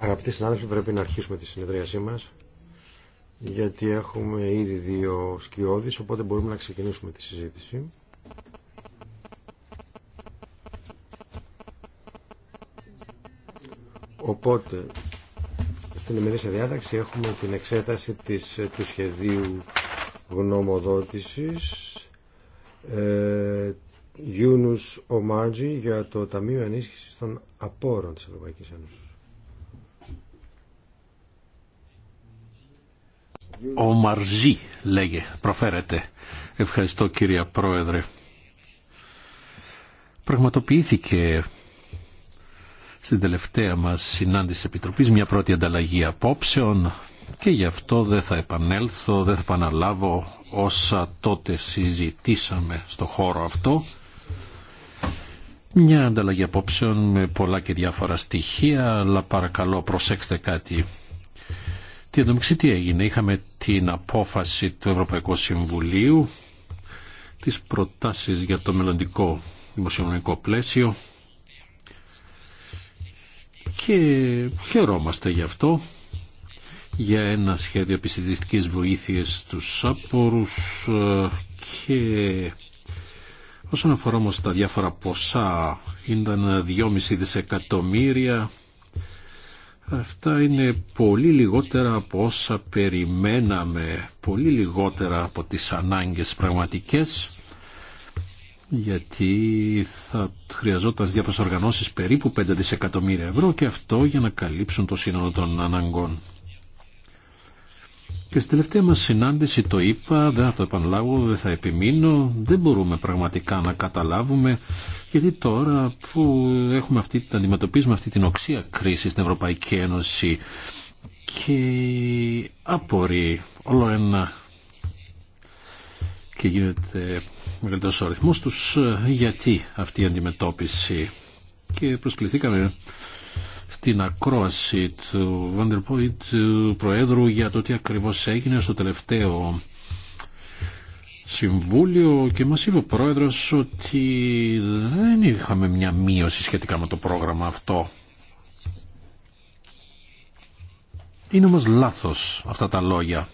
Αγαπητοί συνάδελφοι, πρέπει να αρχίσουμε τη συνεδρίασή μας γιατί έχουμε ήδη δύο σκιώδεις, οπότε μπορούμε να ξεκινήσουμε τη συζήτηση. Οπότε, στην ημερήσια διάταξη έχουμε την εξέταση της, του σχεδίου γνωμοδότησης ε, Γιούνους Ομάρτζη για το Ταμείο Ενίσχυσης των Απόρων της Ευρωπαϊκής Ένωσης. Ο λέγε, προφέρεται. Ευχαριστώ κύριε Πρόεδρε. Πραγματοποιήθηκε στην τελευταία μας συνάντηση Επιτροπής μια πρώτη ανταλλαγή απόψεων και γι' αυτό δεν θα επανέλθω, δεν θα επαναλάβω όσα τότε συζητήσαμε στο χώρο αυτό μια ανταλλαγή απόψεων με πολλά και διάφορα στοιχεία, αλλά παρακαλώ προσέξτε κάτι. Τι τι έγινε. Είχαμε την απόφαση του Ευρωπαϊκού Συμβουλίου, τις προτάσεις για το μελλοντικό δημοσιονομικό πλαίσιο και χαιρόμαστε γι' αυτό για ένα σχέδιο επιστημιστικής βοήθειας στους άπορους ε, και Όσον αφορά όμως τα διάφορα ποσά, ήταν 2,5 δισεκατομμύρια. Αυτά είναι πολύ λιγότερα από όσα περιμέναμε, πολύ λιγότερα από τις ανάγκες πραγματικές, γιατί θα χρειαζόταν στις διάφορες οργανώσεις περίπου 5 δισεκατομμύρια ευρώ και αυτό για να καλύψουν το σύνολο των αναγκών. Και στη τελευταία μας συνάντηση το είπα, δεν θα το επαναλάβω, δεν θα επιμείνω, δεν μπορούμε πραγματικά να καταλάβουμε γιατί τώρα που έχουμε αυτή, αντιμετωπίζουμε αυτή την οξία κρίση στην Ευρωπαϊκή Ένωση και απορεί όλο ένα και γίνεται μεγαλύτερος ο αριθμός τους γιατί αυτή η αντιμετώπιση και προσκληθήκαμε την ακρόαση του Βαντερποίτ του Προέδρου για το τι ακριβώς έγινε στο τελευταίο Συμβούλιο και μας είπε ο Πρόεδρος ότι δεν είχαμε μια μείωση σχετικά με το πρόγραμμα αυτό. Είναι όμως λάθος αυτά τα λόγια.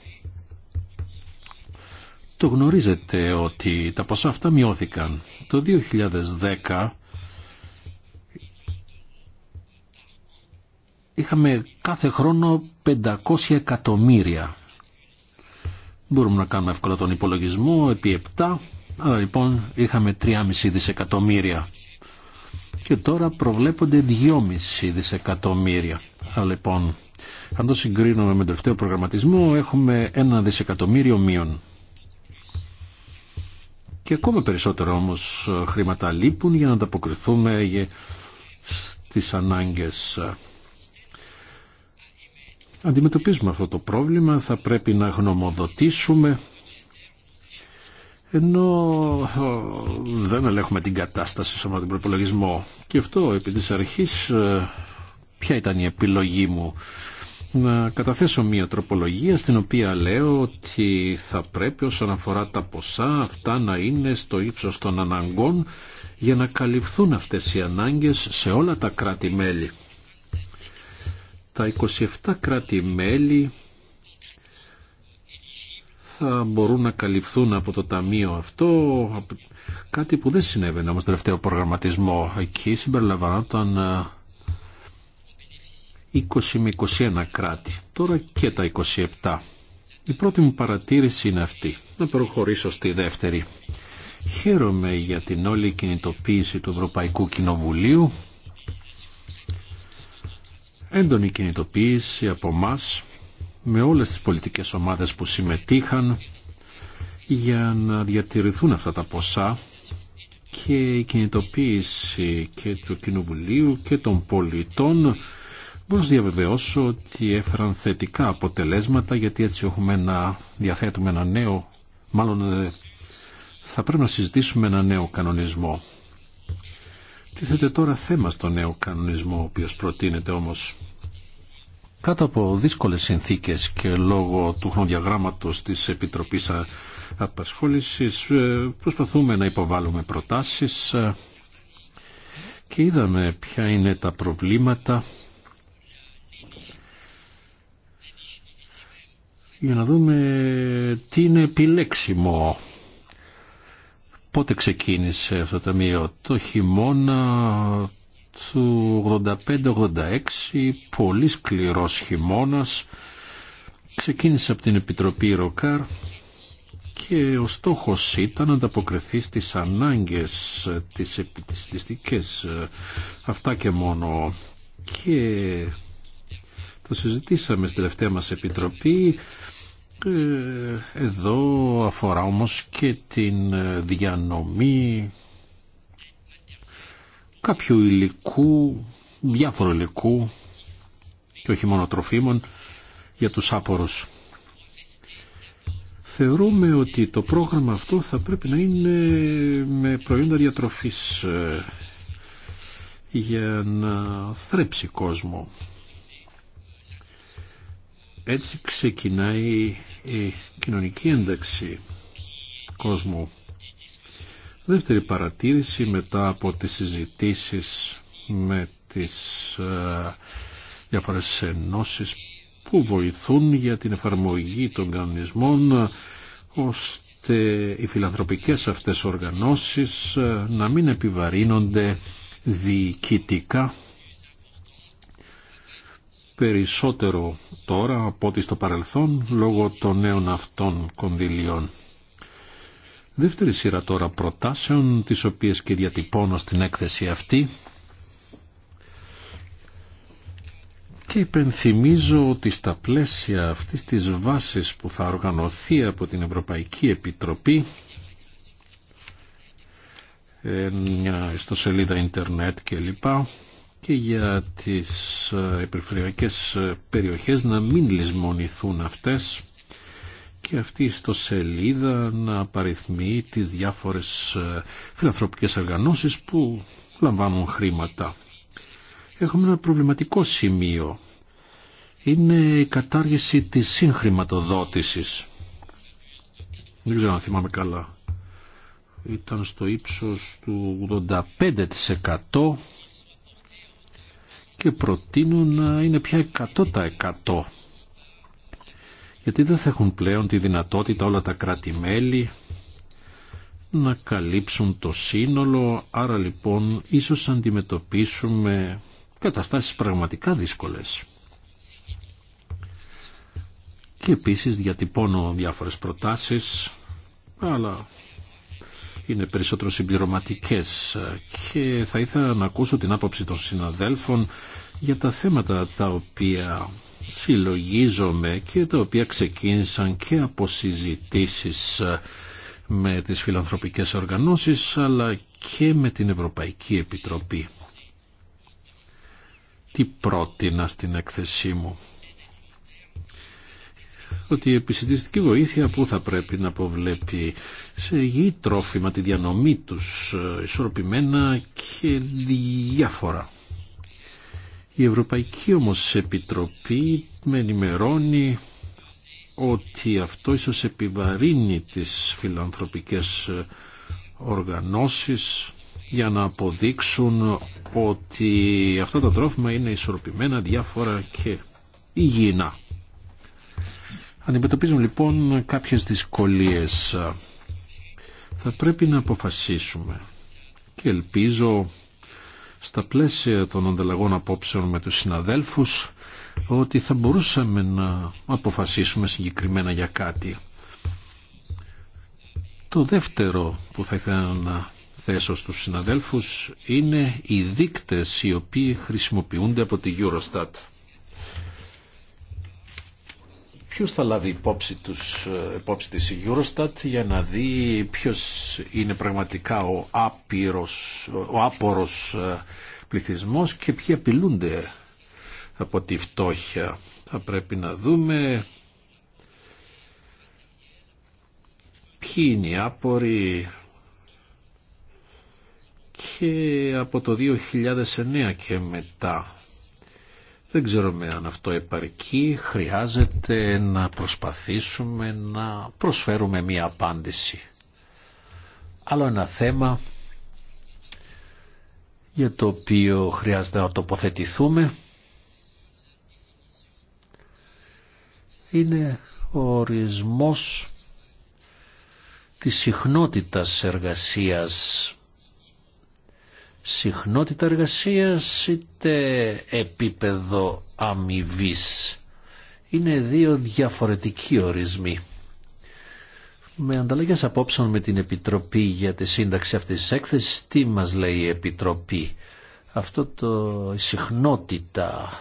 Το γνωρίζετε ότι τα ποσά αυτά μειώθηκαν. Το 2010 είχαμε κάθε χρόνο 500 εκατομμύρια. Μπορούμε να κάνουμε εύκολα τον υπολογισμό επί 7, αλλά λοιπόν είχαμε 3,5 δισεκατομμύρια. Και τώρα προβλέπονται 2,5 δισεκατομμύρια. Αλλά λοιπόν, αν το συγκρίνουμε με τον τελευταίο προγραμματισμό, έχουμε 1 δισεκατομμύριο μείων. Και ακόμα περισσότερο όμως ε, χρήματα λείπουν για να ανταποκριθούμε στις ανάγκες. Ε, αντιμετωπίζουμε αυτό το πρόβλημα, θα πρέπει να γνωμοδοτήσουμε ενώ ε, δεν ελέγχουμε την κατάσταση σε τον προπολογισμό. Και αυτό επί της αρχής ε, ποια ήταν η επιλογή μου. Να καταθέσω μία τροπολογία στην οποία λέω ότι θα πρέπει όσον αφορά τα ποσά αυτά να είναι στο ύψος των αναγκών για να καλυφθούν αυτές οι ανάγκες σε όλα τα κράτη-μέλη τα 27 κράτη-μέλη θα μπορούν να καλυφθούν από το ταμείο αυτό, κάτι που δεν συνέβαινε όμως τελευταίο προγραμματισμό. Εκεί συμπεριλαμβανόταν 20 ε, με 21 κράτη, τώρα και τα 27. Η πρώτη μου παρατήρηση είναι αυτή. Να προχωρήσω στη δεύτερη. Χαίρομαι για την όλη κινητοποίηση του Ευρωπαϊκού Κοινοβουλίου έντονη κινητοποίηση από εμά με όλες τις πολιτικές ομάδες που συμμετείχαν για να διατηρηθούν αυτά τα ποσά και η κινητοποίηση και του Κοινοβουλίου και των πολιτών μπορώ να διαβεβαιώσω ότι έφεραν θετικά αποτελέσματα γιατί έτσι έχουμε να διαθέτουμε ένα νέο, μάλλον ε, θα πρέπει να συζητήσουμε ένα νέο κανονισμό Τίθεται τώρα θέμα στο νέο κανονισμό, ο οποίος προτείνεται όμως κάτω από δύσκολες συνθήκες και λόγω του χρονοδιαγράμματος της Επιτροπής Απασχόλησης ε, προσπαθούμε να υποβάλουμε προτάσεις ε, και είδαμε ποια είναι τα προβλήματα για να δούμε τι είναι επιλέξιμο Πότε ξεκίνησε αυτό το ταμείο, το χειμώνα του 85-86, πολύ σκληρός χειμώνας. Ξεκίνησε από την Επιτροπή Ροκάρ και ο στόχος ήταν να ανταποκριθεί στις ανάγκες τις επιτιστικές αυτά και μόνο και το συζητήσαμε στη τελευταία μας επιτροπή ε, εδώ αφορά όμως και την ε, διανομή κάποιου υλικού, διάφορου υλικού και όχι μόνο τροφίμων για τους άπορους. Θεωρούμε ότι το πρόγραμμα αυτό θα πρέπει να είναι με προϊόντα διατροφής ε, για να θρέψει κόσμο. Έτσι ξεκινάει η κοινωνική ένταξη κόσμου. Δεύτερη παρατήρηση μετά από τις συζητήσεις με τις ε, διάφορε ενώσεις που βοηθούν για την εφαρμογή των κανονισμών ώστε οι φιλανθρωπικές αυτές οργανώσεις ε, να μην επιβαρύνονται διοικητικά περισσότερο τώρα από ό,τι στο παρελθόν λόγω των νέων αυτών κονδυλιών. Δεύτερη σειρά τώρα προτάσεων, τις οποίες και διατυπώνω στην έκθεση αυτή και υπενθυμίζω ότι στα πλαίσια αυτής της βάσης που θα οργανωθεί από την Ευρωπαϊκή Επιτροπή ε, μια σελίδα ίντερνετ κλπ και για τις ε, υπερφυριακές ε, περιοχές να μην λησμονηθούν αυτές και αυτή η ιστοσελίδα να απαριθμεί τις διάφορες ε, φιλανθρωπικές οργανώσεις που λαμβάνουν χρήματα. Έχουμε ένα προβληματικό σημείο. Είναι η κατάργηση της συγχρηματοδότησης. Δεν ξέρω αν θυμάμαι καλά. Ήταν στο ύψος του 85% και προτείνω να είναι πια 100% γιατί δεν θα έχουν πλέον τη δυνατότητα όλα τα κράτη-μέλη να καλύψουν το σύνολο, άρα λοιπόν ίσως αντιμετωπίσουμε καταστάσεις πραγματικά δύσκολες. Και επίσης διατυπώνω διάφορες προτάσεις, αλλά είναι περισσότερο συμπληρωματικέ. και θα ήθελα να ακούσω την άποψη των συναδέλφων για τα θέματα τα οποία συλλογίζομαι και τα οποία ξεκίνησαν και από συζητήσει με τις φιλανθρωπικές οργανώσεις αλλά και με την Ευρωπαϊκή Επιτροπή. Τι πρότεινα στην έκθεσή μου ότι η επιστημιστική βοήθεια που θα πρέπει να αποβλέπει σε υγιή τρόφιμα τη διανομή τους ε, ισορροπημένα και διάφορα. Η Ευρωπαϊκή όμως Επιτροπή με ενημερώνει ότι αυτό ίσως επιβαρύνει τις φιλανθρωπικές ε, οργανώσεις για να αποδείξουν ότι αυτά τα τρόφιμα είναι ισορροπημένα, διάφορα και υγιεινά. Αντιμετωπίζουν λοιπόν κάποιες δυσκολίες. Θα πρέπει να αποφασίσουμε και ελπίζω στα πλαίσια των ανταλλαγών απόψεων με τους συναδέλφους ότι θα μπορούσαμε να αποφασίσουμε συγκεκριμένα για κάτι. Το δεύτερο που θα ήθελα να θέσω στους συναδέλφους είναι οι δείκτες οι οποίοι χρησιμοποιούνται από τη Eurostat. Ποιος θα λάβει υπόψη, τους, ε, υπόψη της Eurostat για να δει ποιος είναι πραγματικά ο, άπειρος, ο άπορος ε, πληθυσμός και ποιοι απειλούνται από τη φτώχεια. Θα πρέπει να δούμε ποιοι είναι οι άποροι και από το 2009 και μετά δεν ξέρουμε αν αυτό επαρκεί. Χρειάζεται να προσπαθήσουμε να προσφέρουμε μία απάντηση. Άλλο ένα θέμα για το οποίο χρειάζεται να τοποθετηθούμε είναι ο ορισμός της συχνότητας εργασίας συχνότητα εργασίας είτε επίπεδο αμοιβή. Είναι δύο διαφορετικοί ορισμοί. Με ανταλλαγές απόψεων με την Επιτροπή για τη σύνταξη αυτής της έκθεσης, τι μας λέει η Επιτροπή. Αυτό το η συχνότητα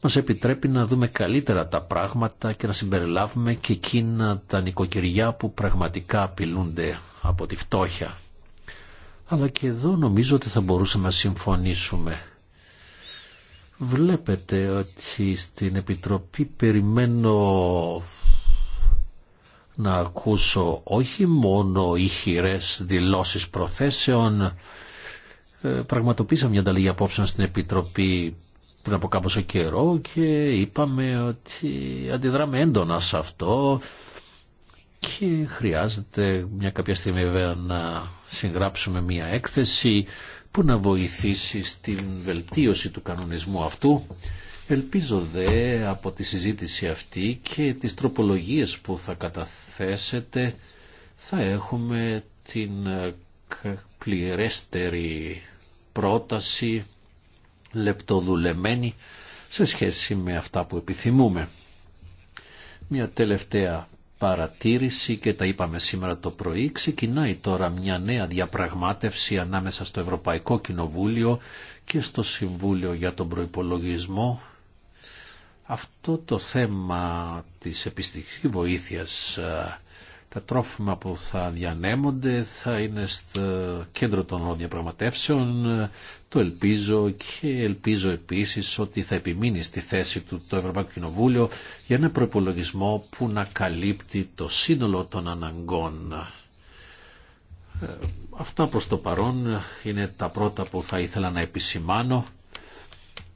μας επιτρέπει να δούμε καλύτερα τα πράγματα και να συμπεριλάβουμε και εκείνα τα νοικοκυριά που πραγματικά απειλούνται από τη φτώχεια αλλά και εδώ νομίζω ότι θα μπορούσαμε να συμφωνήσουμε. Βλέπετε ότι στην Επιτροπή περιμένω να ακούσω όχι μόνο ηχηρές δηλώσεις προθέσεων. Ε, πραγματοποίησα μια ανταλλαγή απόψεων στην Επιτροπή πριν από κάποιο καιρό και είπαμε ότι αντιδράμε έντονα σε αυτό και χρειάζεται μια κάποια στιγμή βέβαια να συγγράψουμε μια έκθεση που να βοηθήσει στην βελτίωση του κανονισμού αυτού. Ελπίζω δε από τη συζήτηση αυτή και τις τροπολογίες που θα καταθέσετε θα έχουμε την ε, πληρέστερη πρόταση λεπτοδουλεμένη σε σχέση με αυτά που επιθυμούμε. Μια τελευταία παρατήρηση και τα είπαμε σήμερα το πρωί, ξεκινάει τώρα μια νέα διαπραγμάτευση ανάμεσα στο Ευρωπαϊκό Κοινοβούλιο και στο Συμβούλιο για τον Προϋπολογισμό. Αυτό το θέμα της επιστημικής βοήθειας ε, τα τρόφιμα που θα διανέμονται θα είναι στο κέντρο των διαπραγματεύσεων. Το ελπίζω και ελπίζω επίσης ότι θα επιμείνει στη θέση του το Ευρωπαϊκό Κοινοβούλιο για ένα προπολογισμό που να καλύπτει το σύνολο των αναγκών. Ε, αυτά προς το παρόν είναι τα πρώτα που θα ήθελα να επισημάνω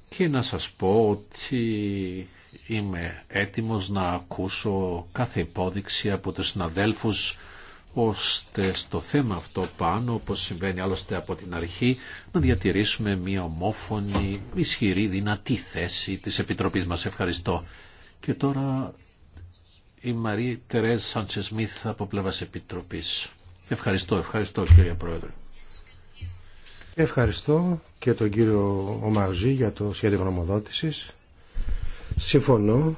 και να σας πω ότι Είμαι έτοιμος να ακούσω κάθε υπόδειξη από τους συναδέλφους ώστε στο θέμα αυτό πάνω, όπως συμβαίνει άλλωστε από την αρχή, να διατηρήσουμε μια ομόφωνη, ισχυρή, δυνατή θέση της Επιτροπής μας. Ευχαριστώ. Και τώρα η Μαρή Τερέζ Σμιθ από πλευράς Επιτροπής. Ευχαριστώ, ευχαριστώ κύριε Πρόεδρε. Ευχαριστώ και τον κύριο Ομαζή για το σχέδιο γνωμοδότησης. Συμφωνώ,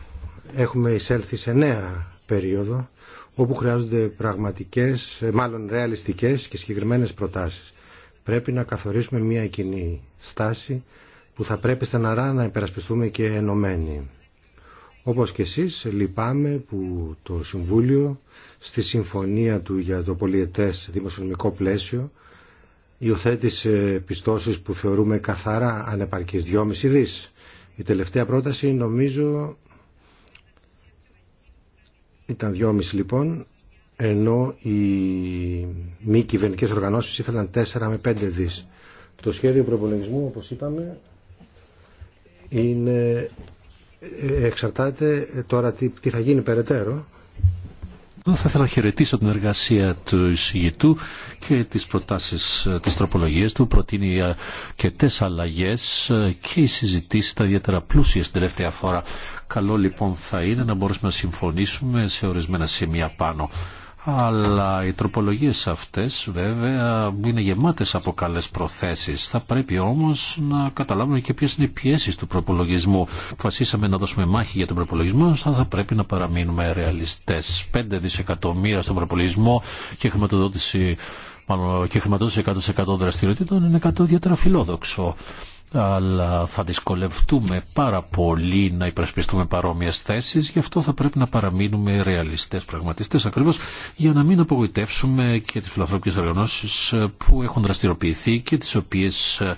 έχουμε εισέλθει σε νέα περίοδο όπου χρειάζονται πραγματικές, ε, μάλλον ρεαλιστικές και συγκεκριμένες προτάσεις. Πρέπει να καθορίσουμε μια κοινή στάση που θα πρέπει στεναρά να υπερασπιστούμε και ενωμένοι. Όπως και εσείς, λυπάμαι που το Συμβούλιο στη συμφωνία του για το πολιετές δημοσιονομικό πλαίσιο υιοθέτησε πιστώσεις που θεωρούμε καθαρά ανεπαρκείς 2,5 η τελευταία πρόταση νομίζω ήταν 2,5 λοιπόν, ενώ οι μη κυβερνητικέ οργανώσεις ήθελαν 4 με 5 δις. Το σχέδιο προπολογισμού, όπως είπαμε, είναι, ε, ε, εξαρτάται τώρα τι, τι θα γίνει περαιτέρω θα ήθελα να χαιρετήσω την εργασία του εισηγητού και τις προτάσεις της τροπολογίας του. Προτείνει ε, και τέσσερα αλλαγέ ε, και οι συζητήσει τα ιδιαίτερα πλούσια στην τελευταία φορά. Καλό λοιπόν θα είναι να μπορέσουμε να συμφωνήσουμε σε ορισμένα σημεία πάνω αλλά οι τροπολογίες αυτές βέβαια είναι γεμάτες από καλές προθέσεις. Θα πρέπει όμως να καταλάβουμε και ποιες είναι οι πιέσεις του προπολογισμού. Φασίσαμε να δώσουμε μάχη για τον προπολογισμό, αλλά θα πρέπει να παραμείνουμε ρεαλιστές. 5 δισεκατομμύρια στον προπολογισμό και χρηματοδότηση μάλλον και χρηματοδότηση 100% δραστηριοτήτων είναι κάτι ιδιαίτερα φιλόδοξο αλλά θα δυσκολευτούμε πάρα πολύ να υπερασπιστούμε παρόμοιε θέσει, γι' αυτό θα πρέπει να παραμείνουμε ρεαλιστές, πραγματιστές ακριβώς, για να μην απογοητεύσουμε και τις φιλανθρωπικέ οργανώσει που έχουν δραστηριοποιηθεί και τις οποίες ε,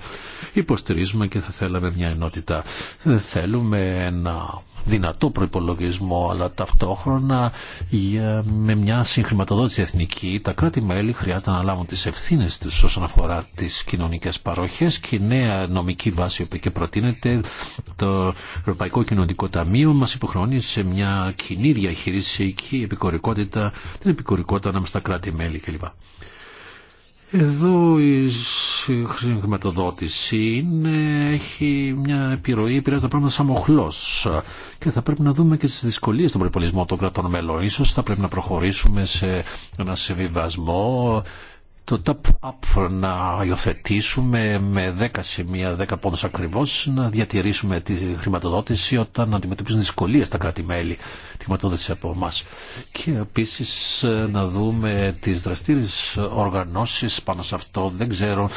υποστηρίζουμε και θα θέλαμε μια ενότητα. Ε, θέλουμε να δυνατό προπολογισμό, αλλά ταυτόχρονα με μια συγχρηματοδότηση εθνική, τα κράτη-μέλη χρειάζεται να λάβουν τι ευθύνε του όσον αφορά τι κοινωνικέ παροχέ και η νέα νομική βάση που και προτείνεται, το Ευρωπαϊκό Κοινωνικό Ταμείο μα υποχρεώνει σε μια κοινή διαχείριση και επικορικότητα, την επικορικότητα ανάμεσα στα κράτη-μέλη κλπ. Εδώ η χρηματοδότηση είναι, έχει μια επιρροή, επηρεάζει τα πράγματα σαν μοχλός και θα πρέπει να δούμε και τις δυσκολίες στον προπολισμό των κρατών μέλων. Ίσως θα πρέπει να προχωρήσουμε σε ένα συμβιβασμό το top-up να υιοθετήσουμε με 10 σημεία, 10 πόντους ακριβώς, να διατηρήσουμε τη χρηματοδότηση όταν αντιμετωπίζουν δυσκολίες τα κράτη-μέλη, τη χρηματοδότηση από εμά. Και επίσης ε, να δούμε τις δραστήριες οργανώσεις πάνω σε αυτό. Δεν ξέρω,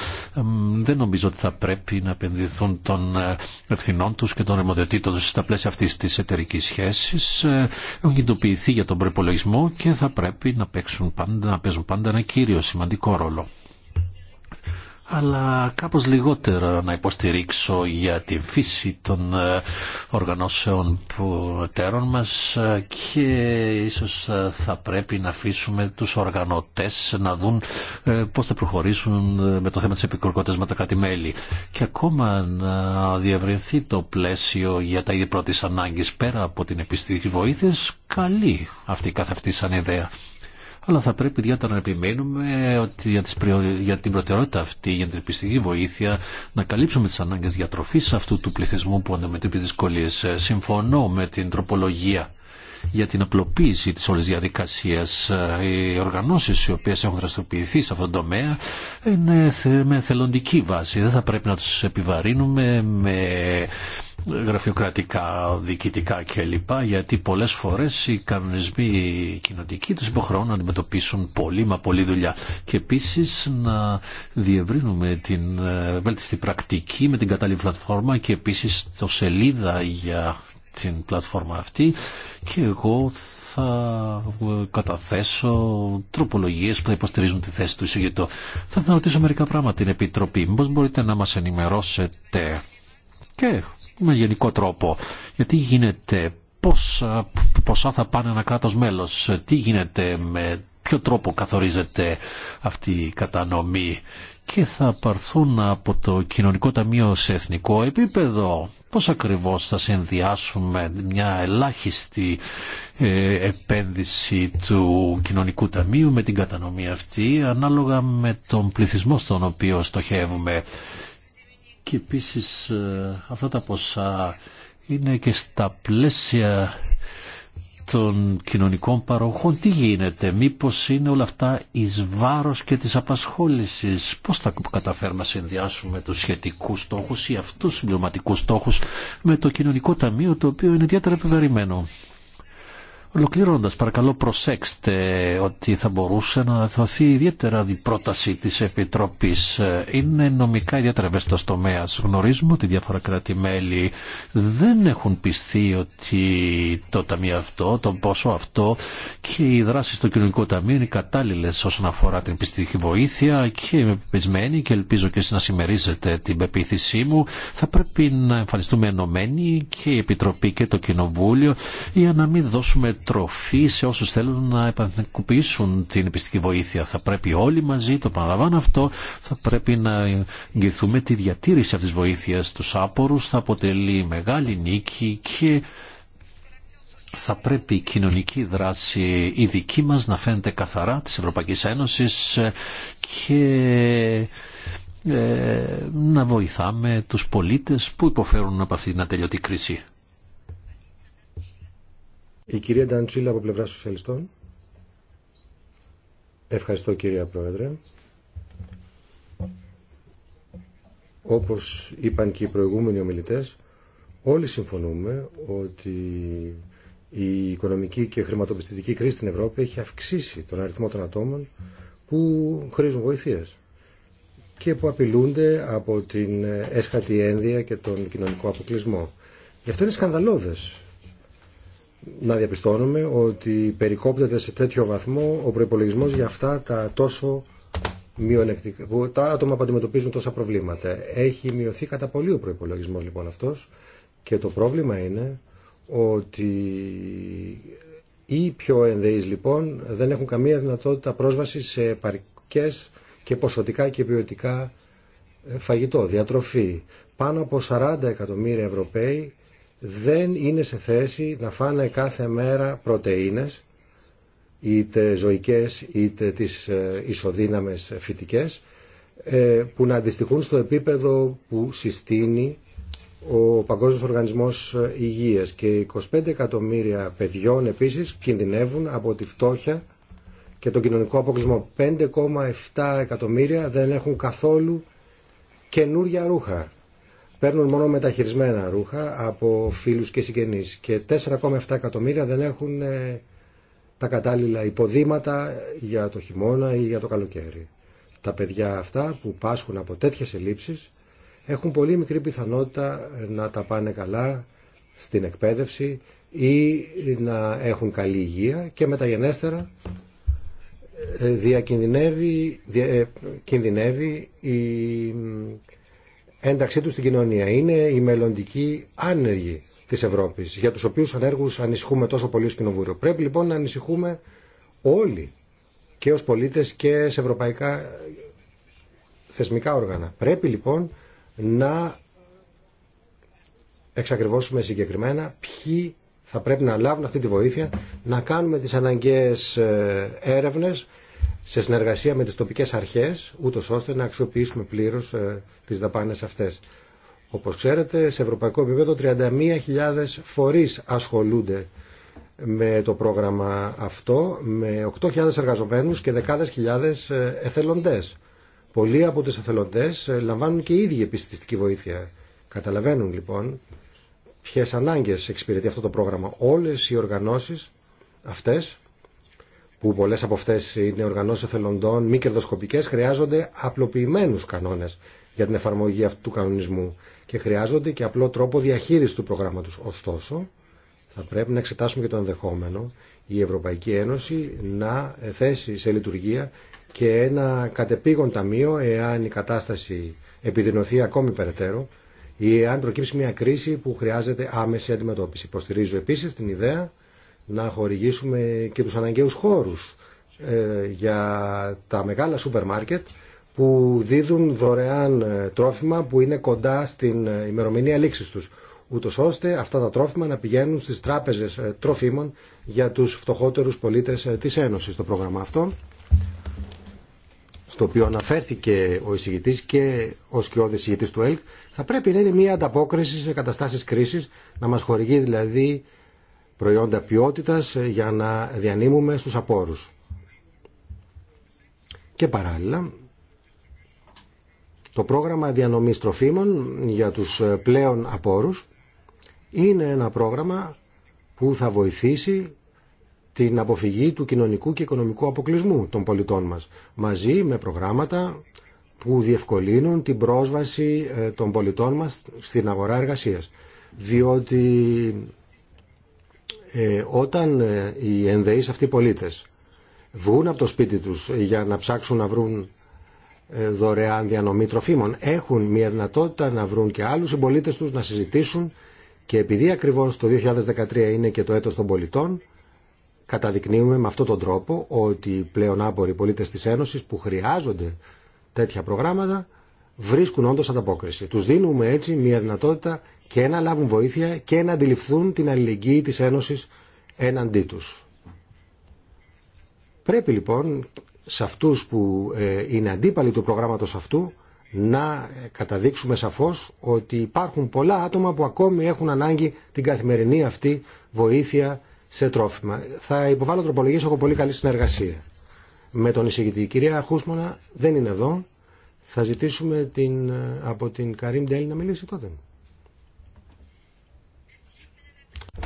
δεν νομίζω ότι θα πρέπει να επενδυθούν των ε, ευθυνών τους και των ρεμοδιοτήτων στα πλαίσια αυτής της εταιρική σχέσης. Ε, έχουν κινητοποιηθεί για τον προπολογισμό και θα πρέπει να, παίξουν πάντα, να παίζουν πάντα ένα κύριο σημαντικό ρόλο. Αλλά κάπως λιγότερο να υποστηρίξω για τη φύση των ε, οργανώσεων που εταίρων μας ε, και ίσως ε, θα πρέπει να αφήσουμε τους οργανωτές να δουν πώς θα προχωρήσουν με το θέμα της επικουρκότητας με τα κράτη-μέλη. Και ακόμα να διευρυνθεί το πλαίσιο για τα είδη πρώτης ανάγκης πέρα από την επιστήμη βοήθεια καλή αυτή καθ' αυτή σαν ιδέα αλλά θα πρέπει ιδιαίτερα να επιμένουμε ότι για, τις για την προτεραιότητα αυτή, για την επιστημική βοήθεια, να καλύψουμε τι ανάγκες διατροφής αυτού του πληθυσμού που αντιμετωπίζει δυσκολίε. Ε, συμφωνώ με την τροπολογία για την απλοποίηση της όλης διαδικασίας. Ε, οι οργανώσεις οι οποίες έχουν δραστηριοποιηθεί σε αυτόν τον τομέα είναι με θελοντική βάση. Δεν θα πρέπει να τους επιβαρύνουμε με γραφειοκρατικά, διοικητικά κλπ. Γιατί πολλές φορές οι κανονισμοί κοινοτικοί του υποχρεώνουν να αντιμετωπίσουν πολύ μα πολλή δουλειά. Και επίσης να διευρύνουμε την ε, βέλτιστη πρακτική με την κατάλληλη πλατφόρμα και επίσης το σελίδα για την πλατφόρμα αυτή και εγώ θα ε, καταθέσω τροπολογίες που θα υποστηρίζουν τη θέση του εισηγητού. Θα ρωτήσω μερικά πράγματα την Επιτροπή. Μήπως μπορείτε να μας ενημερώσετε και με γενικό τρόπο. Γιατί γίνεται, πόσα, πόσα θα πάνε ένα κράτος μέλος, τι γίνεται, με ποιο τρόπο καθορίζεται αυτή η κατανομή και θα παρθούν από το κοινωνικό ταμείο σε εθνικό επίπεδο. Πώς ακριβώς θα συνδυάσουμε μια ελάχιστη ε, επένδυση του κοινωνικού ταμείου με την κατανομή αυτή ανάλογα με τον πληθυσμό στον οποίο στοχεύουμε και επίσης ε, αυτά τα ποσά είναι και στα πλαίσια των κοινωνικών παροχών. Τι γίνεται, μήπως είναι όλα αυτά εις βάρος και της απασχόλησης. Πώς θα καταφέρουμε να συνδυάσουμε τους σχετικούς στόχους ή αυτούς τους στόχους με το κοινωνικό ταμείο το οποίο είναι ιδιαίτερα επιβαρημένο. Ολοκληρώνοντας, παρακαλώ προσέξτε ότι θα μπορούσε να δοθεί ιδιαίτερα η πρόταση τη Επιτροπής. Ε, είναι νομικά ιδιαίτερα τομέα. τομέας. Γνωρίζουμε ότι διάφορα κράτη-μέλη δεν έχουν πιστεί ότι το ταμείο αυτό, το ποσό αυτό και οι δράσει του κοινωνικού ταμείου είναι κατάλληλε όσον αφορά την πιστική βοήθεια και είμαι πεπισμένη και ελπίζω και εσείς να συμμερίζετε την πεποίθησή μου. Θα πρέπει να εμφανιστούμε ενωμένοι και η Επιτροπή και το Κοινοβούλιο για να μην δώσουμε τροφή σε όσους θέλουν να επανεκκουπήσουν την επιστική βοήθεια. Θα πρέπει όλοι μαζί, το παραλαμβάνω αυτό, θα πρέπει να εγγυηθούμε τη διατήρηση αυτής της βοήθειας στους άπορους, θα αποτελεί μεγάλη νίκη και θα πρέπει η κοινωνική δράση η δική μας να φαίνεται καθαρά της Ευρωπαϊκής Ένωσης και ε, να βοηθάμε τους πολίτες που υποφέρουν από αυτή την ατελειωτή κρίση. Η κυρία Νταντσίλα από πλευρά Σοσιαλιστών. Ευχαριστώ κυρία Πρόεδρε. Όπως είπαν και οι προηγούμενοι ομιλητές, όλοι συμφωνούμε ότι η οικονομική και χρηματοπιστωτική κρίση στην Ευρώπη έχει αυξήσει τον αριθμό των ατόμων που χρήζουν βοηθείες και που απειλούνται από την έσχατη ένδια και τον κοινωνικό αποκλεισμό. Γι' αυτό είναι σκανδαλώδες να διαπιστώνουμε ότι περικόπτεται σε τέτοιο βαθμό ο προπολογισμό για αυτά τα τόσο μειονεκτικά, τα άτομα που αντιμετωπίζουν τόσα προβλήματα. Έχει μειωθεί κατά πολύ ο προπολογισμό λοιπόν αυτό και το πρόβλημα είναι ότι οι πιο ενδεείς λοιπόν δεν έχουν καμία δυνατότητα πρόσβαση σε παρικέ και ποσοτικά και ποιοτικά φαγητό, διατροφή. Πάνω από 40 εκατομμύρια Ευρωπαίοι δεν είναι σε θέση να φάνε κάθε μέρα πρωτεΐνες, είτε ζωικές είτε τις ε, ισοδύναμες φυτικές, ε, που να αντιστοιχούν στο επίπεδο που συστήνει ο Παγκόσμιος Οργανισμός Υγείας και 25 εκατομμύρια παιδιών επίσης κινδυνεύουν από τη φτώχεια και τον κοινωνικό αποκλεισμό. 5,7 εκατομμύρια δεν έχουν καθόλου καινούρια ρούχα παίρνουν μόνο μεταχειρισμένα ρούχα από φίλους και συγγενείς και 4,7 εκατομμύρια δεν έχουν ε, τα κατάλληλα υποδήματα για το χειμώνα ή για το καλοκαίρι. Τα παιδιά αυτά που πάσχουν από τέτοιες ελλείψεις έχουν πολύ μικρή πιθανότητα ε, να τα πάνε καλά στην εκπαίδευση ή ε, να έχουν καλή υγεία και μεταγενέστερα διακινδυνεύει, δια, κινδυνεύει η να εχουν καλη υγεια και μεταγενεστερα διακινδυνευει δια η ένταξή του στην κοινωνία. Είναι η μελλοντική άνεργοι της Ευρώπης, για τους οποίους ανέργους ανησυχούμε τόσο πολύ ως Κοινοβούλιο. Πρέπει λοιπόν να ανησυχούμε όλοι, και ως πολίτες και σε ευρωπαϊκά θεσμικά όργανα. Πρέπει λοιπόν να εξακριβώσουμε συγκεκριμένα ποιοι θα πρέπει να λάβουν αυτή τη βοήθεια, να κάνουμε τις αναγκαίες ε, έρευνες σε συνεργασία με τις τοπικές αρχές, ούτως ώστε να αξιοποιήσουμε πλήρως ε, τις δαπάνες αυτές. Όπως ξέρετε, σε ευρωπαϊκό επίπεδο 31.000 φορείς ασχολούνται με το πρόγραμμα αυτό, με 8.000 εργαζομένους και δεκάδες χιλιάδες ε, εθελοντές. Πολλοί από τους εθελοντές ε, λαμβάνουν και ίδιοι επιστηστική βοήθεια. Καταλαβαίνουν λοιπόν ποιες ανάγκες εξυπηρετεί αυτό το πρόγραμμα. Όλες οι οργανώσεις αυτές που πολλές από αυτές είναι οργανώσεις εθελοντών, μη κερδοσκοπικές, χρειάζονται απλοποιημένους κανόνες για την εφαρμογή αυτού του κανονισμού και χρειάζονται και απλό τρόπο διαχείρισης του προγράμματος. Ωστόσο, θα πρέπει να εξετάσουμε και το ενδεχόμενο η Ευρωπαϊκή Ένωση να θέσει σε λειτουργία και ένα κατεπήγον ταμείο εάν η κατάσταση επιδεινωθεί ακόμη περαιτέρω ή εάν προκύψει μια κρίση που χρειάζεται άμεση αντιμετώπιση. Υποστηρίζω επίσης την ιδέα να χορηγήσουμε και τους αναγκαίους χώρους ε, για τα μεγάλα σούπερ μάρκετ που δίδουν δωρεάν ε, τρόφιμα που είναι κοντά στην ε, ημερομηνία λήξης τους Ούτως ώστε αυτά τα τρόφιμα να πηγαίνουν στις τράπεζες τροφίμων για τους φτωχότερους πολίτες της Ένωσης. Το πρόγραμμα αυτό, στο οποίο αναφέρθηκε ο εισηγητής και ο σκιώδης εισηγητής του ΕΛΚ, θα πρέπει να είναι μια ανταπόκριση σε καταστάσεις κρίσης, να μας χορηγεί δηλαδή προϊόντα ποιότητας ε, για να διανύμουμε στους απόρους. Και παράλληλα, το πρόγραμμα διανομής τροφίμων για τους ε, πλέον απόρους είναι ένα πρόγραμμα που θα βοηθήσει την αποφυγή του κοινωνικού και οικονομικού αποκλεισμού των πολιτών μας, μαζί με προγράμματα που διευκολύνουν την πρόσβαση ε, των πολιτών μας στην αγορά εργασίας. Διότι ε, όταν ε, οι ενδεείς αυτοί οι πολίτες βγουν από το σπίτι τους για να ψάξουν να βρουν ε, δωρεάν διανομή τροφίμων, έχουν μια δυνατότητα να βρουν και άλλους συμπολίτε τους να συζητήσουν και επειδή ακριβώς το 2013 είναι και το έτος των πολιτών, καταδεικνύουμε με αυτόν τον τρόπο ότι οι πλέον άποροι πολίτες της Ένωσης που χρειάζονται τέτοια προγράμματα βρίσκουν όντως ανταπόκριση. Τους δίνουμε έτσι μια δυνατότητα και να λάβουν βοήθεια και να αντιληφθούν την αλληλεγγύη της Ένωσης έναντί τους. Πρέπει λοιπόν σε αυτούς που ε, είναι αντίπαλοι του προγράμματος αυτού να ε, καταδείξουμε σαφώς ότι υπάρχουν πολλά άτομα που ακόμη έχουν ανάγκη την καθημερινή αυτή βοήθεια σε τρόφιμα. Θα υποβάλω τροπολογίες, έχω πολύ καλή συνεργασία. Με τον εισηγητή, η κυρία Χούσμονα δεν είναι εδώ. Θα ζητήσουμε την, ε, από την Καρίμ Ντέλη να μιλήσει τότε.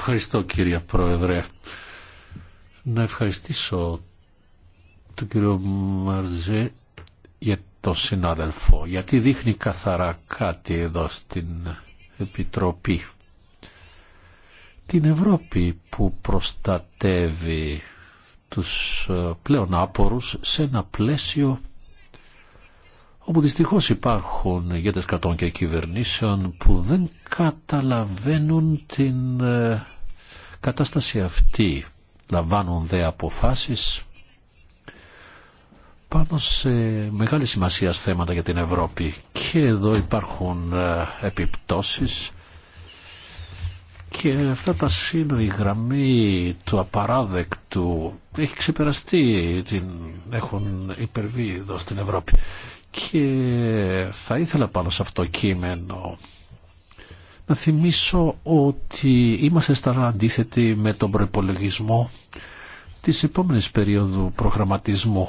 Ευχαριστώ κύριε Πρόεδρε. Να ευχαριστήσω τον κύριο Μαρζέ για τον συνάδελφο, γιατί δείχνει καθαρά κάτι εδώ στην Επιτροπή. Την Ευρώπη που προστατεύει τους ε, πλέον άπορους σε ένα πλαίσιο όπου δυστυχώς υπάρχουν ηγέτες κρατών και κυβερνήσεων που δεν καταλαβαίνουν την ε, κατάσταση αυτή δέ αποφάσεις πάνω σε μεγάλη σημασία θέματα για την Ευρώπη και εδώ υπάρχουν ε, επιπτώσεις και αυτά τα σύνορα, η γραμμή του απαράδεκτου έχει ξεπεραστεί, την έχουν υπερβεί εδώ στην Ευρώπη. Και θα ήθελα πάνω σε αυτό κείμενο να θυμίσω ότι είμαστε στα με τον προπολογισμό της επόμενης περίοδου προγραμματισμού,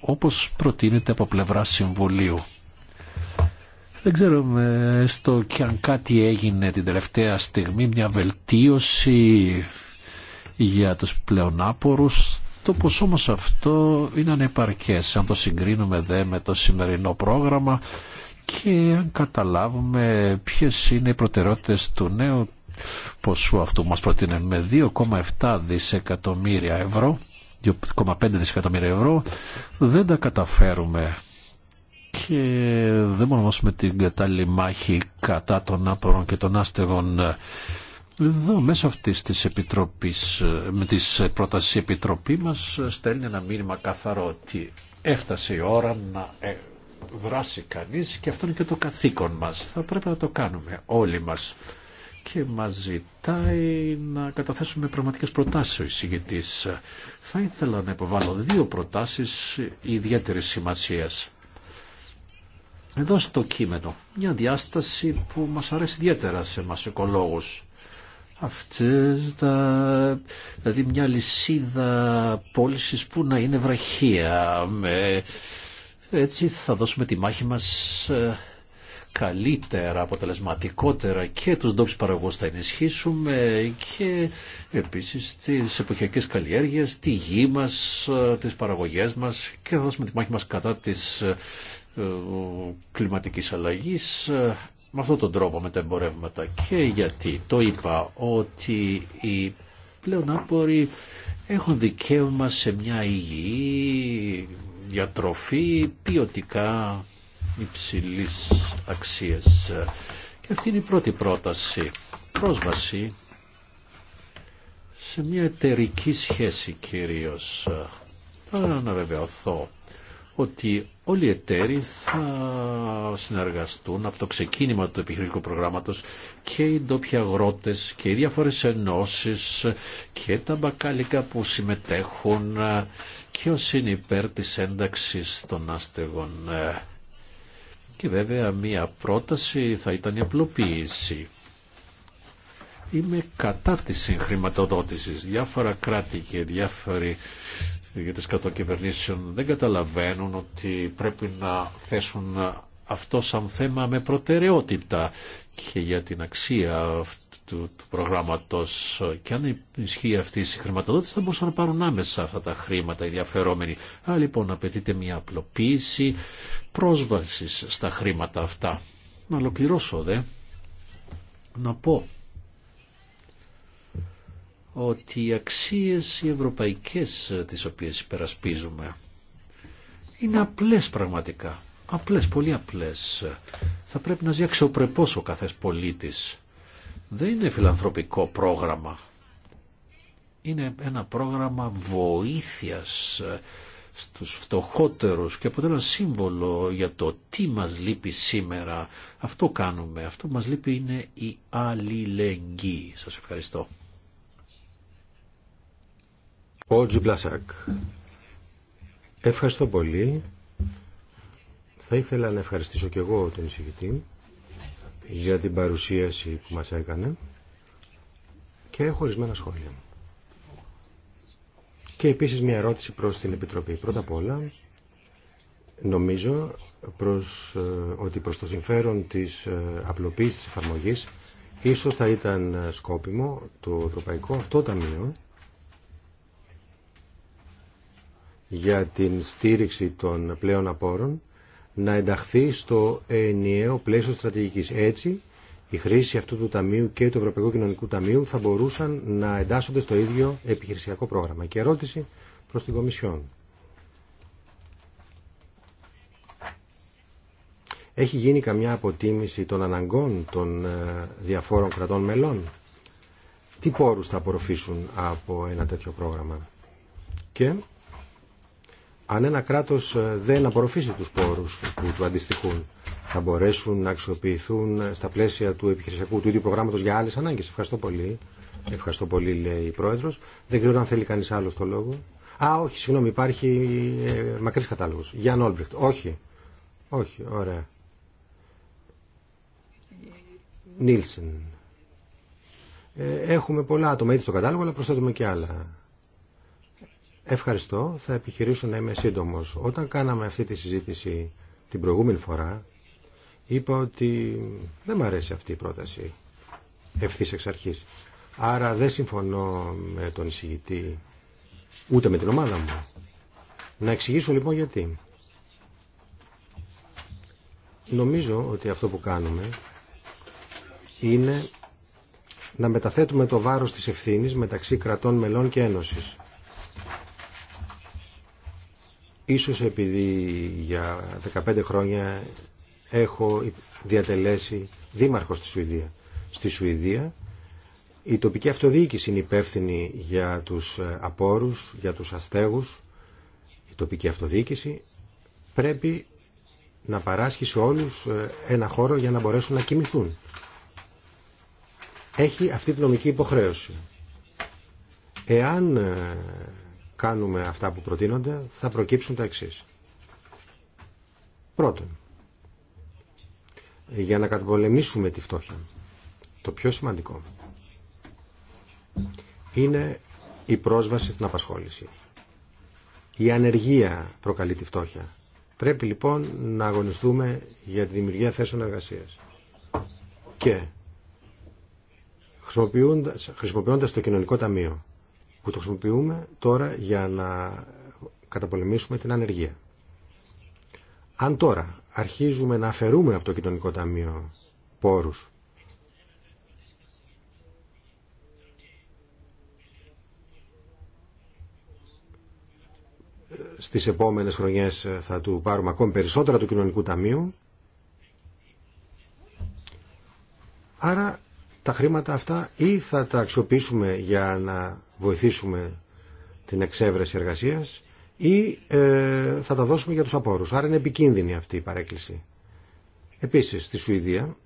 όπως προτείνεται από πλευρά Συμβουλίου. Δεν ξέρουμε στο και αν κάτι έγινε την τελευταία στιγμή, μια βελτίωση για τους πλεονάπορους. Το πως όμως αυτό είναι ανεπαρκές, αν το συγκρίνουμε δε με το σημερινό πρόγραμμα και αν καταλάβουμε ποιες είναι οι προτεραιότητες του νέου ποσού αυτού που μας προτείνει με 2,7 δισεκατομμύρια ευρώ 2,5 δισεκατομμύρια ευρώ δεν τα καταφέρουμε και δεν μπορούμε να την κατάλληλη μάχη κατά των άπορων και των άστεγων εδώ μέσα αυτής τη επιτροπής, με τις πρότασεις επιτροπή μα στέλνει ένα μήνυμα καθαρό ότι έφτασε η ώρα να ε, δράσει κανείς και αυτό είναι και το καθήκον μας. Θα πρέπει να το κάνουμε όλοι μας. Και μας ζητάει να καταθέσουμε πραγματικές προτάσεις ο εισηγητής. Θα ήθελα να υποβάλω δύο προτάσεις ιδιαίτερης σημασίας. Εδώ στο κείμενο, μια διάσταση που μας αρέσει ιδιαίτερα σε μας οικολόγους. Αυτές τα... δηλαδή μια λυσίδα πώληση που να είναι βραχία με έτσι θα δώσουμε τη μάχη μας ε, καλύτερα, αποτελεσματικότερα και τους ντόπιους παραγωγούς θα ενισχύσουμε και επίσης τις εποχιακές καλλιέργειες, τη γη μας, ε, τις παραγωγές μας και θα δώσουμε τη μάχη μας κατά της ε, κλιματικής αλλαγής με αυτόν τον τρόπο με τα εμπορεύματα. Και γιατί το είπα ότι οι πλέον άποροι έχουν δικαίωμα σε μια υγιή διατροφή ποιοτικά υψηλής αξίας. Και αυτή είναι η πρώτη πρόταση. Πρόσβαση σε μια εταιρική σχέση κυρίως. Θα αναβεβαιωθώ ότι όλοι οι εταίροι θα συνεργαστούν από το ξεκίνημα του επιχειρητικού προγράμματος και οι ντόπιοι αγρότες και οι διάφορες ενώσεις και τα μπακάλικα που συμμετέχουν Ποιος είναι υπέρ της ένταξης των άστεγων. Ε, και βέβαια μία πρόταση θα ήταν η απλοποίηση. Είμαι κατά της συγχρηματοδότησης. Διάφορα κράτη και διάφοροι τις κατοκυβερνήσεων δεν καταλαβαίνουν ότι πρέπει να θέσουν αυτό σαν θέμα με προτεραιότητα και για την αξία αυτή του, του προγράμματος και αν ισχύει αυτή η συγχρηματοδότηση θα μπορούσαν να πάρουν άμεσα αυτά τα χρήματα οι διαφερόμενοι. Άρα λοιπόν απαιτείται μια απλοποίηση πρόσβασης στα χρήματα αυτά. Να ολοκληρώσω δε, να πω ότι οι αξίες οι ευρωπαϊκές ε, τις οποίες υπερασπίζουμε είναι απλές πραγματικά. Απλές, πολύ απλές. Θα πρέπει να ζει αξιοπρεπώς ο καθές πολίτης δεν είναι φιλανθρωπικό πρόγραμμα. Είναι ένα πρόγραμμα βοήθειας ε, στους φτωχότερους και αποτελεί ένα σύμβολο για το τι μας λείπει σήμερα. Αυτό κάνουμε. Αυτό που μας λείπει είναι η αλληλεγγύη. Σας ευχαριστώ. Ο Τζιμπλασάκ. Ευχαριστώ πολύ. Θα ήθελα να ευχαριστήσω και εγώ τον εισηγητή για την παρουσίαση που μας έκανε και έχω ορισμένα σχόλια. Και επίσης μια ερώτηση προς την Επιτροπή. Πρώτα απ' όλα, νομίζω προς, ε, ότι προς το συμφέρον της ε, απλοποίησης της εφαρμογής ίσως θα ήταν ε, σκόπιμο το Ευρωπαϊκό αυτό ταμείο για την στήριξη των πλέον απόρων να ενταχθεί στο ενιαίο πλαίσιο στρατηγικής. Έτσι, η χρήση αυτού του ταμείου και του Ευρωπαϊκού Κοινωνικού Ταμείου θα μπορούσαν να εντάσσονται στο ίδιο επιχειρησιακό πρόγραμμα. Και ερώτηση προς την Κομισιόν. Έχει γίνει καμιά αποτίμηση των αναγκών των ε, διαφόρων κρατών μελών. Τι πόρους θα απορροφήσουν από ένα τέτοιο πρόγραμμα. Και αν ένα κράτος ε, δεν απορροφήσει τους πόρους που του αντιστοιχούν, θα μπορέσουν να αξιοποιηθούν στα πλαίσια του επιχειρησιακού του ίδιου προγράμματος για άλλες ανάγκες. Ευχαριστώ πολύ. Ευχαριστώ πολύ, λέει η Πρόεδρος. Δεν ξέρω αν θέλει κανείς άλλο το λόγο. Α, όχι, συγγνώμη, υπάρχει ε, μακρύς κατάλογος. Γιάνν Όλμπριχτ. Όχι. Όχι, ωραία. Νίλσεν. Ε, έχουμε πολλά άτομα ήδη στο κατάλογο, αλλά προσθέτουμε και άλλα. Ευχαριστώ. Θα επιχειρήσω να είμαι σύντομο. Όταν κάναμε αυτή τη συζήτηση την προηγούμενη φορά, είπα ότι δεν μου αρέσει αυτή η πρόταση ευθύ εξ αρχή. Άρα δεν συμφωνώ με τον εισηγητή ούτε με την ομάδα μου. Να εξηγήσω λοιπόν γιατί. Νομίζω ότι αυτό που κάνουμε είναι να μεταθέτουμε το βάρος της ευθύνης μεταξύ κρατών μελών και ένωσης. Ίσως επειδή για 15 χρόνια έχω διατελέσει δήμαρχος στη Σουηδία. Στη Σουηδία η τοπική αυτοδιοίκηση είναι υπεύθυνη για τους ε, απόρους, για τους αστέγους. Η τοπική αυτοδιοίκηση πρέπει να παράσχει σε όλους ε, ένα χώρο για να μπορέσουν να κοιμηθούν. Έχει αυτή την νομική υποχρέωση. Εάν ε, κάνουμε αυτά που προτείνονται, θα προκύψουν τα εξή. Πρώτον, για να καταπολεμήσουμε τη φτώχεια, το πιο σημαντικό είναι η πρόσβαση στην απασχόληση. Η ανεργία προκαλεί τη φτώχεια. Πρέπει λοιπόν να αγωνιστούμε για τη δημιουργία θέσεων εργασίας. Και χρησιμοποιώντας, χρησιμοποιώντας το κοινωνικό ταμείο που το χρησιμοποιούμε τώρα για να καταπολεμήσουμε την ανεργία. Αν τώρα αρχίζουμε να αφαιρούμε από το κοινωνικό ταμείο πόρους στις επόμενες χρονιές θα του πάρουμε ακόμη περισσότερα του κοινωνικού ταμείου άρα τα χρήματα αυτά ή θα τα αξιοποιήσουμε για να βοηθήσουμε την εξέβρεση εργασίας ή ε, θα τα δώσουμε για τους απόρους. Άρα είναι επικίνδυνη αυτή η παρέκκληση. Επίσης, στη Σουηδία,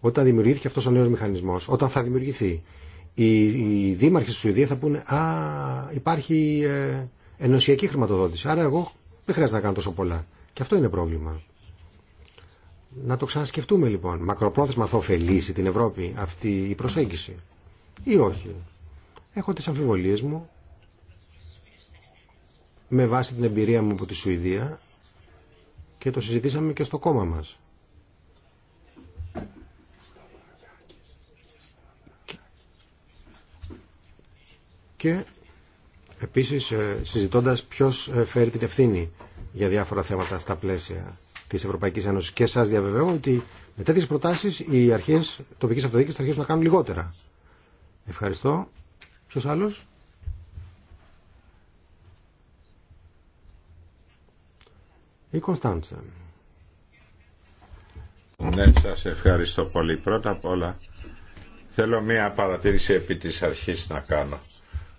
όταν δημιουργήθηκε αυτός ο νέος μηχανισμός, όταν θα δημιουργηθεί, οι, οι δήμαρχοι στη Σουηδία θα πούνε «Α, υπάρχει ε, ενωσιακή χρηματοδότηση, άρα εγώ δεν χρειάζεται να κάνω τόσο πολλά». Και αυτό είναι πρόβλημα. Να το ξανασκεφτούμε λοιπόν. Μακροπρόθεσμα θα ωφελήσει την Ευρώπη αυτή η προσέγγιση ή όχι. Έχω τις αμφιβολίες μου με βάση την εμπειρία μου από τη Σουηδία και το συζητήσαμε και στο κόμμα μας. Και επίσης ε, συζητώντας ποιος ε, φέρει την ευθύνη για διάφορα θέματα στα πλαίσια της Ευρωπαϊκής Ένωσης και σας διαβεβαιώ ότι με τέτοιες προτάσεις οι αρχές τοπικής αυτοδιοίκησης θα αρχίσουν να κάνουν λιγότερα. Ευχαριστώ. Ποιος άλλος? Η Κωνσταντσα. Ναι, σας ευχαριστώ πολύ. Πρώτα απ' όλα θέλω μία παρατήρηση επί της αρχής να κάνω.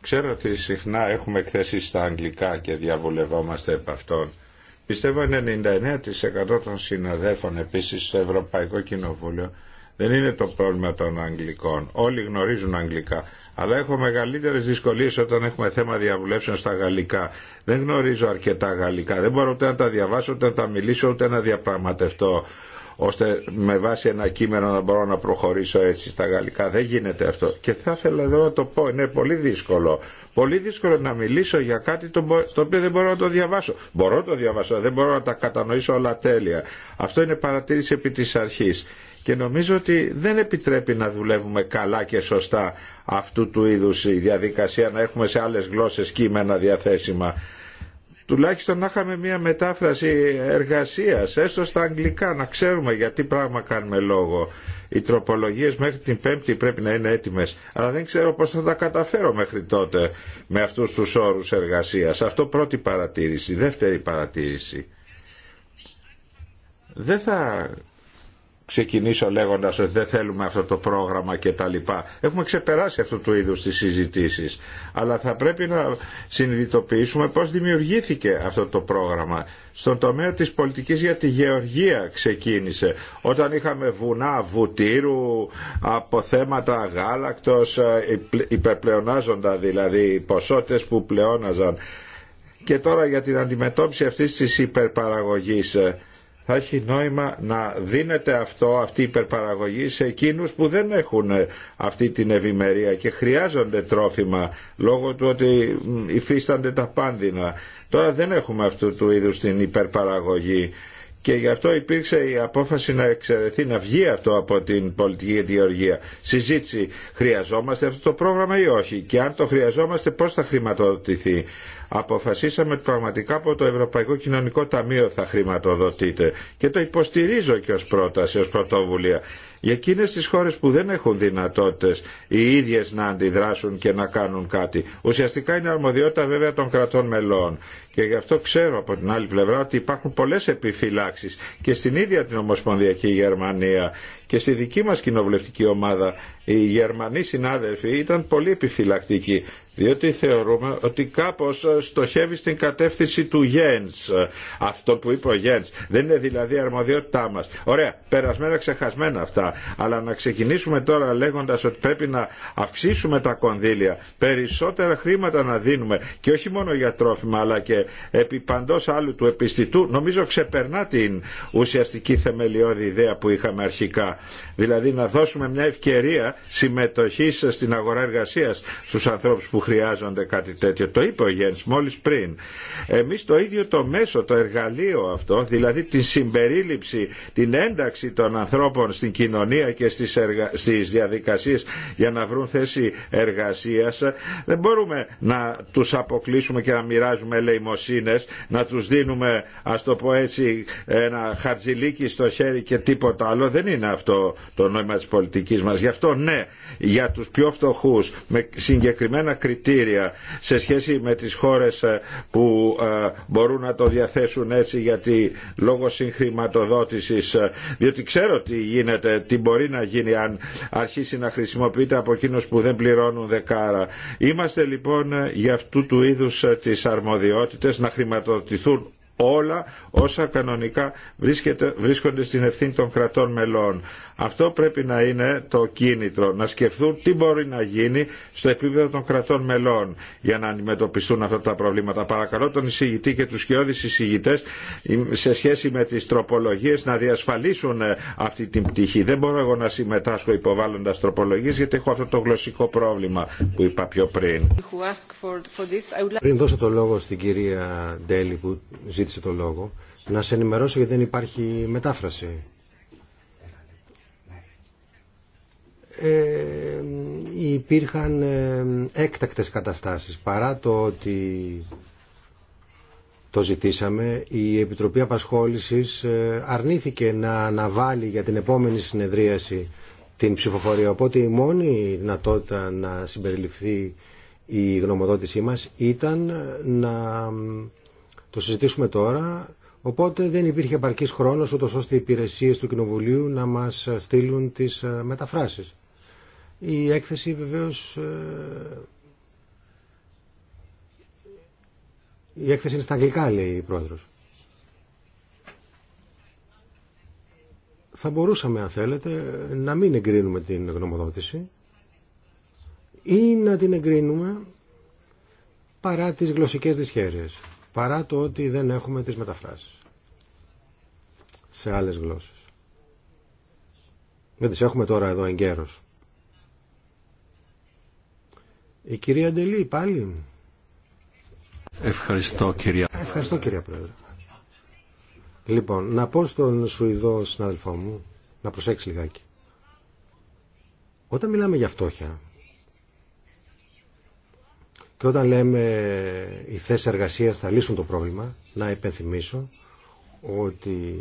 Ξέρω ότι συχνά έχουμε εκθέσει στα αγγλικά και διαβουλευόμαστε επ' αυτών. Πιστεύω 99% των συναδέλφων επίσης στο Ευρωπαϊκό Κοινοβούλιο δεν είναι το πρόβλημα των Αγγλικών. Όλοι γνωρίζουν Αγγλικά. Αλλά έχω μεγαλύτερε δυσκολίε όταν έχουμε θέμα διαβουλεύσεων στα γαλλικά. Δεν γνωρίζω αρκετά γαλλικά. Δεν μπορώ ούτε να τα διαβάσω, ούτε να τα μιλήσω, ούτε να διαπραγματευτώ ώστε με βάση ένα κείμενο να μπορώ να προχωρήσω έτσι στα γαλλικά. Δεν γίνεται αυτό. Και θα ήθελα εδώ να το πω, είναι πολύ δύσκολο. Πολύ δύσκολο να μιλήσω για κάτι το, το οποίο δεν μπορώ να το διαβάσω. Μπορώ να το διαβάσω, δεν μπορώ να τα κατανοήσω όλα τέλεια. Αυτό είναι παρατήρηση επί της αρχής και νομίζω ότι δεν επιτρέπει να δουλεύουμε καλά και σωστά αυτού του είδους η διαδικασία να έχουμε σε άλλες γλώσσες κείμενα διαθέσιμα. Τουλάχιστον να είχαμε μια μετάφραση εργασίας, έστω στα αγγλικά, να ξέρουμε για τι πράγμα κάνουμε λόγο. Οι τροπολογίες μέχρι την Πέμπτη πρέπει να είναι έτοιμες, αλλά δεν ξέρω πώς θα τα καταφέρω μέχρι τότε με αυτούς τους όρους εργασίας. Αυτό πρώτη παρατήρηση. Δεύτερη παρατήρηση. Δεν θα ξεκινήσω λέγοντας ότι δεν θέλουμε αυτό το πρόγραμμα και τα λοιπά. Έχουμε ξεπεράσει αυτού του είδους τις συζητήσεις. Αλλά θα πρέπει να συνειδητοποιήσουμε πώς δημιουργήθηκε αυτό το πρόγραμμα. Στον τομέα της πολιτικής για τη γεωργία ξεκίνησε. Όταν είχαμε βουνά βουτύρου από θέματα γάλακτος, ε, υπερπλεονάζοντα δηλαδή ποσότητες που πλεόναζαν. Και τώρα για την αντιμετώπιση αυτής της υπερπαραγωγής ε, θα έχει νόημα να δίνεται αυτό, αυτή η υπερπαραγωγή σε εκείνους που δεν έχουν ε, αυτή την ευημερία και χρειάζονται τρόφιμα λόγω του ότι υφίστανται τα πάνδυνα. Τώρα δεν έχουμε αυτού του είδους την υπερπαραγωγή και γι' αυτό υπήρξε η απόφαση να εξαιρεθεί, να βγει αυτό από την πολιτική ιδιοργία. Συζήτηση, χρειαζόμαστε αυτό το πρόγραμμα ή όχι και αν το χρειαζόμαστε πώς θα χρηματοδοτηθεί. Αποφασίσαμε πραγματικά από το Ευρωπαϊκό Κοινωνικό Ταμείο θα χρηματοδοτείται και το υποστηρίζω και ως πρόταση, ως πρωτοβουλία. Για εκείνες τις χώρες που δεν έχουν δυνατότητες οι ίδιες να αντιδράσουν και να κάνουν κάτι. Ουσιαστικά είναι αρμοδιότητα βέβαια των κρατών μελών. Και γι' αυτό ξέρω από την άλλη πλευρά ότι υπάρχουν πολλές επιφυλάξεις και στην ίδια την Ομοσπονδιακή Γερμανία και στη δική μας κοινοβουλευτική ομάδα οι Γερμανοί συνάδελφοι ήταν πολύ επιφυλακτικοί διότι θεωρούμε ότι κάπως ε, στοχεύει στην κατεύθυνση του Γένς, ε, αυτό που είπε ο Γένς. Δεν είναι δηλαδή αρμοδιότητά μας. Ωραία, περασμένα ξεχασμένα αυτά, αλλά να ξεκινήσουμε τώρα λέγοντας ότι πρέπει να αυξήσουμε τα κονδύλια, περισσότερα χρήματα να δίνουμε και όχι μόνο για τρόφιμα αλλά και επί παντός άλλου του επιστητού, νομίζω ξεπερνά την ουσιαστική θεμελιώδη ιδέα που είχαμε αρχικά. Δηλαδή να δώσουμε μια ευκαιρία συμμετοχή στην αγορά εργασία στους ανθρώπους που χρειάζονται κάτι τέτοιο. Το είπε ο Γιάννης μόλις πριν. Εμείς το ίδιο το μέσο, το εργαλείο αυτό, δηλαδή την συμπερίληψη, την ένταξη των ανθρώπων στην κοινωνία και στις, εργα... διαδικασίες για να βρουν θέση εργασίας, δεν μπορούμε να τους αποκλείσουμε και να μοιράζουμε ελεημοσύνες, να τους δίνουμε, ας το πω έτσι, ένα χαρτζιλίκι στο χέρι και τίποτα άλλο. Δεν είναι αυτό το νόημα της πολιτικής μας. Γι' αυτό ναι, για τους πιο φτωχούς, με συγκεκριμένα κριτήρια κριτήρια σε σχέση με τις χώρες ε, που ε, μπορούν να το διαθέσουν έτσι γιατί λόγω συγχρηματοδότησης ε, διότι ξέρω τι γίνεται, τι μπορεί να γίνει αν αρχίσει να χρησιμοποιείται από εκείνους που δεν πληρώνουν δεκάρα. Είμαστε λοιπόν για αυτού του είδους τις αρμοδιότητες να χρηματοδοτηθούν όλα όσα κανονικά βρίσκονται στην ευθύνη των κρατών μελών. Αυτό πρέπει να είναι το κίνητρο, να σκεφτούν τι μπορεί να γίνει στο επίπεδο των κρατών μελών για να αντιμετωπιστούν αυτά τα προβλήματα. Παρακαλώ τον εισηγητή και τους σκιώδεις εισηγητές σε σχέση με τις τροπολογίες να διασφαλίσουν ε, αυτή την πτυχή. Δεν μπορώ εγώ να συμμετάσχω υποβάλλοντας τροπολογίες γιατί έχω αυτό το γλωσσικό πρόβλημα που είπα πιο πριν. Πριν δώσω το λόγο στην κυρία Ντέλη που ζήτησε το λόγο, να σε ενημερώσω γιατί δεν υπάρχει μετάφραση. Ε, υπήρχαν ε, έκτακτες καταστάσεις. Παρά το ότι το ζητήσαμε, η Επιτροπή Απασχόλησης ε, αρνήθηκε να αναβάλει για την επόμενη συνεδρίαση την ψηφοφορία. Οπότε η μόνη δυνατότητα να συμπεριληφθεί η γνωμοδότησή μας ήταν να το συζητήσουμε τώρα. Οπότε δεν υπήρχε επαρκής χρόνος ούτως ώστε οι υπηρεσίες του Κοινοβουλίου να μας στείλουν τις μεταφράσεις. Η έκθεση βεβαίως... Ε, η έκθεση είναι στα αγγλικά, λέει η πρόεδρος. Θα μπορούσαμε, αν θέλετε, να μην εγκρίνουμε την γνωμοδότηση ή να την εγκρίνουμε παρά τις γλωσσικές δυσχέρειες, παρά το ότι δεν έχουμε τις μεταφράσεις σε άλλες γλώσσες. Δεν τις έχουμε τώρα εδώ εγκαίρως. Η ε, κυρία πάλι. Ευχαριστώ κυρία. Ευχαριστώ κυρία Πρόεδρε. Λοιπόν, να πω στον Σουηδό συναδελφό μου να προσέξει λιγάκι. Όταν μιλάμε για φτώχεια και όταν λέμε οι θέσει εργασίας θα λύσουν το πρόβλημα, να υπενθυμίσω ότι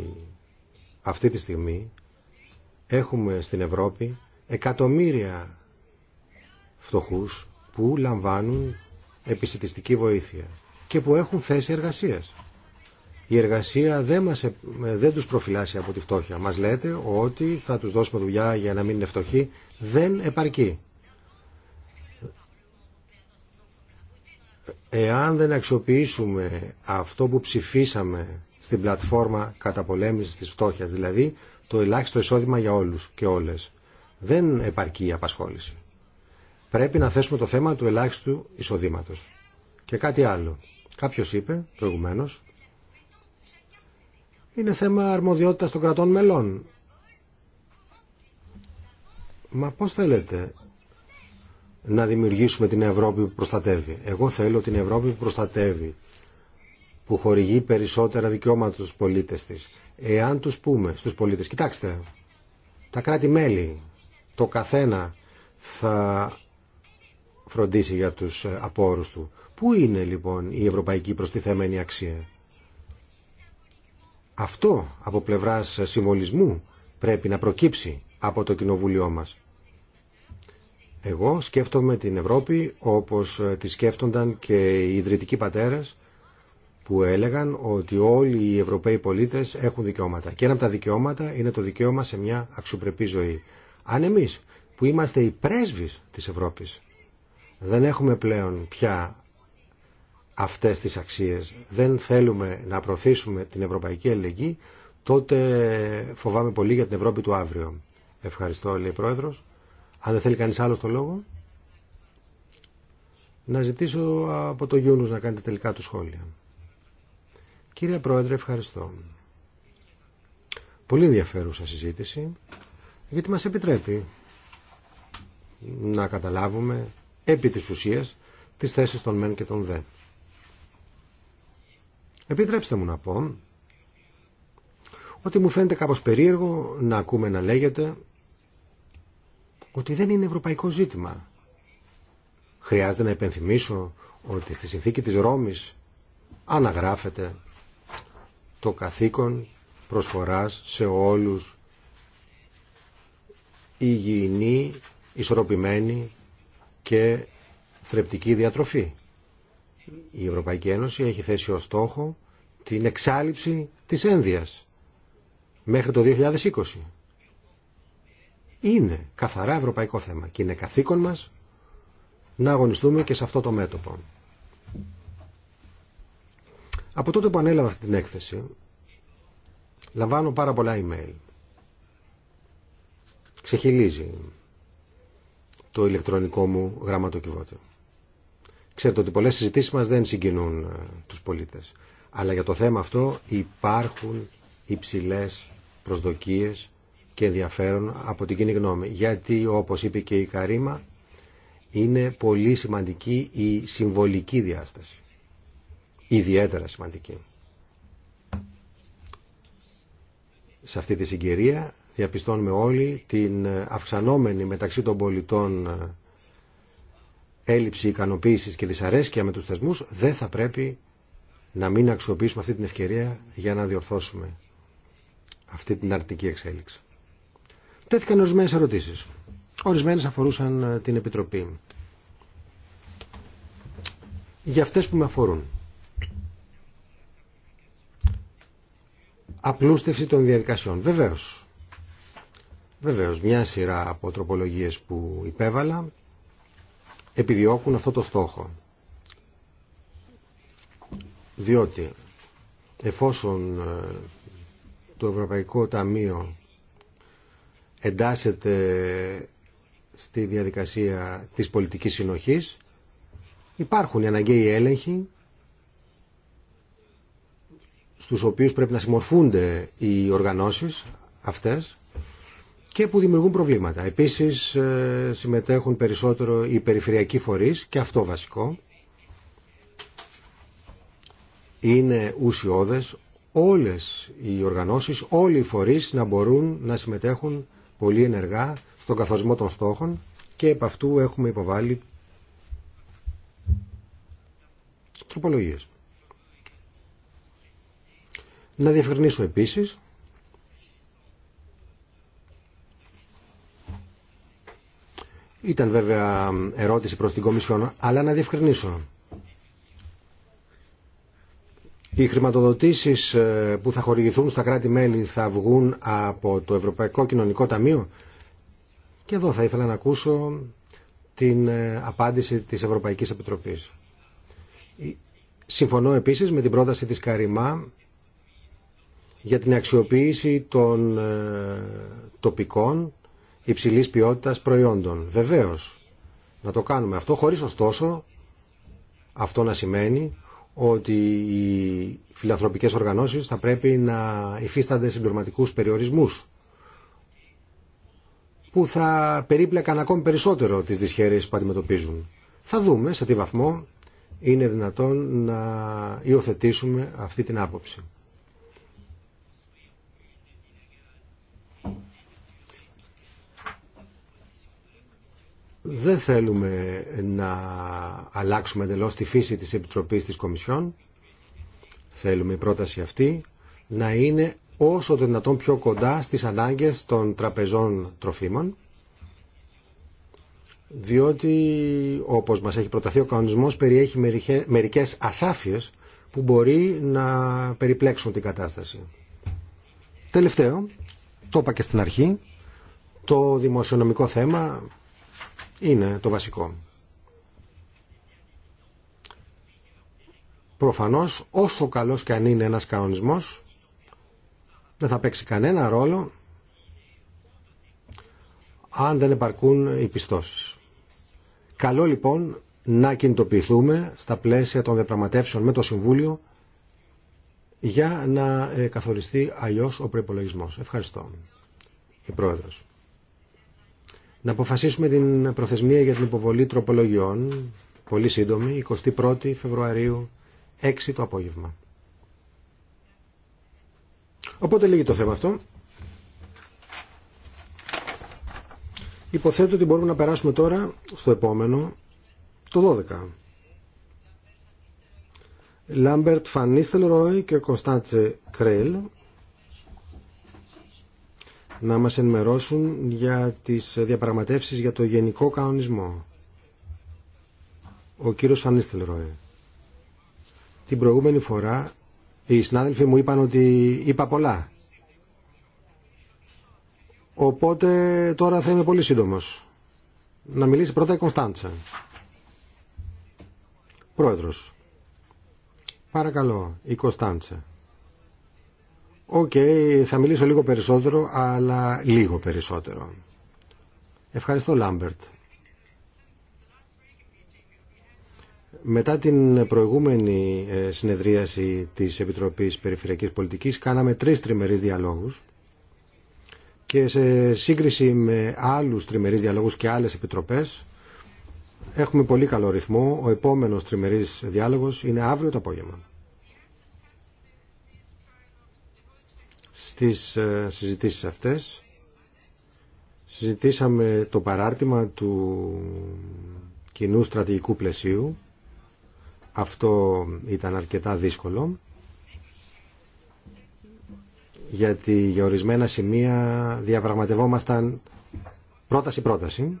αυτή τη στιγμή έχουμε στην Ευρώπη εκατομμύρια φτωχούς που λαμβάνουν επιστημιστική βοήθεια και που έχουν θέση εργασίας. Η εργασία δεν, μας, δεν τους προφυλάσσει από τη φτώχεια. Μας λέτε ότι θα τους δώσουμε δουλειά για να μην είναι φτωχοί. Δεν επαρκεί. Εάν δεν αξιοποιήσουμε αυτό που ψηφίσαμε στην πλατφόρμα καταπολέμησης της φτώχειας, δηλαδή το ελάχιστο εισόδημα για όλους και όλες, δεν επαρκεί η απασχόληση πρέπει να θέσουμε το θέμα του ελάχιστου εισοδήματο. Και κάτι άλλο. Κάποιο είπε προηγουμένω, είναι θέμα αρμοδιότητα των κρατών μελών. Μα πώς θέλετε να δημιουργήσουμε την Ευρώπη που προστατεύει. Εγώ θέλω την Ευρώπη που προστατεύει, που χορηγεί περισσότερα δικαιώματα στους πολίτες της. Εάν τους πούμε στους πολίτες, κοιτάξτε, τα κράτη-μέλη, το καθένα θα φροντίσει για τους ε, απόρους του. Πού είναι λοιπόν η ευρωπαϊκή προστιθέμενη αξία. Αυτό από πλευράς ε, συμβολισμού πρέπει να προκύψει από το κοινοβούλιο μας. Εγώ σκέφτομαι την Ευρώπη όπως ε, τη σκέφτονταν και οι ιδρυτικοί πατέρες που έλεγαν ότι όλοι οι Ευρωπαίοι πολίτες έχουν δικαιώματα. Και ένα από τα δικαιώματα είναι το δικαίωμα σε μια αξιοπρεπή ζωή. Αν εμείς που είμαστε οι πρέσβεις της Ευρώπης δεν έχουμε πλέον πια αυτές τις αξίες. Δεν θέλουμε να προωθήσουμε την ευρωπαϊκή αλληλεγγύη, τότε φοβάμαι πολύ για την Ευρώπη του αύριο. Ευχαριστώ, λέει Πρόεδρος. Αν δεν θέλει κανείς άλλο το λόγο, να ζητήσω από το Γιούνους να κάνετε τελικά του σχόλια. Κύριε Πρόεδρε, ευχαριστώ. Πολύ ενδιαφέρουσα συζήτηση, γιατί μας επιτρέπει να καταλάβουμε επί της ουσίας τις θέσεις των μεν και των δε. Επιτρέψτε μου να πω ότι μου φαίνεται κάπως περίεργο να ακούμε να λέγεται ότι δεν είναι ευρωπαϊκό ζήτημα. Χρειάζεται να επενθυμίσω ότι στη συνθήκη της Ρώμης αναγράφεται το καθήκον προσφοράς σε όλους υγιεινή, ισορροπημένη και θρεπτική διατροφή. Η Ευρωπαϊκή Ένωση έχει θέσει ως στόχο την εξάλληψη της ένδυας μέχρι το 2020. Είναι καθαρά ευρωπαϊκό θέμα και είναι καθήκον μας να αγωνιστούμε και σε αυτό το μέτωπο. Από τότε που ανέλαβα αυτή την έκθεση, λαμβάνω πάρα πολλά email. Ξεχυλίζει το ηλεκτρονικό μου γραμματοκιβώτιο. Ξέρετε ότι πολλές συζητήσεις μας δεν συγκινούν ε, τους πολίτες. Αλλά για το θέμα αυτό υπάρχουν υψηλές προσδοκίες και ενδιαφέρον από την κοινή γνώμη. Γιατί, όπως είπε και η Καρίμα, είναι πολύ σημαντική η συμβολική διάσταση. Ιδιαίτερα σημαντική. Σε αυτή τη συγκυρία διαπιστώνουμε όλοι την αυξανόμενη μεταξύ των πολιτών έλλειψη ικανοποίησης και δυσαρέσκεια με τους θεσμούς, δεν θα πρέπει να μην αξιοποιήσουμε αυτή την ευκαιρία για να διορθώσουμε αυτή την αρνητική εξέλιξη. Τέθηκαν ορισμένε ερωτήσει. Ορισμένε αφορούσαν ε, την Επιτροπή. Για αυτές που με αφορούν. Απλούστευση των διαδικασιών. Βεβαίως, Βεβαίως, μια σειρά από τροπολογίες που υπέβαλα επιδιώκουν αυτό το στόχο. Διότι εφόσον ε, το Ευρωπαϊκό Ταμείο εντάσσεται στη διαδικασία της πολιτικής συνοχής υπάρχουν οι αναγκαίοι έλεγχοι στους οποίους πρέπει να συμμορφούνται οι οργανώσεις αυτές και που δημιουργούν προβλήματα. Επίσης ε, συμμετέχουν περισσότερο οι περιφερειακοί φορείς και αυτό βασικό είναι ουσιώδες όλες οι οργανώσεις, όλοι οι φορείς να μπορούν να συμμετέχουν πολύ ενεργά στον καθορισμό των στόχων και επ' αυτού έχουμε υποβάλει τροπολογίες. Να διευκρινίσω επίσης Ήταν βέβαια ερώτηση προς την Κομισιόν, αλλά να διευκρινίσω. Οι χρηματοδοτήσεις ε, που θα χορηγηθούν στα κράτη-μέλη θα βγουν από το Ευρωπαϊκό Κοινωνικό Ταμείο. Και εδώ θα ήθελα να ακούσω την ε, απάντηση της Ευρωπαϊκής Επιτροπής. Συμφωνώ επίσης με την πρόταση της Καριμά για την αξιοποίηση των ε, τοπικών υψηλής ποιότητας προϊόντων. Βεβαίως, να το κάνουμε αυτό, χωρίς ωστόσο αυτό να σημαίνει ότι οι φιλανθρωπικές οργανώσεις θα πρέπει να υφίστανται συμπληρωματικούς περιορισμούς που θα περίπλεκαν ακόμη περισσότερο τις δυσχέρειες που αντιμετωπίζουν. Θα δούμε σε τι βαθμό είναι δυνατόν να υιοθετήσουμε αυτή την άποψη. Δεν θέλουμε να αλλάξουμε εντελώ τη φύση της Επιτροπής της Κομισιόν. Θέλουμε η πρόταση αυτή να είναι όσο το δυνατόν πιο κοντά στις ανάγκες των τραπεζών τροφίμων διότι όπως μας έχει προταθεί ο κανονισμός περιέχει μερικές ασάφειες που μπορεί να περιπλέξουν την κατάσταση. Τελευταίο, το είπα και στην αρχή, το δημοσιονομικό θέμα είναι το βασικό. Προφανώς όσο καλός και αν είναι ένας κανονισμός δεν θα παίξει κανένα ρόλο αν δεν επαρκούν οι πιστώσεις. Καλό λοιπόν να κινητοποιηθούμε στα πλαίσια των διαπραγματεύσεων με το Συμβούλιο για να ε, καθοριστεί αλλιώς ο προϋπολογισμός. Ευχαριστώ. Η Πρόεδρος. Να αποφασίσουμε την προθεσμία για την υποβολή τροπολογιών, πολύ σύντομη, 21η Φεβρουαρίου, 6 το απόγευμα. Οπότε λύγει το θέμα αυτό. Υποθέτω ότι μπορούμε να περάσουμε τώρα στο επόμενο, το 12. Λάμπερτ Φανίστελ Ρόι και Κωνσταντσε Κρέλ να μας ενημερώσουν για τις διαπραγματεύσεις για το γενικό κανονισμό. Ο κύριος Ρόε. Την προηγούμενη φορά οι συνάδελφοι μου είπαν ότι είπα πολλά. Οπότε τώρα θα είμαι πολύ σύντομος. Να μιλήσει πρώτα η Κωνσταντσα. Πρόεδρος. Παρακαλώ, η Κωνσταντσα. Οκ, θα μιλήσω λίγο περισσότερο, αλλά λίγο περισσότερο. Ευχαριστώ, Λάμπερτ. Μετά την προηγούμενη ε, συνεδρίαση της Επιτροπής Περιφερειακής Πολιτικής κάναμε τρεις τριμερείς διαλόγους και σε σύγκριση με άλλους τριμερείς διαλόγους και άλλες επιτροπές έχουμε πολύ καλό ρυθμό. Ο επόμενος τριμερείς διάλογος είναι αύριο το απόγευμα. στις ε, συζητήσεις αυτές. Συζητήσαμε το παράρτημα του κοινού στρατηγικού πλαισίου. Αυτό ήταν αρκετά δύσκολο γιατί για ορισμένα σημεία διαπραγματευόμασταν πρόταση-πρόταση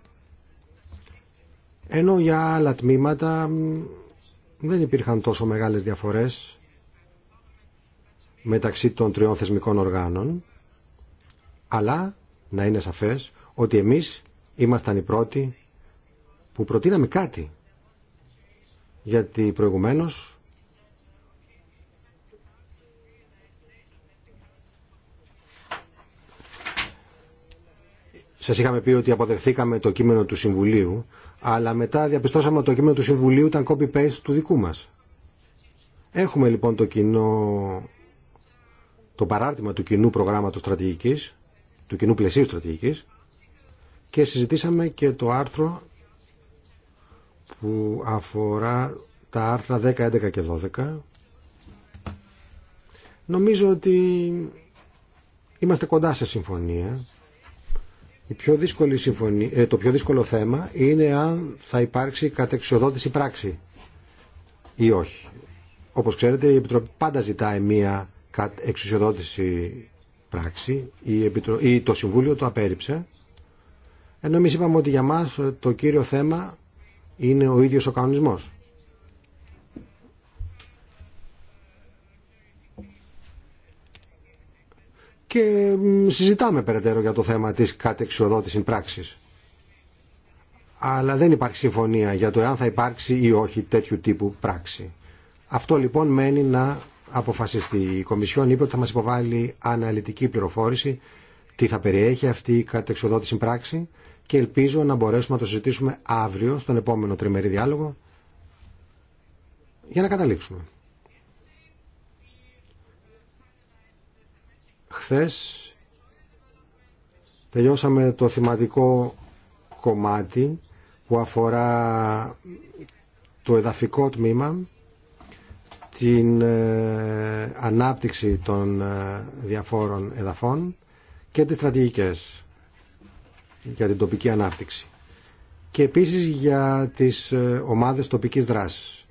ενώ για άλλα τμήματα δεν υπήρχαν τόσο μεγάλες διαφορές μεταξύ των τριών θεσμικών οργάνων, αλλά να είναι σαφές ότι εμείς ήμασταν οι πρώτοι που προτείναμε κάτι. Γιατί προηγουμένως σας είχαμε πει ότι αποδεχθήκαμε το κείμενο του Συμβουλίου, αλλά μετά διαπιστώσαμε ότι το κείμενο του Συμβουλίου ήταν copy-paste του δικού μας. Έχουμε λοιπόν το κοινό το παράρτημα του κοινού προγράμματος του κοινού πλαισίου στρατηγικής και συζητήσαμε και το άρθρο που αφορά τα άρθρα 10, 11 και 12. Νομίζω ότι είμαστε κοντά σε συμφωνία. πιο δύσκολη συμφωνία, ε, το πιο δύσκολο θέμα είναι αν θα υπάρξει κατεξοδότηση πράξη ή όχι. Όπως ξέρετε η Επιτροπή πάντα ζητάει μία εξουσιοδότηση πράξη ή το Συμβούλιο το απέρριψε ενώ εμείς είπαμε ότι για μας το κύριο θέμα είναι ο ίδιος ο κανονισμός. Και συζητάμε περαιτέρω για το θέμα της κατεξοδότησης πράξης. Αλλά δεν υπάρχει συμφωνία για το εάν θα υπάρξει ή όχι τέτοιου τύπου πράξη. Αυτό λοιπόν μένει να αποφασιστεί. Η Κομισιόν είπε ότι θα μας υποβάλει αναλυτική πληροφόρηση τι θα περιέχει αυτή η κατεξοδότηση πράξη και ελπίζω να μπορέσουμε να το συζητήσουμε αύριο στον επόμενο τριμερή διάλογο για να καταλήξουμε. Χθες τελειώσαμε το θυματικό κομμάτι που αφορά το εδαφικό τμήμα την ε, ανάπτυξη των ε, διαφόρων εδαφών και τις στρατηγικές για την τοπική ανάπτυξη και επίσης για τις ε, ομάδες τοπικής δράσης.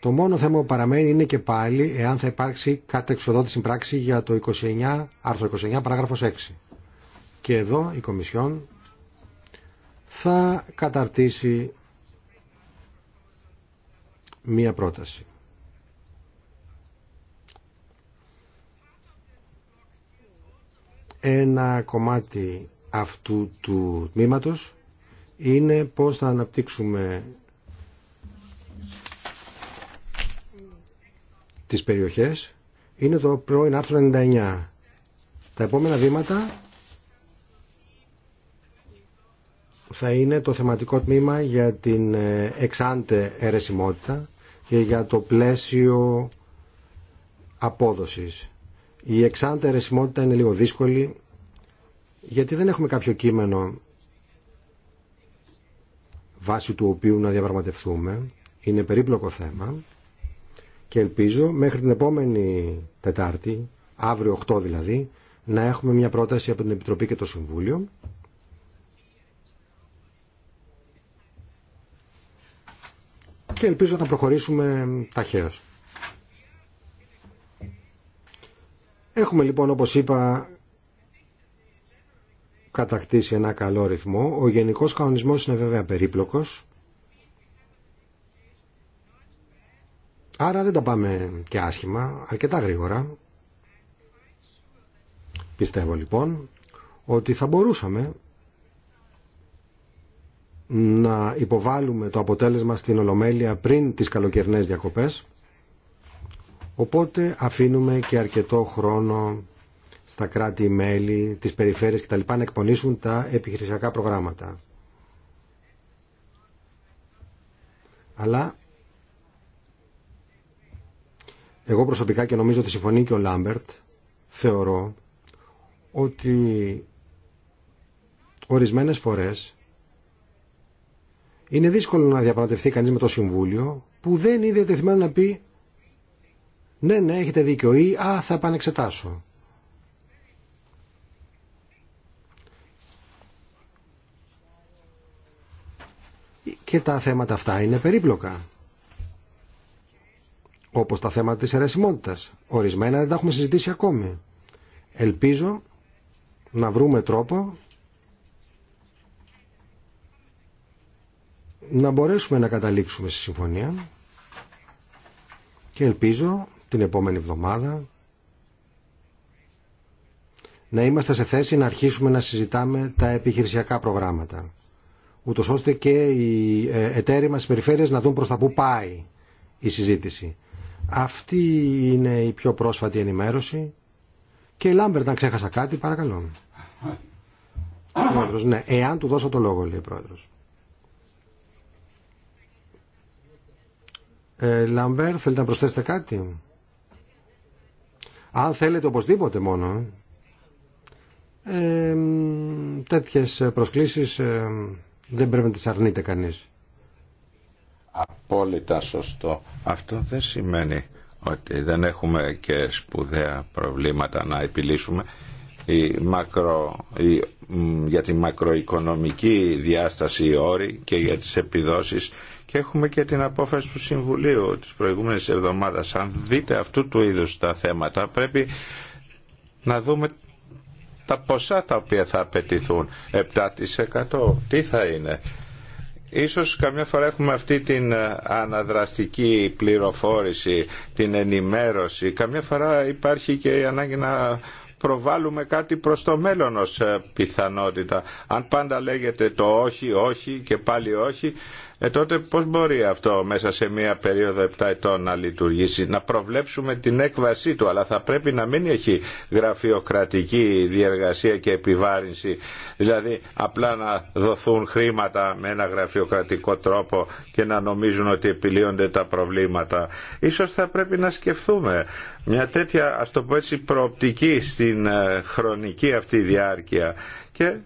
Το μόνο θέμα που παραμένει είναι και πάλι εάν θα υπάρξει κατεξοδότηση πράξη για το 29, άρθρο 29 παράγραφος 6. Και εδώ η Κομισιόν θα καταρτήσει μία πρόταση. Ένα κομμάτι αυτού του τμήματος είναι πώς θα αναπτύξουμε τις περιοχές. Είναι το πρώην άρθρο 99. Τα επόμενα βήματα θα είναι το θεματικό τμήμα για την ε, εξάντε αιρεσιμότητα και για το πλαίσιο απόδοσης. Η εξάντα αιρεσιμότητα είναι λίγο δύσκολη γιατί δεν έχουμε κάποιο κείμενο βάση του οποίου να διαπραγματευτούμε. Είναι περίπλοκο θέμα και ελπίζω μέχρι την επόμενη Τετάρτη, αύριο 8 δηλαδή, να έχουμε μια πρόταση από την Επιτροπή και το Συμβούλιο. Και ελπίζω να προχωρήσουμε ταχαίως. Έχουμε λοιπόν όπως είπα κατακτήσει ένα καλό ρυθμό. Ο γενικός κανονισμός είναι βέβαια περίπλοκος. Άρα δεν τα πάμε και άσχημα, αρκετά γρήγορα. Πιστεύω λοιπόν ότι θα μπορούσαμε να υποβάλουμε το αποτέλεσμα στην Ολομέλεια πριν τις καλοκαιρινές διακοπές Οπότε αφήνουμε και αρκετό χρόνο στα κράτη-μέλη, τις περιφέρειες κτλ. να εκπονήσουν τα επιχειρησιακά προγράμματα. Αλλά εγώ προσωπικά και νομίζω ότι συμφωνεί και ο Λάμπερτ, θεωρώ ότι ορισμένες φορές είναι δύσκολο να διαπραγματευτεί κανείς με το Συμβούλιο που δεν είναι διατεθειμένο να πει ναι, ναι, έχετε δίκιο ή α, θα επανεξετάσω. Και τα θέματα αυτά είναι περίπλοκα. Όπως τα θέματα της αιρεσιμότητας. Ορισμένα δεν τα έχουμε συζητήσει ακόμη. Ελπίζω να βρούμε τρόπο να μπορέσουμε να καταλήξουμε στη συμφωνία και ελπίζω την επόμενη εβδομάδα να είμαστε σε θέση να αρχίσουμε να συζητάμε τα επιχειρησιακά προγράμματα ούτω ώστε και οι ε, εταίροι μας περιφέρειες να δουν προς τα που πάει η συζήτηση. Αυτή είναι η πιο πρόσφατη ενημέρωση. Και η Λάμπερτ, αν ξέχασα κάτι, παρακαλώ. πρόεδρος, ναι, εάν του δώσω το λόγο, λέει ο πρόεδρος. Ε, Λάμπερ, θέλετε να προσθέσετε κάτι. Αν θέλετε οπωσδήποτε μόνο, ε, τέτοιες προσκλήσεις ε, δεν πρέπει να τις αρνείται κανείς. Απόλυτα σωστό. Αυτό δεν σημαίνει ότι δεν έχουμε και σπουδαία προβλήματα να επιλύσουμε. Η μακρο, για τη μακροοικονομική διάσταση οι και για τις επιδόσεις και έχουμε και την απόφαση του Συμβουλίου της προηγούμενης εβδομάδας. Αν δείτε αυτού του είδους τα θέματα πρέπει να δούμε τα ποσά τα οποία θα απαιτηθούν. 7% τι θα είναι. Ίσως καμιά φορά έχουμε αυτή την ε, αναδραστική πληροφόρηση, την ενημέρωση. Καμιά φορά υπάρχει και η ανάγκη να προβάλλουμε κάτι προς το μέλλον ως ε, πιθανότητα. Αν πάντα λέγεται το όχι, όχι και πάλι όχι, ε, τότε πώς μπορεί αυτό μέσα σε μια περίοδο 7 ετών να λειτουργήσει, να προβλέψουμε την έκβασή του, αλλά θα πρέπει να μην έχει γραφειοκρατική διεργασία και επιβάρυνση, δηλαδή απλά να δοθούν χρήματα με ένα γραφειοκρατικό τρόπο και να νομίζουν ότι επιλύονται τα προβλήματα. Ίσως θα πρέπει να σκεφτούμε μια τέτοια, ας το έτσι, προοπτική στην ε, χρονική αυτή διάρκεια και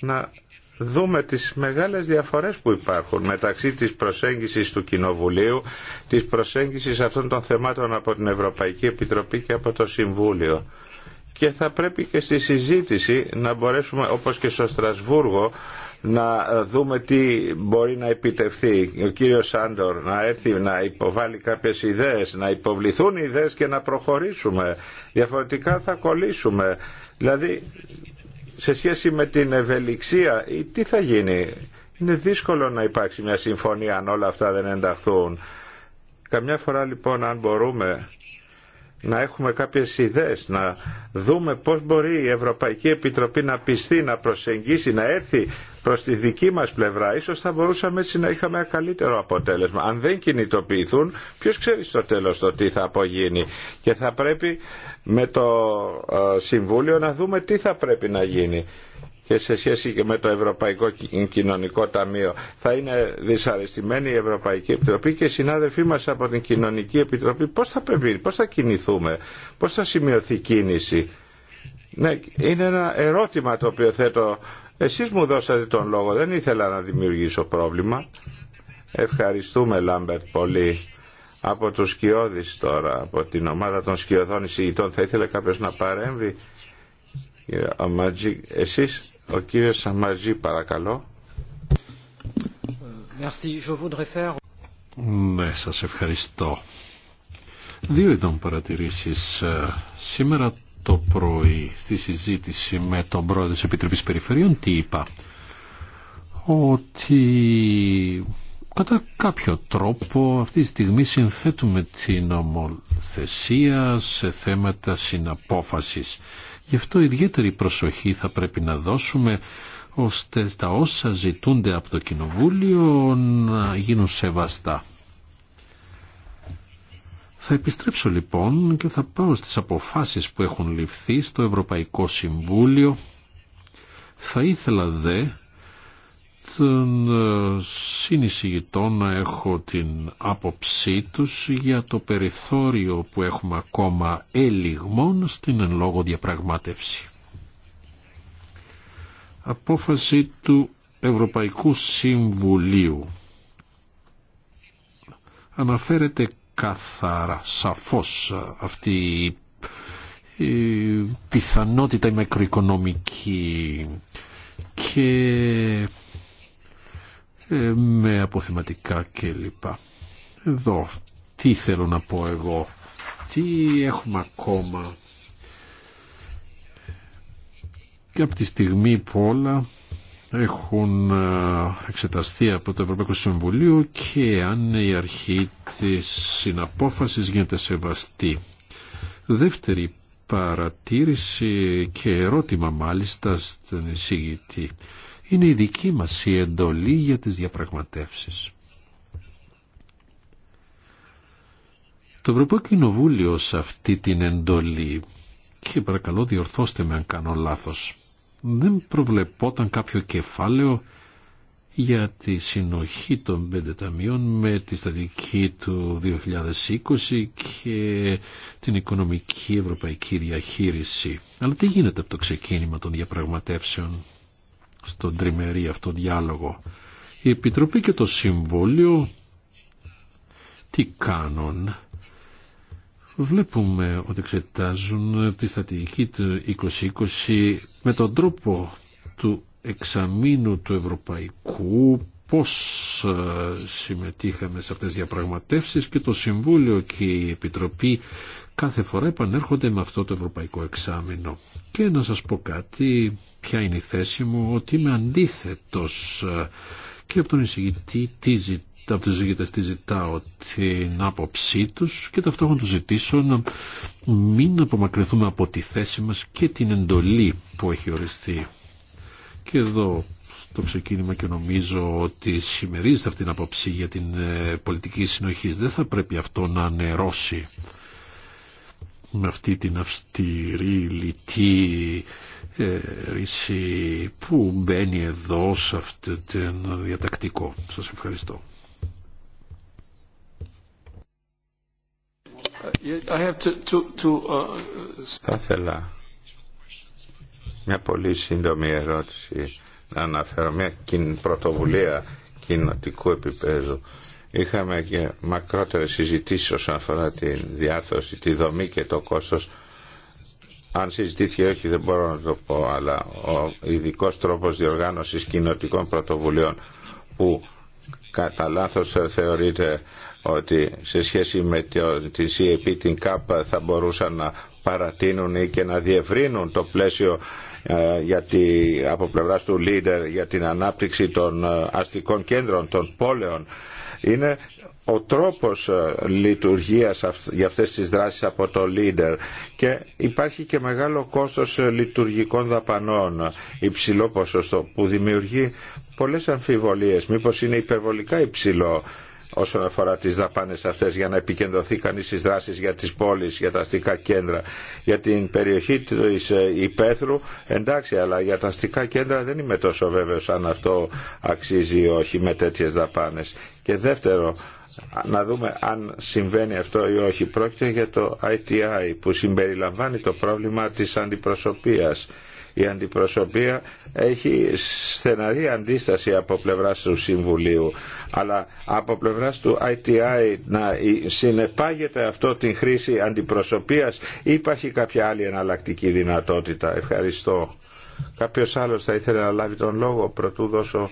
να δούμε τις μεγάλες διαφορές που υπάρχουν μεταξύ της προσέγγισης του Κοινοβουλίου, της προσέγγισης αυτών των θεμάτων από την Ευρωπαϊκή Επιτροπή και από το Συμβούλιο. Και θα πρέπει και στη συζήτηση να μπορέσουμε, όπως και στο Στρασβούργο, να δούμε τι μπορεί να επιτευχθεί. Ο κύριος Σάντορ να έρθει να υποβάλει κάποιες ιδέες, να υποβληθούν ιδέες και να προχωρήσουμε. Διαφορετικά θα κολλήσουμε. Δηλαδή σε σχέση με την ευελιξία, τι θα γίνει. Είναι δύσκολο να υπάρξει μια συμφωνία αν όλα αυτά δεν ενταχθούν. Καμιά φορά λοιπόν αν μπορούμε να έχουμε κάποιες ιδέες, να δούμε πώς μπορεί η Ευρωπαϊκή Επιτροπή να πιστεί, να προσεγγίσει, να έρθει προς τη δική μας πλευρά. Ίσως θα μπορούσαμε έτσι να είχαμε ένα καλύτερο αποτέλεσμα. Αν δεν κινητοποιηθούν, ποιος ξέρει στο τέλος το τι θα απογίνει. Και θα πρέπει με το ε, Συμβούλιο να δούμε τι θα πρέπει να γίνει και σε σχέση και με το Ευρωπαϊκό Κοινωνικό Ταμείο. Θα είναι δυσαρεστημένη η Ευρωπαϊκή Επιτροπή και οι συνάδελφοί μας από την Κοινωνική Επιτροπή πώς θα πρέπει, πώς θα κινηθούμε, πώς θα σημειωθεί κίνηση. Ναι, είναι ένα ερώτημα το οποίο θέτω. Εσείς μου δώσατε τον λόγο, δεν ήθελα να δημιουργήσω πρόβλημα. Ευχαριστούμε Λάμπερτ πολύ από τους σκιώδεις τώρα, από την ομάδα των σκιωδών εισηγητών. Θα ήθελε κάποιος να παρέμβει. Ο εσείς, ο κύριος Αματζή παρακαλώ. Ναι, σας ευχαριστώ. Δύο ειδών παρατηρήσεις. Ε, σήμερα το πρωί στη συζήτηση με τον πρόεδρο της Επιτροπής Περιφερειών τι είπα. Ότι Κατά κάποιο τρόπο αυτή τη στιγμή συνθέτουμε την ομοθεσία σε θέματα συναπόφασης. Γι' αυτό ιδιαίτερη προσοχή θα πρέπει να δώσουμε ώστε τα όσα ζητούνται από το Κοινοβούλιο να γίνουν σεβαστά. Θα επιστρέψω λοιπόν και θα πάω στις αποφάσεις που έχουν ληφθεί στο Ευρωπαϊκό Συμβούλιο. Θα ήθελα δε των ε, συνεισηγητών να έχω την άποψή τους για το περιθώριο που έχουμε ακόμα έλιγμων στην εν λόγω διαπραγμάτευση. Απόφαση του Ευρωπαϊκού Συμβουλίου αναφέρεται καθαρά, σαφώς αυτή η πιθανότητα η μακροοικονομική και ε, με αποθεματικά κλπ. Εδώ, τι θέλω να πω εγώ, τι έχουμε ακόμα. Και από τη στιγμή που όλα έχουν ε, εξεταστεί από το Ευρωπαϊκό Συμβουλίο και αν η αρχή της συναπόφασης γίνεται σεβαστή. Δεύτερη παρατήρηση και ερώτημα μάλιστα στον εισηγητή είναι η δική μας η εντολή για τις διαπραγματεύσεις. Το Ευρωπαϊκό Κοινοβούλιο σε αυτή την εντολή και παρακαλώ διορθώστε με αν κάνω λάθος. Δεν προβλεπόταν κάποιο κεφάλαιο για τη συνοχή των πέντε ταμείων με τη στατική του 2020 και την οικονομική ευρωπαϊκή διαχείριση. Αλλά τι γίνεται από το ξεκίνημα των διαπραγματεύσεων στον τριμερή αυτό διάλογο. Η Επιτροπή και το Συμβούλιο τι κάνουν. Βλέπουμε ότι εξετάζουν τη στατική του 2020 με τον τρόπο του εξαμήνου του Ευρωπαϊκού πώς ε, συμμετείχαμε σε αυτές τις διαπραγματεύσεις και το Συμβούλιο και η Επιτροπή κάθε φορά επανέρχονται με αυτό το Ευρωπαϊκό Εξάμεινο. Και να σας πω κάτι ποια είναι η θέση μου, ότι είμαι αντίθετος και από τον εισηγητή τι τους ζητητές τη ζητάω την άποψή τους και ταυτόχρονα τους ζητήσω να μην απομακρυνθούμε από τη θέση μας και την εντολή που έχει οριστεί. Και εδώ το ξεκίνημα και νομίζω ότι συμμερίζεται αυτή την άποψη για την ε, πολιτική συνοχή. Δεν θα πρέπει αυτό να νερώσει με αυτή την αυστηρή λυτή ε, ρίση που μπαίνει εδώ σε αυτό το διατακτικό. Σας ευχαριστώ. Uh, Θα ήθελα μια πολύ σύντομη ερώτηση να αναφέρω μια πρωτοβουλία κοινοτικού επίπεδου Είχαμε και μακρότερες συζητήσεις όσον αφορά τη διάρθρωση, τη δομή και το κόστος. Αν συζητήθηκε όχι δεν μπορώ να το πω, αλλά ο ειδικό τρόπος διοργάνωσης κοινωτικών πρωτοβουλίων που κατά λάθο θεωρείται ότι σε σχέση με τη CEP, την ΚΑΠ θα μπορούσαν να παρατείνουν ή και να διευρύνουν το πλαίσιο ε, για τη, από πλευράς του Λίντερ για την ανάπτυξη των ε, αστικών κέντρων, των πόλεων είναι ο τρόπος ε, λειτουργίας για αυτές τις δράσεις από το leader και υπάρχει και μεγάλο κόστος ε, λειτουργικών δαπανών υψηλό ποσοστό που δημιουργεί πολλές αμφιβολίες μήπως είναι υπερβολικά υψηλό όσον αφορά τις δαπάνες αυτές για να επικεντρωθεί κανείς στις δράσεις για τις πόλεις, για τα αστικά κέντρα. Για την περιοχή της ε, Υπέθρου εντάξει αλλά για τα αστικά κέντρα δεν είμαι τόσο βέβαιος αν αυτό αξίζει ή όχι με τέτοιες δαπάνες. Και δεύτερο, να δούμε αν συμβαίνει αυτό ή όχι. Πρόκειται για το ITI που συμπεριλαμβάνει το πρόβλημα της αντιπροσωπείας η αντιπροσωπεία έχει στεναρή αντίσταση από πλευρά του Συμβουλίου αλλά από πλευρά του ITI να συνεπάγεται αυτό την χρήση αντιπροσωπείας ή υπάρχει κάποια άλλη εναλλακτική δυνατότητα. Ευχαριστώ. Κάποιος άλλος θα ήθελε να λάβει τον λόγο προτού δώσω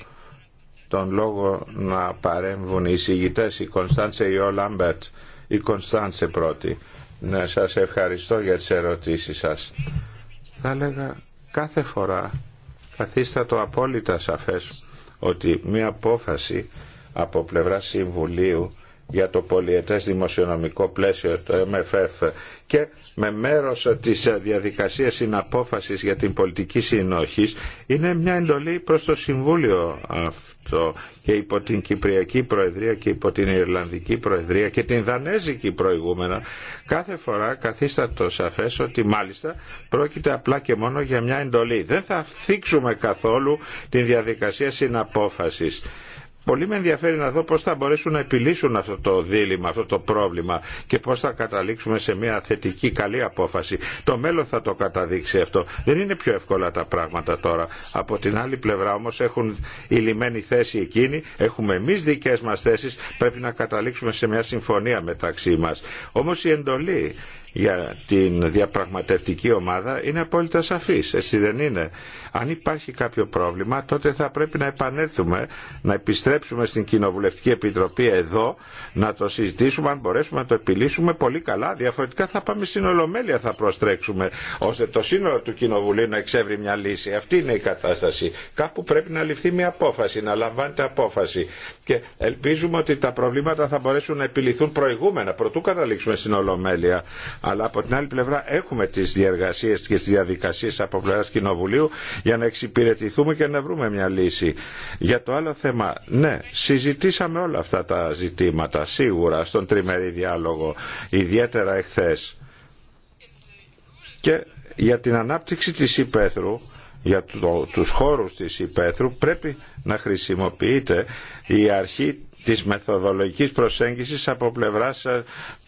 τον λόγο να παρέμβουν οι συγητές η Κωνσταντσε Ιω Λάμπερτ η Κωνσταντσε πρώτη να σας ευχαριστώ για τις ερωτήσεις σας θα έλεγα Κάθε φορά καθίστατο απόλυτα σαφές ότι μια απόφαση από πλευρά Συμβουλίου για το πολιετές δημοσιονομικό πλαίσιο, το MFF, και με μέρος της διαδικασίας συναπόφασης για την πολιτική συνοχής είναι μια εντολή προς το Συμβούλιο αυτό και υπό την Κυπριακή Προεδρία και υπό την Ιρλανδική Προεδρία και την Δανέζικη προηγούμενα κάθε φορά καθίστατο σαφές ότι μάλιστα πρόκειται απλά και μόνο για μια εντολή. Δεν θα θίξουμε καθόλου την διαδικασία συναπόφασης Πολύ με ενδιαφέρει να δω πώς θα μπορέσουν να επιλύσουν αυτό το δίλημα, αυτό το πρόβλημα και πώς θα καταλήξουμε σε μια θετική καλή απόφαση. Το μέλλον θα το καταδείξει αυτό. Δεν είναι πιο εύκολα τα πράγματα τώρα. Από την άλλη πλευρά όμως έχουν η λιμένη θέση εκείνη, έχουμε εμείς δικές μας θέσεις, πρέπει να καταλήξουμε σε μια συμφωνία μεταξύ μας. Όμως η εντολή για την διαπραγματευτική ομάδα είναι απόλυτα σαφής, έτσι δεν είναι. Αν υπάρχει κάποιο πρόβλημα τότε θα πρέπει να επανέλθουμε, να επιστρέψουμε στην Κοινοβουλευτική Επιτροπή εδώ, να το συζητήσουμε αν μπορέσουμε να το επιλύσουμε πολύ καλά. Διαφορετικά θα πάμε στην Ολομέλεια θα προστρέξουμε ώστε το σύνολο του Κοινοβουλίου να εξεύρει μια λύση. Αυτή είναι η κατάσταση. Κάπου πρέπει να ληφθεί μια απόφαση, να λαμβάνεται απόφαση. Και ελπίζουμε ότι τα προβλήματα θα μπορέσουν να επιληθούν προηγούμενα, πρωτού καταλήξουμε στην Ολομέλεια αλλά από την άλλη πλευρά έχουμε τις διεργασίες και τις διαδικασίες από πλευράς Κοινοβουλίου για να εξυπηρετηθούμε και να βρούμε μια λύση. Για το άλλο θέμα, ναι, συζητήσαμε όλα αυτά τα ζητήματα σίγουρα στον τριμερή διάλογο, ιδιαίτερα εχθές. Και για την ανάπτυξη της Υπέθρου, για τους χώρους της Υπέθρου, πρέπει να χρησιμοποιείται η αρχή της μεθοδολογικής προσέγγισης από πλευράς ε,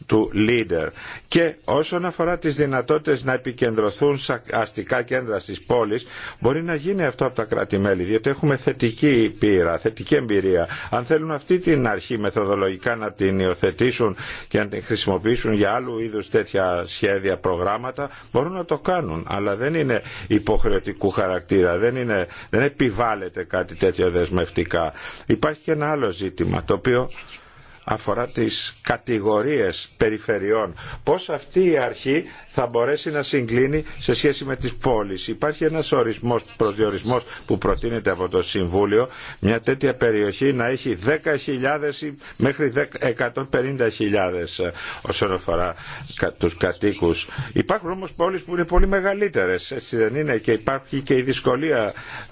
του leader. Και όσον αφορά τις δυνατότητες να επικεντρωθούν σε αστικά κέντρα στις πόλεις, μπορεί να γίνει αυτό από τα κράτη-μέλη, διότι έχουμε θετική πείρα, θετική εμπειρία. Αν θέλουν αυτή την αρχή μεθοδολογικά να την υιοθετήσουν και να την χρησιμοποιήσουν για άλλου είδους τέτοια σχέδια, προγράμματα, μπορούν να το κάνουν. Αλλά δεν είναι υποχρεωτικού χαρακτήρα, δεν, είναι, δεν επιβάλλεται κάτι τέτοιο δεσμευτικά. Υπάρχει και ένα άλλο ζήτημα, το οποίο αφορά τις κατηγορίες περιφερειών. Πώς αυτή η αρχή θα μπορέσει να συγκλίνει σε σχέση με τις πόλεις. Υπάρχει ένας ορισμός, προσδιορισμός που προτείνεται από το Συμβούλιο μια τέτοια περιοχή να έχει 10.000 μέχρι 150.000 ε, όσον αφορά τους κατοίκους. Υπάρχουν όμως πόλεις που είναι πολύ μεγαλύτερες, έτσι δεν είναι και υπάρχει και η δυσκολία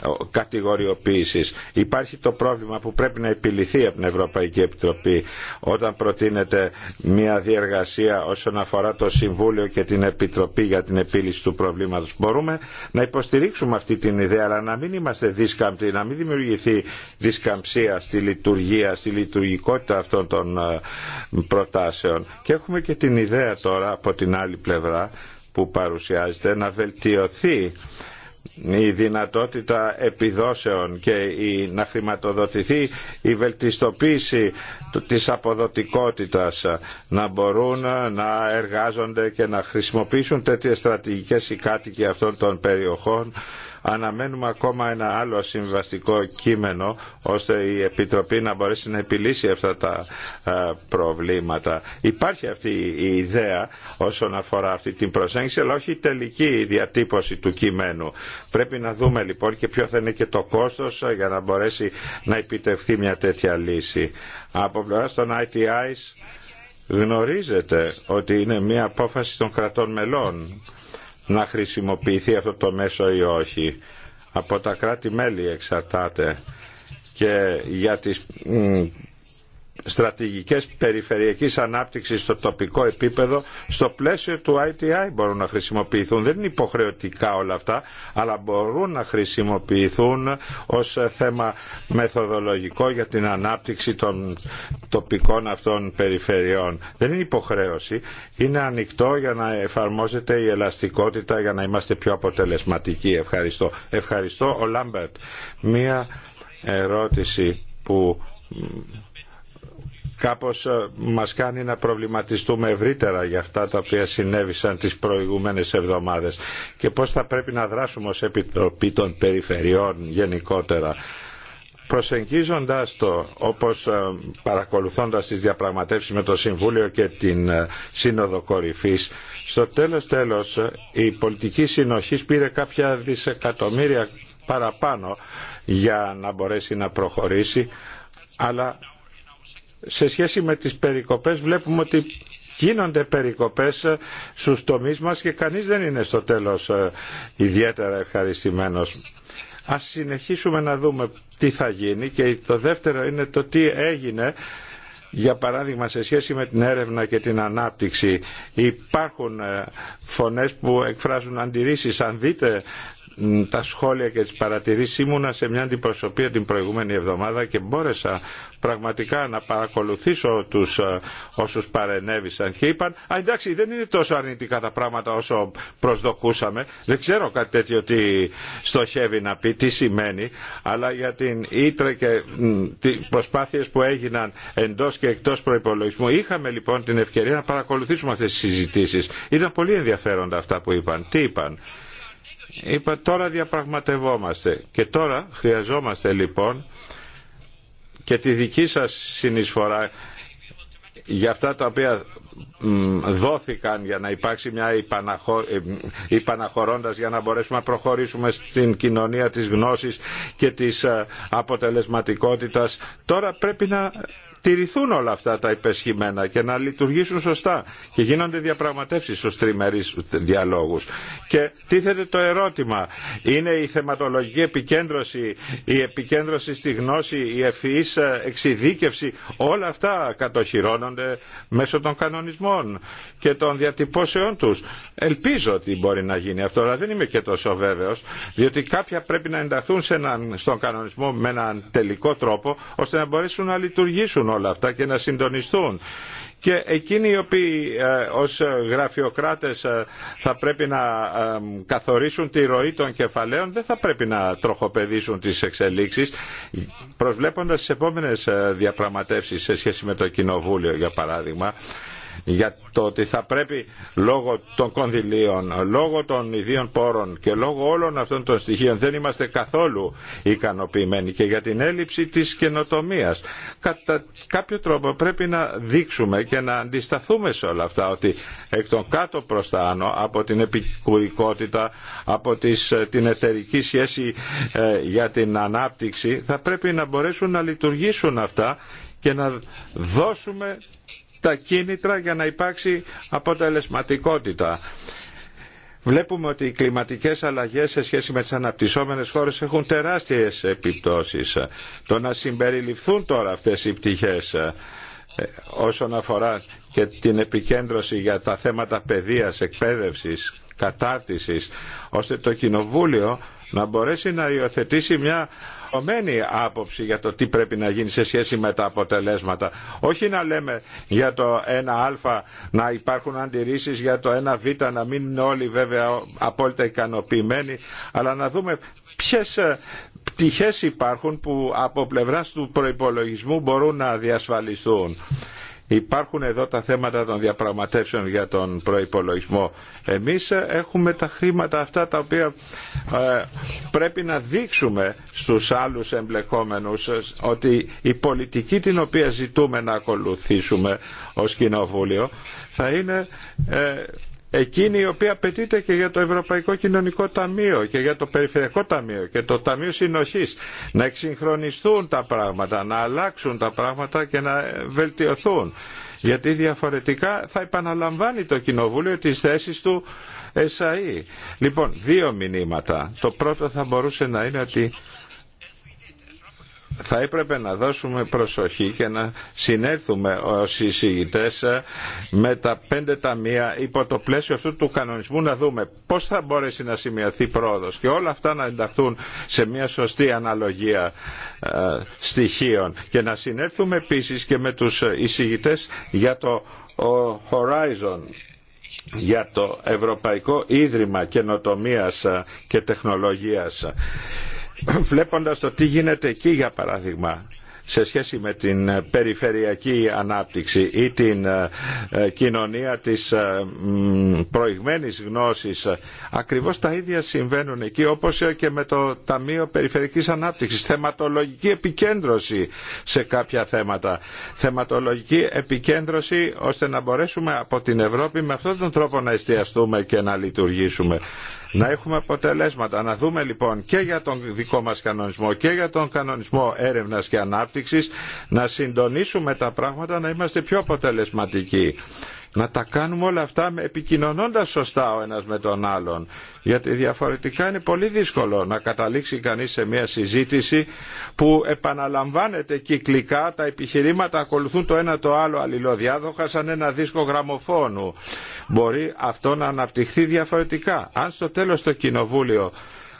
ε, κατηγοριοποίησης. Υπάρχει το πρόβλημα που πρέπει να επιληθεί από την Ευρωπαϊκή Επιτροπή όταν προτείνεται μια διεργασία όσον αφορά το Συμβούλιο και την Επιτροπή για την επίλυση του προβλήματος. Μπορούμε να υποστηρίξουμε αυτή την ιδέα, αλλά να μην είμαστε δίσκαμπτοι, να μην δημιουργηθεί δισκαμψία στη λειτουργία, στη λειτουργικότητα αυτών των ε, προτάσεων. Και έχουμε και την ιδέα τώρα από την άλλη πλευρά που παρουσιάζεται να βελτιωθεί η δυνατότητα επιδόσεων και η, να χρηματοδοτηθεί η βελτιστοποίηση της αποδοτικότητας να μπορούν να εργάζονται και να χρησιμοποιήσουν τέτοιες στρατηγικές οι κάτοικοι αυτών των περιοχών Αναμένουμε ακόμα ένα άλλο συμβαστικό κείμενο ώστε η Επιτροπή να μπορέσει να επιλύσει αυτά τα ε, προβλήματα. Υπάρχει αυτή η ιδέα όσον αφορά αυτή την προσέγγιση αλλά όχι η τελική διατύπωση του κειμένου. Πρέπει να δούμε λοιπόν και ποιο θα είναι και το κόστος ε, για να μπορέσει να επιτευχθεί μια τέτοια λύση. Από πλευρά των ITIs γνωρίζετε ότι είναι μια απόφαση των κρατών μελών να χρησιμοποιηθεί αυτό το μέσο ή όχι. Από τα κράτη-μέλη εξαρτάται και για τις στρατηγικές περιφερειακής ανάπτυξης στο τοπικό επίπεδο στο πλαίσιο του ITI μπορούν να χρησιμοποιηθούν. Δεν είναι υποχρεωτικά όλα αυτά, αλλά μπορούν να χρησιμοποιηθούν ως θέμα μεθοδολογικό για την ανάπτυξη των τοπικών αυτών περιφερειών. Δεν είναι υποχρέωση, είναι ανοιχτό για να εφαρμόζεται η ελαστικότητα για να είμαστε πιο αποτελεσματικοί. Ευχαριστώ. Ευχαριστώ ο Λάμπερτ. Μία ερώτηση που κάπως ε, μας κάνει να προβληματιστούμε ευρύτερα για αυτά τα οποία συνέβησαν τις προηγούμενες εβδομάδες και πώς θα πρέπει να δράσουμε ως Επιτροπή των Περιφερειών γενικότερα προσεγγίζοντας το όπως ε, παρακολουθώντας τις διαπραγματεύσεις με το Συμβούλιο και την ε, Σύνοδο Κορυφής στο τέλος τέλος η πολιτική συνοχής πήρε κάποια δισεκατομμύρια παραπάνω για να μπορέσει να προχωρήσει αλλά σε σχέση με τις περικοπές βλέπουμε ότι γίνονται περικοπές ε, στους τομείς μας και κανείς δεν είναι στο τέλος ε, ιδιαίτερα ευχαριστημένος. Ας συνεχίσουμε να δούμε τι θα γίνει και το δεύτερο είναι το τι έγινε για παράδειγμα σε σχέση με την έρευνα και την ανάπτυξη υπάρχουν ε, φωνές που εκφράζουν αντιρρήσεις αν δείτε τα σχόλια και τις παρατηρήσεις ήμουνα σε μια αντιπροσωπεία την προηγούμενη εβδομάδα και μπόρεσα πραγματικά να παρακολουθήσω τους ε, όσους παρενέβησαν και είπαν εντάξει, δεν είναι τόσο αρνητικά τα πράγματα όσο προσδοκούσαμε. Δεν ξέρω κάτι τέτοιο τι στοχεύει να πει, τι σημαίνει, αλλά για την Ήτρε και τι προσπάθειες που έγιναν εντός και εκτός προϋπολογισμού είχαμε λοιπόν την ευκαιρία να παρακολουθήσουμε αυτές τις συζητήσεις. Ήταν πολύ ενδιαφέροντα αυτά που είπαν. Τι είπαν. Είπα τώρα διαπραγματευόμαστε και τώρα χρειαζόμαστε λοιπόν και τη δική σας συνεισφορά για αυτά τα οποία δόθηκαν για να υπάρξει μια ε, υπαναχωρώντας για να μπορέσουμε να προχωρήσουμε στην κοινωνία της γνώσης και της ε, αποτελεσματικότητας τώρα πρέπει να τηρηθούν όλα αυτά τα υπεσχημένα και να λειτουργήσουν σωστά και γίνονται διαπραγματεύσεις στους τριμερείς διαλόγους. Και τίθεται το ερώτημα, είναι η θεματολογική επικέντρωση, η επικέντρωση στη γνώση, η ευφυής εξειδίκευση, όλα αυτά κατοχυρώνονται μέσω των κανονισμών και των διατυπώσεών τους. Ελπίζω ότι μπορεί να γίνει αυτό, αλλά δεν είμαι και τόσο βέβαιος, διότι κάποια πρέπει να ενταθούν σε έναν, στον κανονισμό με έναν τελικό τρόπο, ώστε να μπορέσουν να λειτουργήσουν όλα αυτά και να συντονιστούν. Και εκείνοι οι οποίοι ε, ως γραφειοκράτες ε, θα πρέπει να ε, καθορίσουν τη ροή των κεφαλαίων δεν θα πρέπει να τροχοπεδίσουν τις εξελίξεις προσβλέποντας τις επόμενες διαπραγματεύσεις σε σχέση με το Κοινοβούλιο για παράδειγμα για το ότι θα πρέπει λόγω των κονδυλίων, λόγω των ιδίων πόρων και λόγω όλων αυτών των στοιχείων δεν είμαστε καθόλου ικανοποιημένοι και για την έλλειψη της καινοτομίας. Κατά κάποιο τρόπο πρέπει να δείξουμε και να αντισταθούμε σε όλα αυτά ότι εκ των κάτω προς τα άνω από την επικουρικότητα, από τις, ε, την εταιρική σχέση ε, για την ανάπτυξη θα πρέπει να μπορέσουν να λειτουργήσουν αυτά και να δώσουμε τα κίνητρα για να υπάρξει αποτελεσματικότητα. Βλέπουμε ότι οι κλιματικές αλλαγές σε σχέση με τις αναπτυσσόμενες χώρες έχουν τεράστιες επιπτώσεις. Το να συμπεριληφθούν τώρα αυτές οι πτυχές ε, όσον αφορά και την επικέντρωση για τα θέματα παιδείας, εκπαίδευσης, κατάρτισης, ώστε το Κοινοβούλιο να μπορέσει να υιοθετήσει μια ομένη άποψη για το τι πρέπει να γίνει σε σχέση με τα αποτελέσματα. Όχι να λέμε για το ένα α να υπάρχουν αντιρρήσεις, για το ένα β να μην είναι όλοι βέβαια απόλυτα ικανοποιημένοι, αλλά να δούμε ποιες ε, πτυχές υπάρχουν που από πλευράς του προϋπολογισμού μπορούν να διασφαλιστούν Υπάρχουν εδώ τα θέματα των διαπραγματεύσεων για τον προϋπολογισμό. Εμείς έχουμε τα χρήματα αυτά τα οποία ε, πρέπει να δείξουμε στους άλλους εμπλεκόμενους ε, ότι η πολιτική την οποία ζητούμε να ακολουθήσουμε ως Κοινοβούλιο θα είναι ε, εκείνη η οποία απαιτείται και για το Ευρωπαϊκό Κοινωνικό Ταμείο και για το Περιφερειακό Ταμείο και το Ταμείο Συνοχής να εξυγχρονιστούν τα πράγματα, να αλλάξουν τα πράγματα και να βελτιωθούν γιατί διαφορετικά θα επαναλαμβάνει το Κοινοβούλιο τις θέσεις του ΕΣΑΗ. Λοιπόν, δύο μηνύματα. Το πρώτο θα μπορούσε να είναι ότι θα έπρεπε να δώσουμε προσοχή και να συνέρθουμε ως εισηγητές ε, με τα πέντε ταμεία υπό το πλαίσιο αυτού του κανονισμού να δούμε πώς θα μπορέσει να σημειωθεί πρόοδος και όλα αυτά να ενταχθούν σε μια σωστή αναλογία ε, στοιχείων και να συνέρθουμε επίσης και με τους εισηγητές για το Horizon για το Ευρωπαϊκό Ίδρυμα Καινοτομίας ε, και Τεχνολογίας βλέποντας το τι γίνεται εκεί για παράδειγμα σε σχέση με την περιφερειακή ανάπτυξη ή την ε, ε, κοινωνία της ε, προηγμένης γνώσης. Ακριβώς τα ίδια συμβαίνουν εκεί όπως και με το Ταμείο Περιφερειακής Ανάπτυξης. Θεματολογική επικέντρωση σε κάποια θέματα. Θεματολογική επικέντρωση ώστε να μπορέσουμε από την Ευρώπη με αυτόν τον τρόπο να εστιαστούμε και να λειτουργήσουμε να έχουμε αποτελέσματα. Να δούμε λοιπόν και για τον δικό μας κανονισμό και για τον κανονισμό έρευνας και ανάπτυξης να συντονίσουμε τα πράγματα να είμαστε πιο αποτελεσματικοί να τα κάνουμε όλα αυτά επικοινωνώντας σωστά ο ένας με τον άλλον. Γιατί διαφορετικά είναι πολύ δύσκολο να καταλήξει κανείς σε μια συζήτηση που επαναλαμβάνεται κυκλικά, τα επιχειρήματα ακολουθούν το ένα το άλλο αλληλοδιάδοχα σαν ένα δίσκο γραμμοφώνου. Μπορεί αυτό να αναπτυχθεί διαφορετικά. Αν στο τέλος το κοινοβούλιο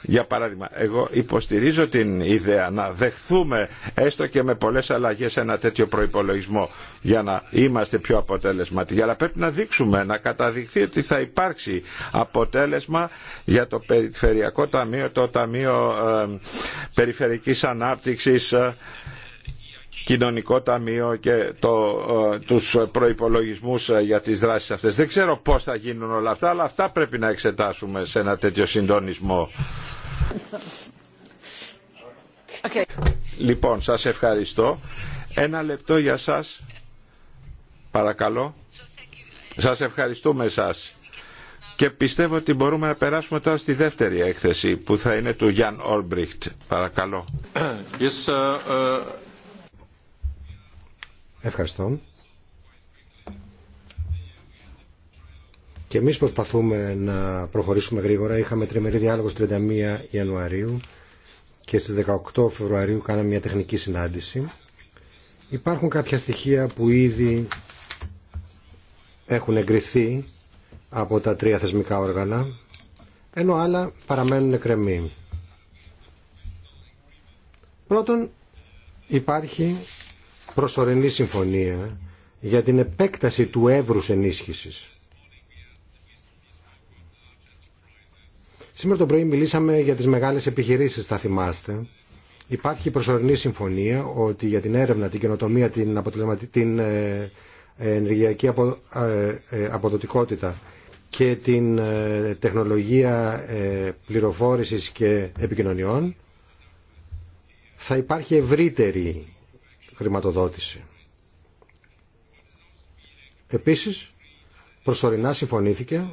για παράδειγμα, εγώ υποστηρίζω την ιδέα να δεχθούμε έστω και με πολλές αλλαγές ένα τέτοιο προϋπολογισμό για να είμαστε πιο αποτελεσματικοί. Αλλά πρέπει να δείξουμε, να καταδειχθεί ότι θα υπάρξει αποτέλεσμα για το Περιφερειακό Ταμείο, το Ταμείο ε, περιφερικής Ανάπτυξης, ε, κοινωνικό ταμείο και το, ε, τους προϋπολογισμούς ε, για τις δράσεις αυτές. Δεν ξέρω πώς θα γίνουν όλα αυτά, αλλά αυτά πρέπει να εξετάσουμε σε ένα τέτοιο συντονισμό. Λοιπόν, σας ευχαριστώ. Ένα λεπτό για σας. Παρακαλώ. Σας ευχαριστούμε σας. Και πιστεύω ότι μπορούμε να περάσουμε τώρα στη δεύτερη έκθεση που θα είναι του Γιάν Ολμπριχτ. Παρακαλώ. Uh, ευχαριστώ. Και εμείς προσπαθούμε να προχωρήσουμε γρήγορα. Είχαμε τριμερή διάλογο 31 Ιανουαρίου και στις 18 Φεβρουαρίου κάναμε μια τεχνική συνάντηση. Υπάρχουν κάποια στοιχεία που ήδη έχουν εγκριθεί από τα τρία θεσμικά όργανα, ενώ άλλα παραμένουν εκκρεμή. Πρώτον, υπάρχει προσωρινή συμφωνία για την επέκταση του εύρους ενίσχυσης Σήμερα το πρωί μιλήσαμε για τις μεγάλες επιχειρήσεις, θα θυμάστε. Υπάρχει προσωρινή συμφωνία ότι για την έρευνα, την καινοτομία, την, την ε, ε, ενεργειακή ε, αποδοτικότητα και την τεχνολογία πληροφόρησης και επικοινωνιών θα υπάρχει ευρύτερη χρηματοδότηση. Επίσης, προσωρινά συμφωνήθηκε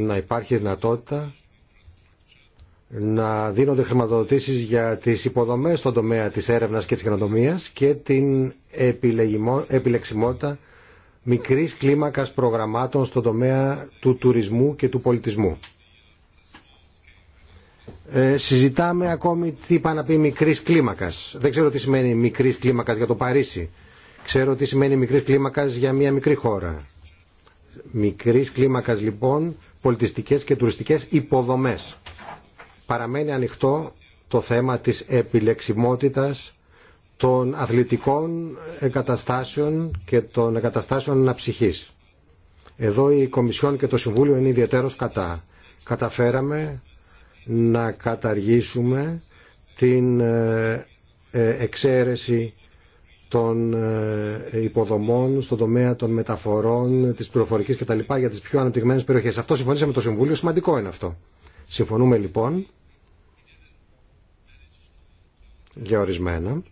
να υπάρχει δυνατότητα να δίνονται χρηματοδοτήσεις για τις υποδομές στον τομέα της έρευνας και της καινοτομίας και την επιλεξιμότητα μικρής κλίμακας προγραμμάτων στον τομέα του τουρισμού και του πολιτισμού. Ε, συζητάμε ακόμη τι είπα να πει μικρής κλίμακας. Δεν ξέρω τι σημαίνει μικρής κλίμακας για το Παρίσι. Ξέρω τι σημαίνει μικρής κλίμακας για μια μικρή χώρα. Μικρής κλίμακας λοιπόν πολιτιστικές και τουριστικές υποδομές. Παραμένει ανοιχτό το θέμα της επιλεξιμότητας των αθλητικών εγκαταστάσεων και των εγκαταστάσεων αναψυχής. Εδώ η Κομισιόν και το Συμβούλιο είναι ιδιαίτερος κατά. Καταφέραμε να καταργήσουμε την ε, ε, εξαίρεση των ε, υποδομών, στον τομέα των μεταφορών, τη πληροφορική κτλ. για τις πιο αναπτυγμένες περιοχές. Αυτό συμφωνήσαμε με το Συμβούλιο, σημαντικό είναι αυτό. Συμφωνούμε λοιπόν για ορισμένα.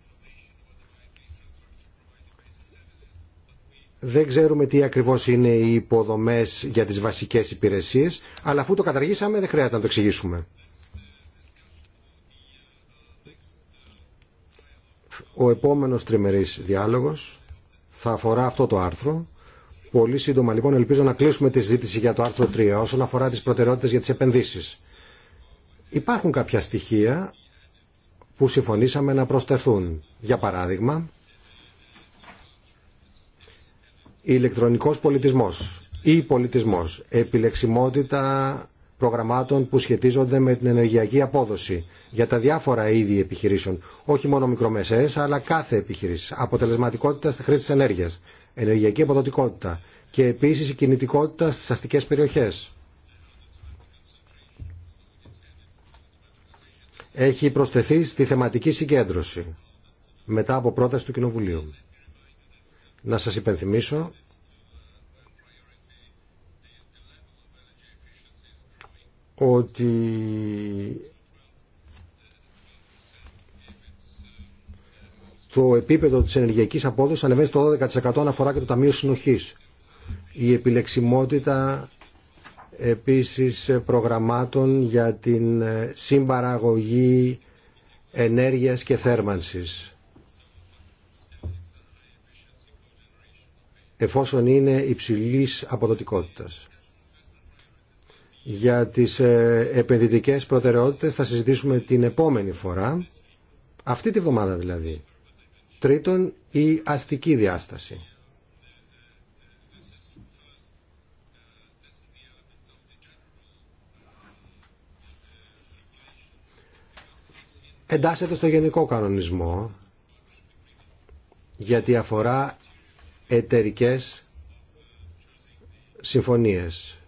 Δεν ξέρουμε τι ακριβώς είναι οι υποδομές για τις βασικές υπηρεσίες, αλλά αφού το καταργήσαμε δεν χρειάζεται να το εξηγήσουμε. Ο επόμενος τριμερής διάλογος θα αφορά αυτό το άρθρο. Πολύ σύντομα λοιπόν ελπίζω να κλείσουμε τη συζήτηση για το άρθρο 3 όσον αφορά τις προτεραιότητες για τις επενδύσεις. Υπάρχουν κάποια στοιχεία που συμφωνήσαμε να προσθεθούν. Για παράδειγμα, ηλεκτρονικός πολιτισμός ή πολιτισμός, επιλεξιμότητα προγραμμάτων που σχετίζονται με την ενεργειακή απόδοση για τα διάφορα είδη επιχειρήσεων, όχι μόνο μικρομεσαίες, αλλά κάθε επιχειρήση. Αποτελεσματικότητα στη χρήση της ενέργειας, ενεργειακή αποδοτικότητα και επίσης η κινητικότητα στις αστικές περιοχές. Έχει προσθεθεί στη θεματική συγκέντρωση μετά από πρόταση του Κοινοβουλίου. Να σας υπενθυμίσω ότι το επίπεδο της ενεργειακής απόδοσης ανεβαίνει στο 12% αναφορά και το Ταμείο Συνοχής. Η επιλεξιμότητα επίσης προγραμμάτων για την συμπαραγωγή ενέργειας και θέρμανσης. εφόσον είναι υψηλής αποδοτικότητας για τις ε, επενδυτικές προτεραιότητες θα συζητήσουμε την επόμενη φορά, αυτή τη βδομάδα δηλαδή. Τρίτον, η αστική διάσταση. Εντάσσεται στο γενικό κανονισμό, γιατί αφορά εταιρικές συμφωνίες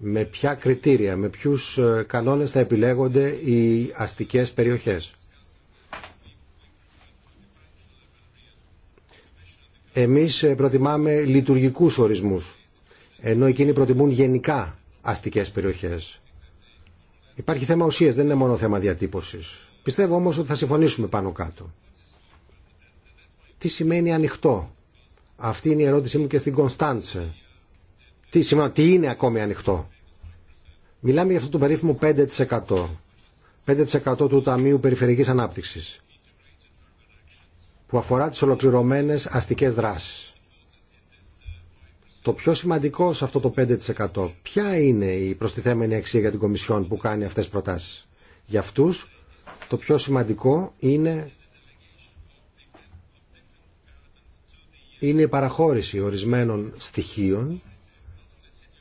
με ποια κριτήρια, με ποιους ε, κανόνες θα επιλέγονται οι αστικές περιοχές. Εμείς ε, προτιμάμε λειτουργικούς ορισμούς, ενώ εκείνοι προτιμούν γενικά αστικές περιοχές. Υπάρχει θέμα ουσίας, δεν είναι μόνο θέμα διατύπωσης. Πιστεύω όμως ότι θα συμφωνήσουμε πάνω κάτω. Τι σημαίνει ανοιχτό. Αυτή είναι η ερώτησή μου και στην Κωνσταντσε τι, σημαίνει, τι είναι ακόμη ανοιχτό. Μιλάμε για αυτό το περίφημο 5%. 5% του Ταμείου Περιφερειακής Ανάπτυξης που αφορά τις ολοκληρωμένες αστικές δράσεις. Το πιο σημαντικό σε αυτό το 5% ποια είναι η προστιθέμενη αξία για την Κομισιόν που κάνει αυτές τις προτάσεις. Για αυτούς το πιο σημαντικό είναι, είναι η παραχώρηση ορισμένων στοιχείων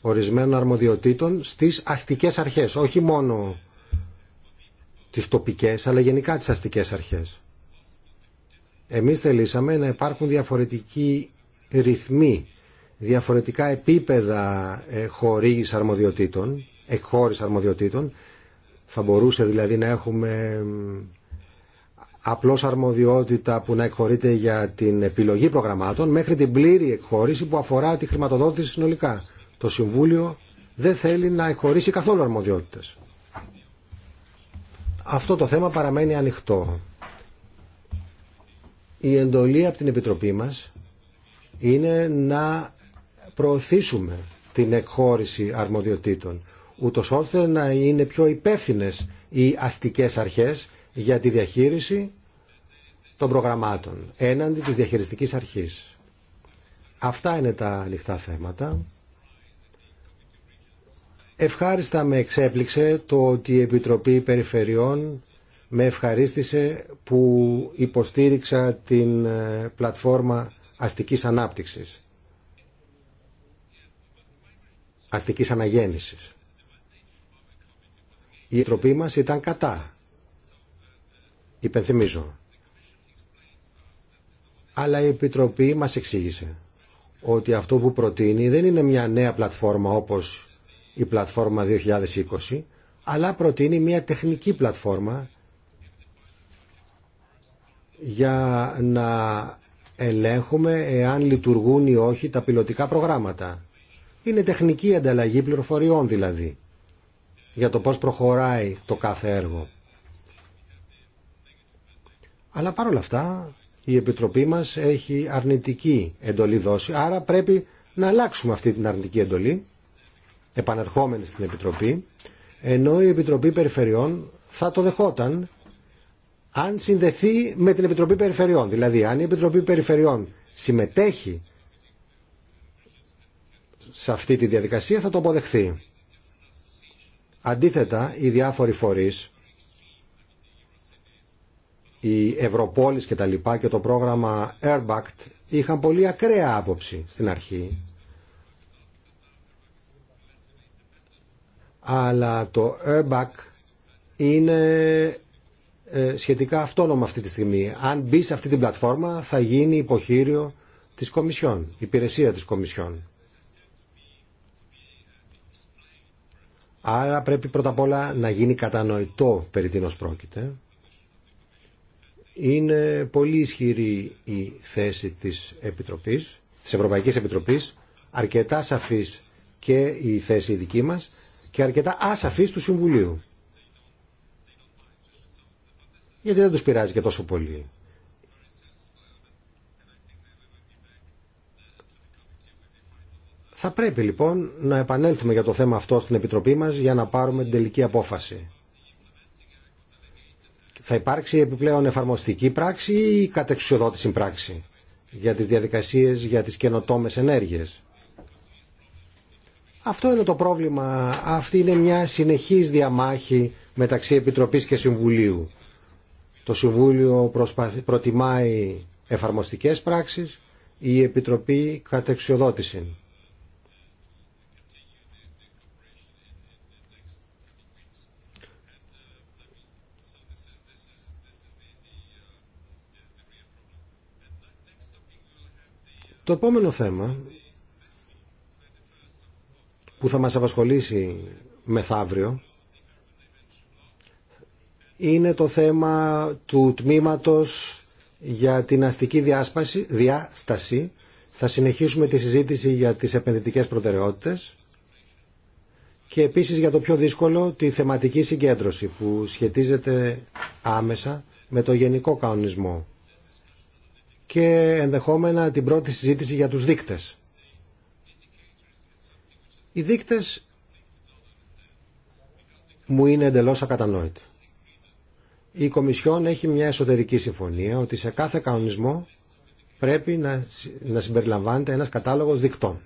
ορισμένων αρμοδιοτήτων στις αστικές αρχές, όχι μόνο τις τοπικές, αλλά γενικά τις αστικές αρχές. Εμείς θελήσαμε να υπάρχουν διαφορετικοί ρυθμοί, διαφορετικά επίπεδα χορήγης αρμοδιοτήτων, εκχώρης αρμοδιοτήτων. Θα μπορούσε δηλαδή να έχουμε απλώς αρμοδιότητα που να εκχωρείται για την επιλογή προγραμμάτων μέχρι την πλήρη εκχώρηση που αφορά τη χρηματοδότηση συνολικά. Το Συμβούλιο δεν θέλει να εχωρίσει καθόλου αρμοδιότητες. Αυτό το θέμα παραμένει ανοιχτό. Η εντολή από την Επιτροπή μας είναι να προωθήσουμε την εκχώρηση αρμοδιοτήτων, ούτω ώστε να είναι πιο υπεύθυνε οι αστικές αρχές για τη διαχείριση των προγραμμάτων έναντι της διαχειριστικής αρχής. Αυτά είναι τα ανοιχτά θέματα Ευχάριστα με εξέπληξε το ότι η Επιτροπή Περιφερειών με ευχαρίστησε που υποστήριξα την ε, πλατφόρμα αστικής ανάπτυξης, αστικής αναγέννησης. Η Επιτροπή μας ήταν κατά, υπενθυμίζω. Αλλά η Επιτροπή μας εξήγησε ότι αυτό που προτείνει δεν είναι μια νέα πλατφόρμα όπως η πλατφόρμα 2020, αλλά προτείνει μια τεχνική πλατφόρμα για να ελέγχουμε εάν λειτουργούν ή όχι τα πιλωτικά προγράμματα. Είναι τεχνική ανταλλαγή πληροφοριών δηλαδή για το πώς προχωράει το κάθε έργο. Αλλά παρόλα αυτά η Επιτροπή μας έχει αρνητική εντολή δόση, άρα πρέπει να αλλάξουμε αυτή την αρνητική εντολή επανερχόμενη στην Επιτροπή, ενώ η Επιτροπή Περιφερειών θα το δεχόταν αν συνδεθεί με την Επιτροπή Περιφερειών. Δηλαδή, αν η Επιτροπή Περιφερειών συμμετέχει σε αυτή τη διαδικασία, θα το αποδεχθεί. Αντίθετα, οι διάφοροι φορείς, οι Ευρωπόλεις και τα λοιπά και το πρόγραμμα Airbact είχαν πολύ ακραία άποψη στην αρχή αλλά το airbag είναι ε, σχετικά αυτόνομο αυτή τη στιγμή. Αν μπει σε αυτή την πλατφόρμα θα γίνει υποχείριο της Κομισιόν, υπηρεσία της Κομισιόν. Άρα πρέπει πρώτα απ' όλα να γίνει κατανοητό περί τίνος πρόκειται. Είναι πολύ ισχυρή η θέση της Επιτροπής, της Ευρωπαϊκής Επιτροπής, αρκετά σαφής και η θέση δική μας και αρκετά ασαφής του Συμβουλίου. Γιατί δεν τους πειράζει και τόσο πολύ. Θα πρέπει λοιπόν να επανέλθουμε για το θέμα αυτό στην Επιτροπή μας για να πάρουμε την τελική απόφαση. Θα υπάρξει επιπλέον εφαρμοστική πράξη ή κατεξουσιοδότηση πράξη για τις διαδικασίες, για τις καινοτόμες ενέργειες. Αυτό είναι το πρόβλημα. Αυτή είναι μια συνεχής διαμάχη μεταξύ Επιτροπής και Συμβουλίου. Το Συμβούλιο προτιμάει εφαρμοστικές πράξεις, η Επιτροπή κατεξιοδότηση. Το επόμενο θέμα που θα μας απασχολήσει μεθαύριο είναι το θέμα του τμήματος για την αστική διάσπαση, διάσταση. Θα συνεχίσουμε τη συζήτηση για τις επενδυτικές προτεραιότητες και επίσης για το πιο δύσκολο τη θεματική συγκέντρωση που σχετίζεται άμεσα με το γενικό κανονισμό και ενδεχόμενα την πρώτη συζήτηση για τους δείκτες. Οι δείκτες μου είναι εντελώς ακατανόητοι. Η Κομισιόν έχει μια εσωτερική συμφωνία ότι σε κάθε κανονισμό πρέπει να συμπεριλαμβάνεται ένας κατάλογος δικτών.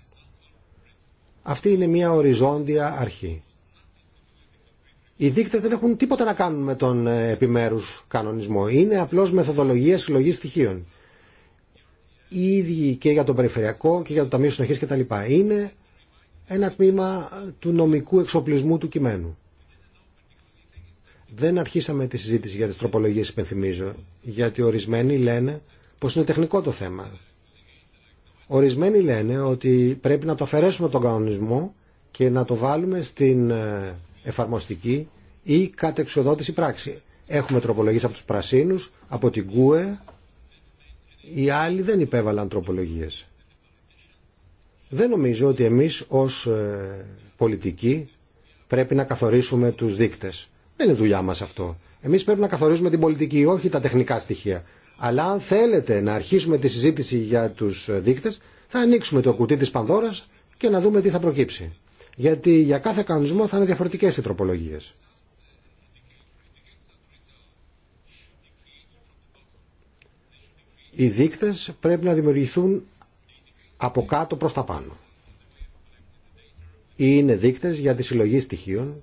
Αυτή είναι μια οριζόντια αρχή. Οι δείκτες δεν έχουν τίποτα να κάνουν με τον ε, επιμέρους κανονισμό. Είναι απλώς μεθοδολογία συλλογής στοιχείων. Οι και για τον περιφερειακό και για το Ταμείο Συνοχής κτλ. Είναι ένα τμήμα του νομικού εξοπλισμού του κειμένου. Δεν αρχίσαμε τη συζήτηση για τις τροπολογίες, υπενθυμίζω, γιατί ορισμένοι λένε πως είναι τεχνικό το θέμα. Ορισμένοι λένε ότι πρέπει να το αφαιρέσουμε τον κανονισμό και να το βάλουμε στην ε, εφαρμοστική ή κατεξοδότηση πράξη. Έχουμε τροπολογίες από τους Πρασίνους, από την ΚΟΕ, οι άλλοι δεν υπέβαλαν τροπολογίες. Δεν νομίζω ότι εμείς ως ε, πολιτικοί πρέπει να καθορίσουμε τους δείκτες. Δεν είναι δουλειά μας αυτό. Εμείς πρέπει να καθορίσουμε την πολιτική, όχι τα τεχνικά στοιχεία. Αλλά αν θέλετε να αρχίσουμε τη συζήτηση για τους ε, δείκτες, θα ανοίξουμε το κουτί της Πανδώρας και να δούμε τι θα προκύψει. Γιατί για κάθε κανονισμό θα είναι διαφορετικές οι τροπολογίες. Οι δείκτες πρέπει να δημιουργηθούν από κάτω προς τα πάνω. Ή είναι δείκτες για τη συλλογή στοιχείων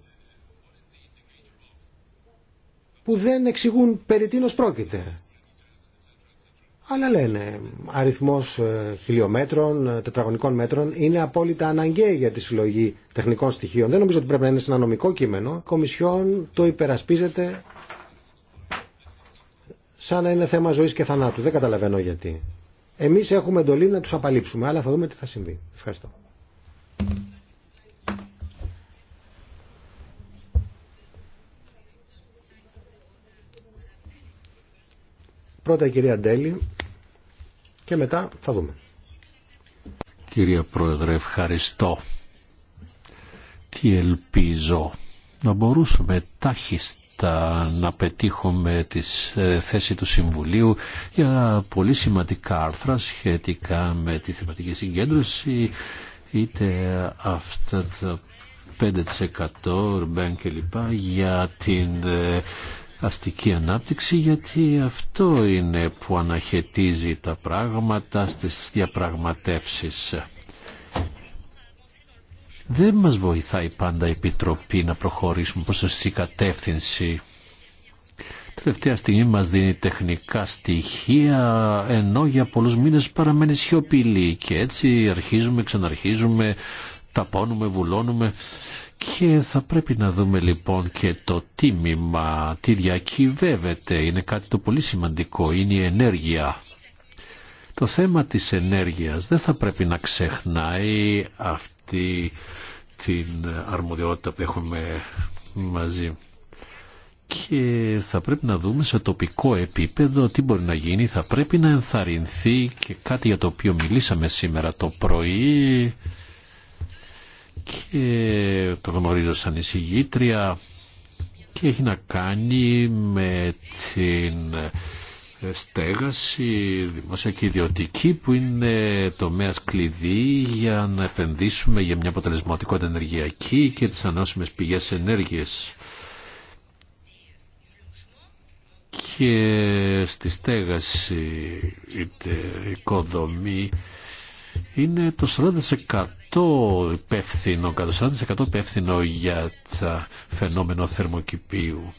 που δεν εξηγούν περί τίνος πρόκειται. Αλλά λένε αριθμός ε, χιλιόμετρων, ε, τετραγωνικών μέτρων είναι απόλυτα αναγκαία για τη συλλογή τεχνικών στοιχείων. Δεν νομίζω ότι πρέπει να είναι σε ένα νομικό κείμενο. Η Κομισιόν το υπερασπίζεται σαν να είναι θέμα ζωής και θανάτου. Δεν καταλαβαίνω γιατί. Εμείς έχουμε εντολή να τους απαλείψουμε, αλλά θα δούμε τι θα συμβεί. Ευχαριστώ. Πρώτα η κυρία Ντέλη και μετά θα δούμε. Κυρία Πρόεδρε, ευχαριστώ. Τι ελπίζω να μπορούσαμε τάχιστα να πετύχουμε τη ε, θέση του Συμβουλίου για πολύ σημαντικά άρθρα σχετικά με τη θεματική συγκέντρωση είτε αυτά τα 5% για την ε, αστική ανάπτυξη γιατί αυτό είναι που αναχαιτίζει τα πράγματα στις διαπραγματεύσεις. Δεν μας βοηθάει πάντα η Επιτροπή να προχωρήσουμε προς αυτή κατεύθυνση. Τελευταία στιγμή μας δίνει τεχνικά στοιχεία, ενώ για πολλούς μήνες παραμένει σιωπηλή και έτσι αρχίζουμε, ξαναρχίζουμε, ταπώνουμε, βουλώνουμε και θα πρέπει να δούμε λοιπόν και το τίμημα, τι διακυβεύεται, είναι κάτι το πολύ σημαντικό, είναι η ενέργεια. Το θέμα της ενέργειας δεν θα πρέπει να ξεχνάει αυτή την αρμοδιότητα που έχουμε μαζί. Και θα πρέπει να δούμε σε τοπικό επίπεδο τι μπορεί να γίνει. Θα πρέπει να ενθαρρυνθεί και κάτι για το οποίο μιλήσαμε σήμερα το πρωί και το γνωρίζω σαν εισηγήτρια και έχει να κάνει με την στέγαση δημόσια και ιδιωτική που είναι τομέας κλειδί για να επενδύσουμε για μια αποτελεσματικότητα ενεργειακή και τις ανώσιμες πηγές ενέργειας. Και στη στέγαση είτε οικοδομή είναι το 40% υπεύθυνο, κατά 40% υπεύθυνο για τα φαινόμενα θερμοκηπίου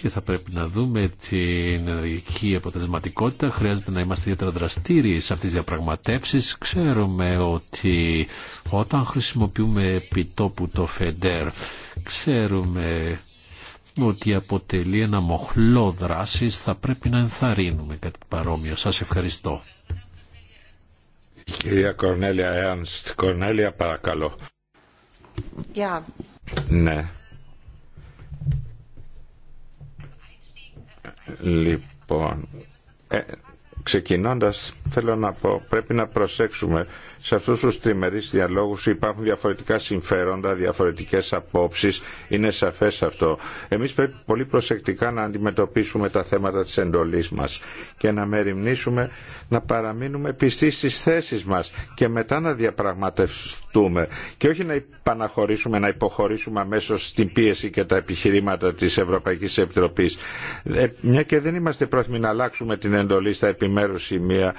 και θα πρέπει να δούμε την ενεργική αποτελεσματικότητα. Χρειάζεται να είμαστε ιδιαίτερα δραστήριοι σε αυτές τις διαπραγματεύσεις. Ξέρουμε ότι όταν χρησιμοποιούμε επιτόπου το ΦΕΝΤΕΡ, ξέρουμε ότι αποτελεί ένα μοχλό δράσης, θα πρέπει να ενθαρρύνουμε κάτι παρόμοιο. Σας ευχαριστώ. Κυρία Κορνέλια Κορνέλια παρακαλώ. Ναι. Λοιπόν, ε, Ξεκινώντας, θέλω να πω, πρέπει να προσέξουμε σε αυτούς τους τριμερείς διαλόγους υπάρχουν διαφορετικά συμφέροντα, διαφορετικές απόψεις, είναι σαφές αυτό. Εμείς πρέπει πολύ προσεκτικά να αντιμετωπίσουμε τα θέματα της εντολής μας και να μεριμνήσουμε να παραμείνουμε πιστοί στις θέσεις μας και μετά να διαπραγματευτούμε και όχι να επαναχωρήσουμε, να υποχωρήσουμε αμέσω στην πίεση και τα επιχειρήματα της Ευρωπαϊκής Επιτροπής. Ε, μια και δεν είμαστε πρόθυμοι να αλλάξουμε την εντολή στα επιμέρους Μέρο σημεία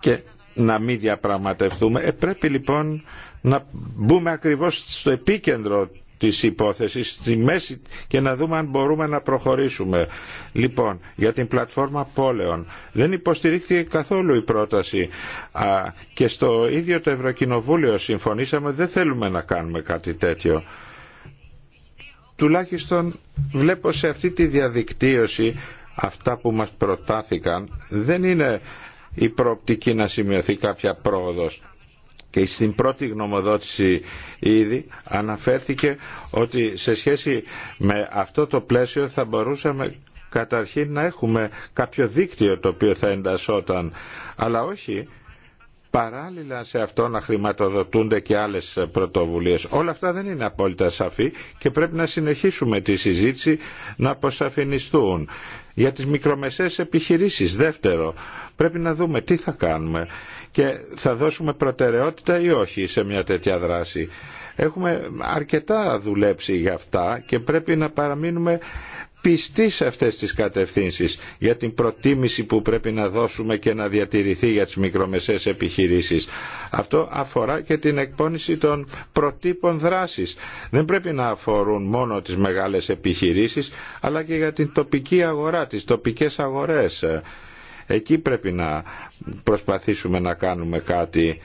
και να μην διαπραγματευτούμε. Ε, πρέπει λοιπόν να μπούμε ακριβώς στο επίκεντρο της υπόθεσης στη μέση και να δούμε αν μπορούμε να προχωρήσουμε. Λοιπόν, για την πλατφόρμα πόλεων δεν υποστηρίχθηκε καθόλου η πρόταση και στο ίδιο το Ευρωκοινοβούλιο συμφωνήσαμε δεν θέλουμε να κάνουμε κάτι τέτοιο. Τουλάχιστον βλέπω σε αυτή τη διαδικτύωση αυτά που μας προτάθηκαν δεν είναι η προοπτική να σημειωθεί κάποια πρόοδος. Και στην πρώτη γνωμοδότηση ήδη αναφέρθηκε ότι σε σχέση με αυτό το πλαίσιο θα μπορούσαμε καταρχήν να έχουμε κάποιο δίκτυο το οποίο θα εντασσόταν, αλλά όχι παράλληλα σε αυτό να χρηματοδοτούνται και άλλες πρωτοβουλίες. Όλα αυτά δεν είναι απόλυτα σαφή και πρέπει να συνεχίσουμε τη συζήτηση να αποσαφινιστούν. Για τις μικρομεσαίες επιχειρήσεις, δεύτερο, πρέπει να δούμε τι θα κάνουμε και θα δώσουμε προτεραιότητα ή όχι σε μια τέτοια δράση. Έχουμε αρκετά δουλέψει για αυτά και πρέπει να παραμείνουμε πιστοί σε αυτές τις κατευθύνσεις για την προτίμηση που πρέπει να δώσουμε και να διατηρηθεί για τις μικρομεσαίες επιχειρήσεις. Αυτό αφορά και την εκπόνηση των προτύπων δράσης. Δεν πρέπει να αφορούν μόνο τις μεγάλες επιχειρήσεις, αλλά και για την τοπική αγορά, τις τοπικές αγορές. Εκεί πρέπει να προσπαθήσουμε να κάνουμε κάτι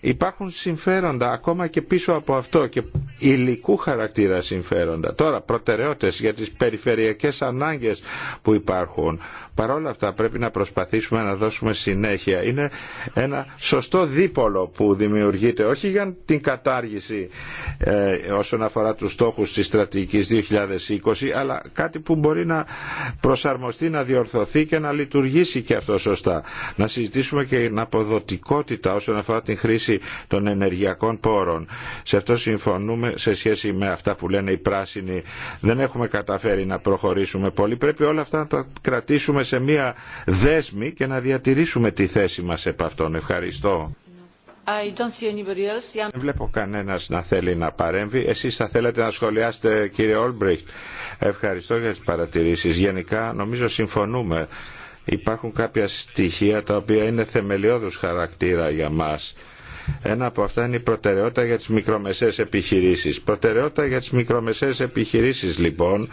υπάρχουν συμφέροντα ακόμα και πίσω από αυτό και υλικού χαρακτήρα συμφέροντα. Τώρα προτεραιότητες για τις περιφερειακές ανάγκες που υπάρχουν. Παρόλα αυτά πρέπει να προσπαθήσουμε να δώσουμε συνέχεια. Είναι ένα σωστό δίπολο που δημιουργείται όχι για την κατάργηση ε, όσον αφορά τους στόχους της στρατηγικής 2020 αλλά κάτι που μπορεί να προσαρμοστεί, να διορθωθεί και να λειτουργήσει και αυτό σωστά. Να συζητήσουμε και την αποδοτικότητα όσον αφορά την χρήση των ενεργειακών πόρων. Σε αυτό συμφωνούμε σε σχέση με αυτά που λένε οι πράσινοι. Δεν έχουμε καταφέρει να προχωρήσουμε πολύ. Πρέπει όλα αυτά να τα κρατήσουμε σε μια δέσμη και να διατηρήσουμε τη θέση μας επ' αυτόν. Ευχαριστώ. Δεν βλέπω κανένας να θέλει να παρέμβει. Εσείς θα θέλετε να σχολιάσετε κύριε Όλμπριχτ. Ευχαριστώ για τις παρατηρήσεις. Γενικά νομίζω συμφωνούμε. Υπάρχουν κάποια στοιχεία τα οποία είναι θεμελιώδους χαρακτήρα για μας. Ένα από αυτά είναι η προτεραιότητα για τις μικρομεσαίες επιχειρήσεις. Προτεραιότητα για τις μικρομεσαίες επιχειρήσεις λοιπόν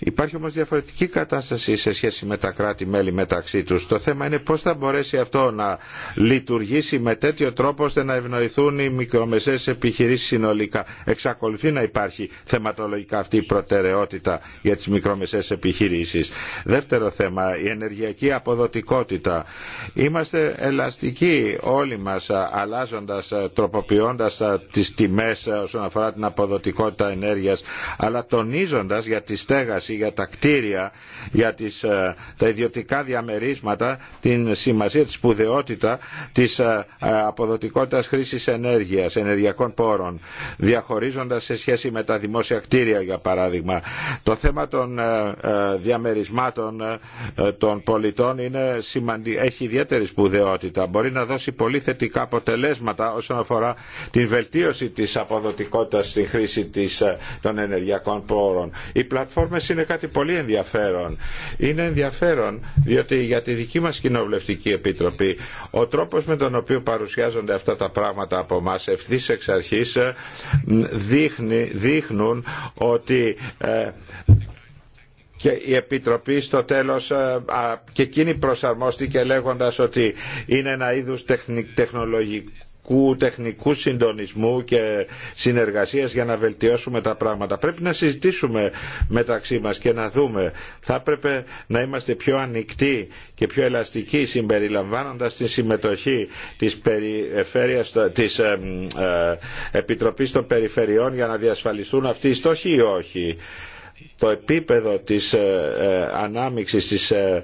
Υπάρχει όμως διαφορετική κατάσταση σε σχέση με τα κράτη-μέλη μεταξύ τους. Το θέμα είναι πώς θα μπορέσει αυτό να λειτουργήσει με τέτοιο τρόπο ώστε να ευνοηθούν οι μικρομεσαίες επιχειρήσεις συνολικά. Εξακολουθεί να υπάρχει θεματολογικά αυτή η προτεραιότητα για τις μικρομεσαίες επιχειρήσεις. Δεύτερο θέμα, η ενεργειακή αποδοτικότητα. Είμαστε ελαστικοί όλοι μας αλλάζοντας, τροποποιώντας τις τιμές όσον αφορά την αποδοτικότητα ενέργειας, αλλά τονίζοντας για τη στέγαση για τα κτίρια, για τις, ε, τα ιδιωτικά διαμερίσματα, την σημασία, τη σπουδαιότητα της ε, ε, αποδοτικότητας χρήσης ενέργειας, ενεργειακών πόρων, διαχωρίζοντας σε σχέση με τα δημόσια κτίρια για παράδειγμα. Το θέμα των διαμερισμάτων των πολιτών είναι έχει ιδιαίτερη σπουδαιότητα. Μπορεί να δώσει πολύ θετικά αποτελέσματα όσον αφορά την βελτίωση της αποδοτικότητας στη χρήση των ενεργειακών πόρων. Οι πλατφόρμες είναι κάτι πολύ ενδιαφέρον. Είναι ενδιαφέρον διότι για τη δική μας κοινοβουλευτική επιτροπή ο τρόπος με τον οποίο παρουσιάζονται αυτά τα πράγματα από εμά ευθύ εξ αρχής ε, δείχνουν ότι ε, και η Επιτροπή στο τέλος ε, και εκείνη προσαρμόστηκε λέγοντας ότι είναι ένα είδους τεχνολογικό τεχνικού, τεχνικού συντονισμού και συνεργασίας για να βελτιώσουμε τα πράγματα. Πρέπει να συζητήσουμε μεταξύ μας και να δούμε. Θα έπρεπε να είμαστε πιο ανοιχτοί και πιο ελαστικοί συμπεριλαμβάνοντας τη συμμετοχή της, περιφέρειας, της ε, ε, Επιτροπής των Περιφερειών για να διασφαλιστούν αυτοί οι στόχοι ή όχι το επίπεδο της ε, ε, της ε,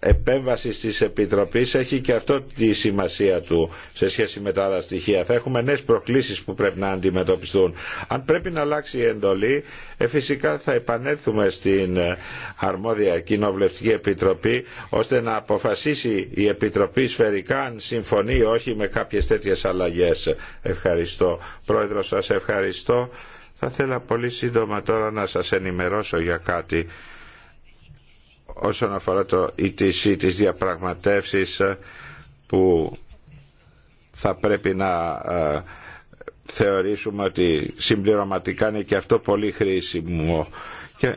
επέμβαση της Επιτροπής έχει και αυτό τη σημασία του σε σχέση με τα άλλα στοιχεία. Θα έχουμε νέες προκλήσεις που πρέπει να αντιμετωπιστούν. Αν πρέπει να αλλάξει η εντολή, ε, φυσικά θα επανέλθουμε στην ε, αρμόδια Κοινοβουλευτική Επιτροπή ώστε να αποφασίσει η Επιτροπή σφαιρικά αν συμφωνεί ή όχι με κάποιες τέτοιες αλλαγές. Ευχαριστώ. Πρόεδρο σας ευχαριστώ. Θα ήθελα πολύ σύντομα τώρα να σας ενημερώσω για κάτι όσον αφορά το ETC, τις διαπραγματεύσεις ε, που θα πρέπει να ε, θεωρήσουμε ότι συμπληρωματικά είναι και αυτό πολύ χρήσιμο. Και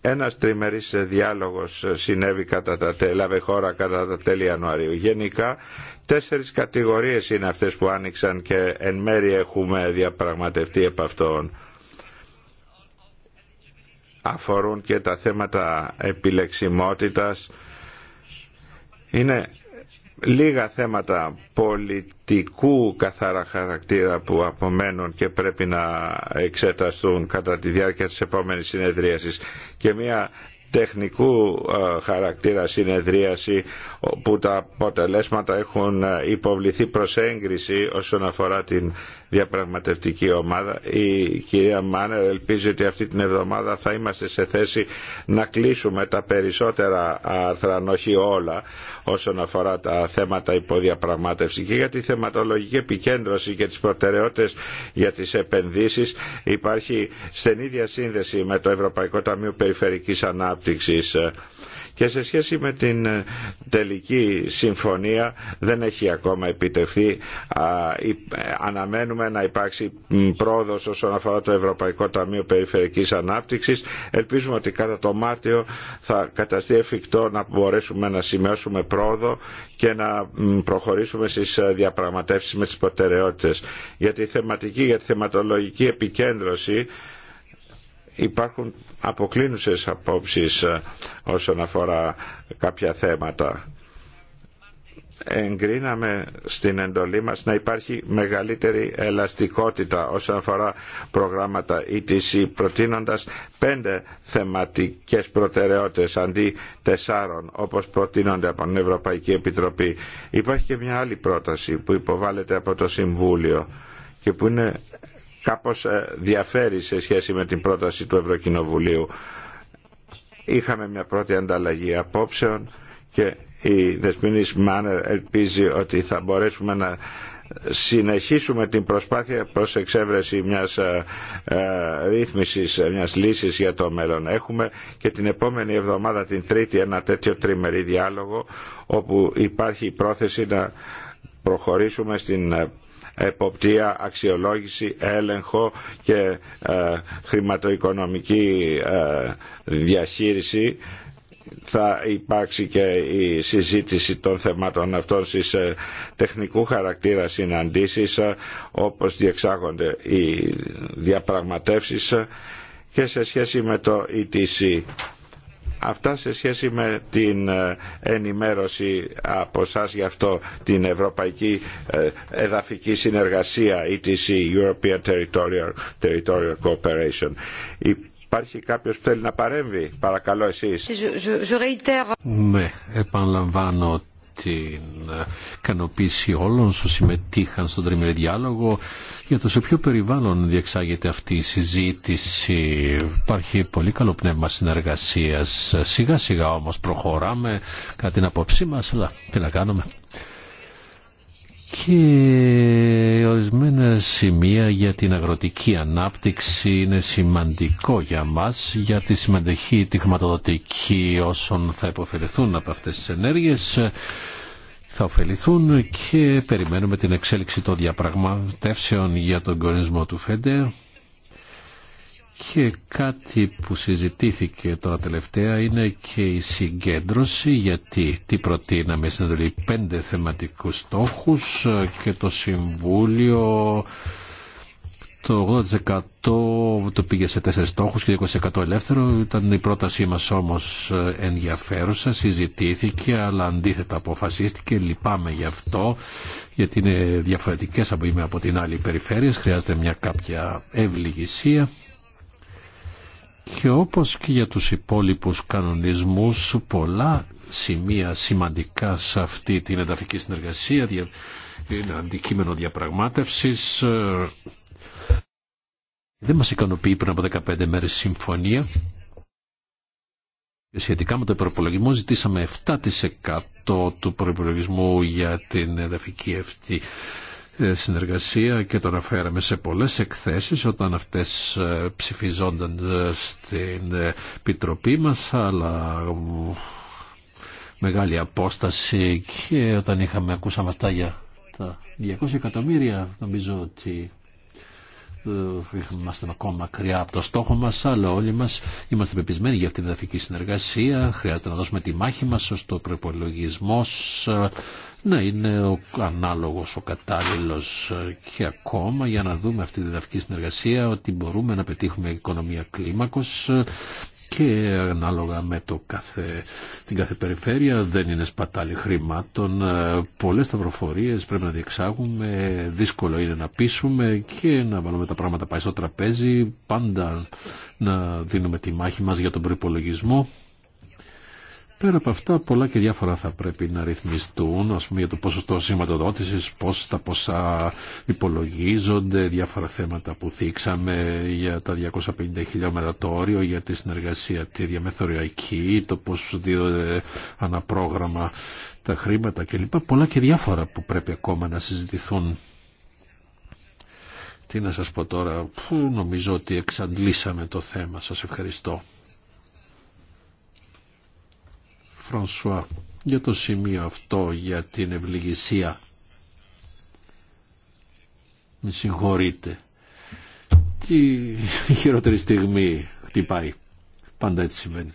ένας τριμερής διάλογος ε, συνέβη κατά τα τέλη, χώρα κατά τα τέλη Ιανουαρίου. Γενικά τέσσερις κατηγορίες είναι αυτές που άνοιξαν και εν μέρει έχουμε διαπραγματευτεί επ' αυτών αφορούν και τα θέματα επιλεξιμότητας. Είναι λίγα θέματα πολιτικού καθαρά χαρακτήρα που απομένουν και πρέπει να εξεταστούν κατά τη διάρκεια της επόμενης συνεδρίασης και μια τεχνικού ε, χαρακτήρα συνεδρίαση που τα αποτελέσματα έχουν ε, υποβληθεί προς έγκριση όσον αφορά την διαπραγματευτική ομάδα. Η κυρία Μάνερ ελπίζει ότι αυτή την εβδομάδα θα είμαστε σε θέση να κλείσουμε τα περισσότερα άρθρα, αν όχι όλα, όσον αφορά τα θέματα υποδιαπραγμάτευση και για τη θεματολογική επικέντρωση και τις προτεραιότητες για τις επενδύσεις υπάρχει στενή διασύνδεση με το Ευρωπαϊκό Ταμείο Περιφερικής Ανάπτυξης και σε σχέση με την ε, τελική συμφωνία δεν έχει ακόμα επιτευχθεί. Ε, αναμένουμε να υπάρξει πρόοδος όσον αφορά το Ευρωπαϊκό Ταμείο Περιφερειακής Ανάπτυξης. Ελπίζουμε ότι κατά το Μάρτιο θα καταστεί εφικτό να μπορέσουμε να σημειώσουμε πρόοδο και να προχωρήσουμε στις ε, διαπραγματεύσεις με τις προτεραιότητες. Για θεματική, για τη θεματολογική επικέντρωση υπάρχουν αποκλίνουσες απόψεις ε, όσον αφορά κάποια θέματα εγκρίναμε στην εντολή μας να υπάρχει μεγαλύτερη ελαστικότητα όσον αφορά προγράμματα ETC προτείνοντας πέντε θεματικές προτεραιότητες αντί τεσσάρων όπως προτείνονται από την Ευρωπαϊκή Επιτροπή. Υπάρχει και μια άλλη πρόταση που υποβάλλεται από το Συμβούλιο και που είναι κάπως ε, διαφέρει σε σχέση με την πρόταση του Ευρωκοινοβουλίου. Είχαμε μια πρώτη ανταλλαγή απόψεων και η Δεσποινής Μάνερ ελπίζει ότι θα μπορέσουμε να συνεχίσουμε την προσπάθεια προς εξέβρεση μιας ε, ε, ρύθμισης, μιας λύσης για το μέλλον. Έχουμε και την επόμενη εβδομάδα, την Τρίτη, ένα τέτοιο τριμερή διάλογο όπου υπάρχει η πρόθεση να προχωρήσουμε στην εποπτεία, αξιολόγηση, έλεγχο και ε, χρηματοοικονομική ε, διαχείριση θα υπάρξει και η συζήτηση των θεμάτων αυτών στις ε, τεχνικού χαρακτήρα συναντήσεις όπως διεξάγονται οι διαπραγματεύσεις και σε σχέση με το ETC Αυτά σε σχέση με την ε, ενημέρωση από εσά γι' αυτό την Ευρωπαϊκή ε, Εδαφική Συνεργασία ETC, European Territorial, Territorial Cooperation. Υπάρχει κάποιο που θέλει να παρέμβει. Παρακαλώ εσεί. Ναι, επαναλαμβάνω την ε, ικανοποίηση όλων όσων συμμετείχαν στον τριμηρή διάλογο για το σε ποιο περιβάλλον διεξάγεται αυτή η συζήτηση. Υπάρχει πολύ καλό πνεύμα συνεργασίας. Σιγά σιγά όμως προχωράμε κατά την απόψή μας, αλλά τι να κάνουμε και ορισμένα σημεία για την αγροτική ανάπτυξη είναι σημαντικό για μας, για τη συμμετοχή τη χρηματοδοτική όσων θα υποφεληθούν από αυτές τις ενέργειες θα ωφεληθούν και περιμένουμε την εξέλιξη των διαπραγματεύσεων για τον κορισμό του ΦΕΝΤΕΡ και κάτι που συζητήθηκε τώρα τελευταία είναι και η συγκέντρωση γιατί τι προτείναμε στην εντολή πέντε θεματικούς στόχους και το Συμβούλιο το 80% το πήγε σε τέσσερις στόχους και 20% ελεύθερο. Ήταν η πρότασή μας όμως ενδιαφέρουσα, συζητήθηκε αλλά αντίθετα αποφασίστηκε. Λυπάμαι γι' αυτό γιατί είναι διαφορετικές από, από την άλλη περιφέρειες. Χρειάζεται μια κάποια ευληγησία. Και όπως και για τους υπόλοιπους κανονισμούς, πολλά σημεία σημαντικά σε αυτή την ενταφική συνεργασία, είναι αντικείμενο διαπραγμάτευσης, δεν μας ικανοποιεί πριν από 15 μέρες συμφωνία. Σχετικά με το προπολογισμό ζητήσαμε 7% του προπολογισμού για την εδαφική αυτή ε, συνεργασία και το αναφέραμε σε πολλές εκθέσεις όταν αυτές ε, ψηφιζόνταν ε, στην Επιτροπή μας αλλά μεγάλη απόσταση και όταν είχαμε ακούσαμε αυτά για τα 200 εκατομμύρια νομίζω ότι είμαστε ακόμα μακριά από το στόχο μας αλλά όλοι μας είμαστε πεπισμένοι για αυτήν την εδαφική συνεργασία χρειάζεται να δώσουμε τη μάχη μας στο ο προπολογισμό να είναι ο ανάλογος, ο κατάλληλος ε, και ακόμα για να δούμε αυτή τη διδαυκή συνεργασία ότι μπορούμε να πετύχουμε οικονομία κλίμακος ε, και ανάλογα με το κάθε, την κάθε περιφέρεια δεν είναι σπατάλη χρημάτων. Ε, πολλές σταυροφορίες πρέπει να διεξάγουμε, δύσκολο είναι να πείσουμε και να βάλουμε τα πράγματα πάει στο τραπέζι, πάντα να δίνουμε τη μάχη μας για τον προπολογισμό Πέρα από αυτά, πολλά και διάφορα θα πρέπει να ρυθμιστούν, α πούμε για το ποσοστό σηματοδότηση, πώ τα ποσά υπολογίζονται, διάφορα θέματα που θίξαμε για τα 250 χιλιόμετρα το όριο, για τη συνεργασία τη διαμεθοριακή, το πώ δίδονται αναπρόγραμμα τα χρήματα κλπ. Πολλά και διάφορα που πρέπει ακόμα να συζητηθούν. Τι να σας πω τώρα, που νομίζω ότι εξαντλήσαμε το θέμα. Σας ευχαριστώ. Φρανσουά για το σημείο αυτό για την ευληγησία. Με συγχωρείτε. Τι χειρότερη στιγμή χτυπάει. Πάντα έτσι συμβαίνει.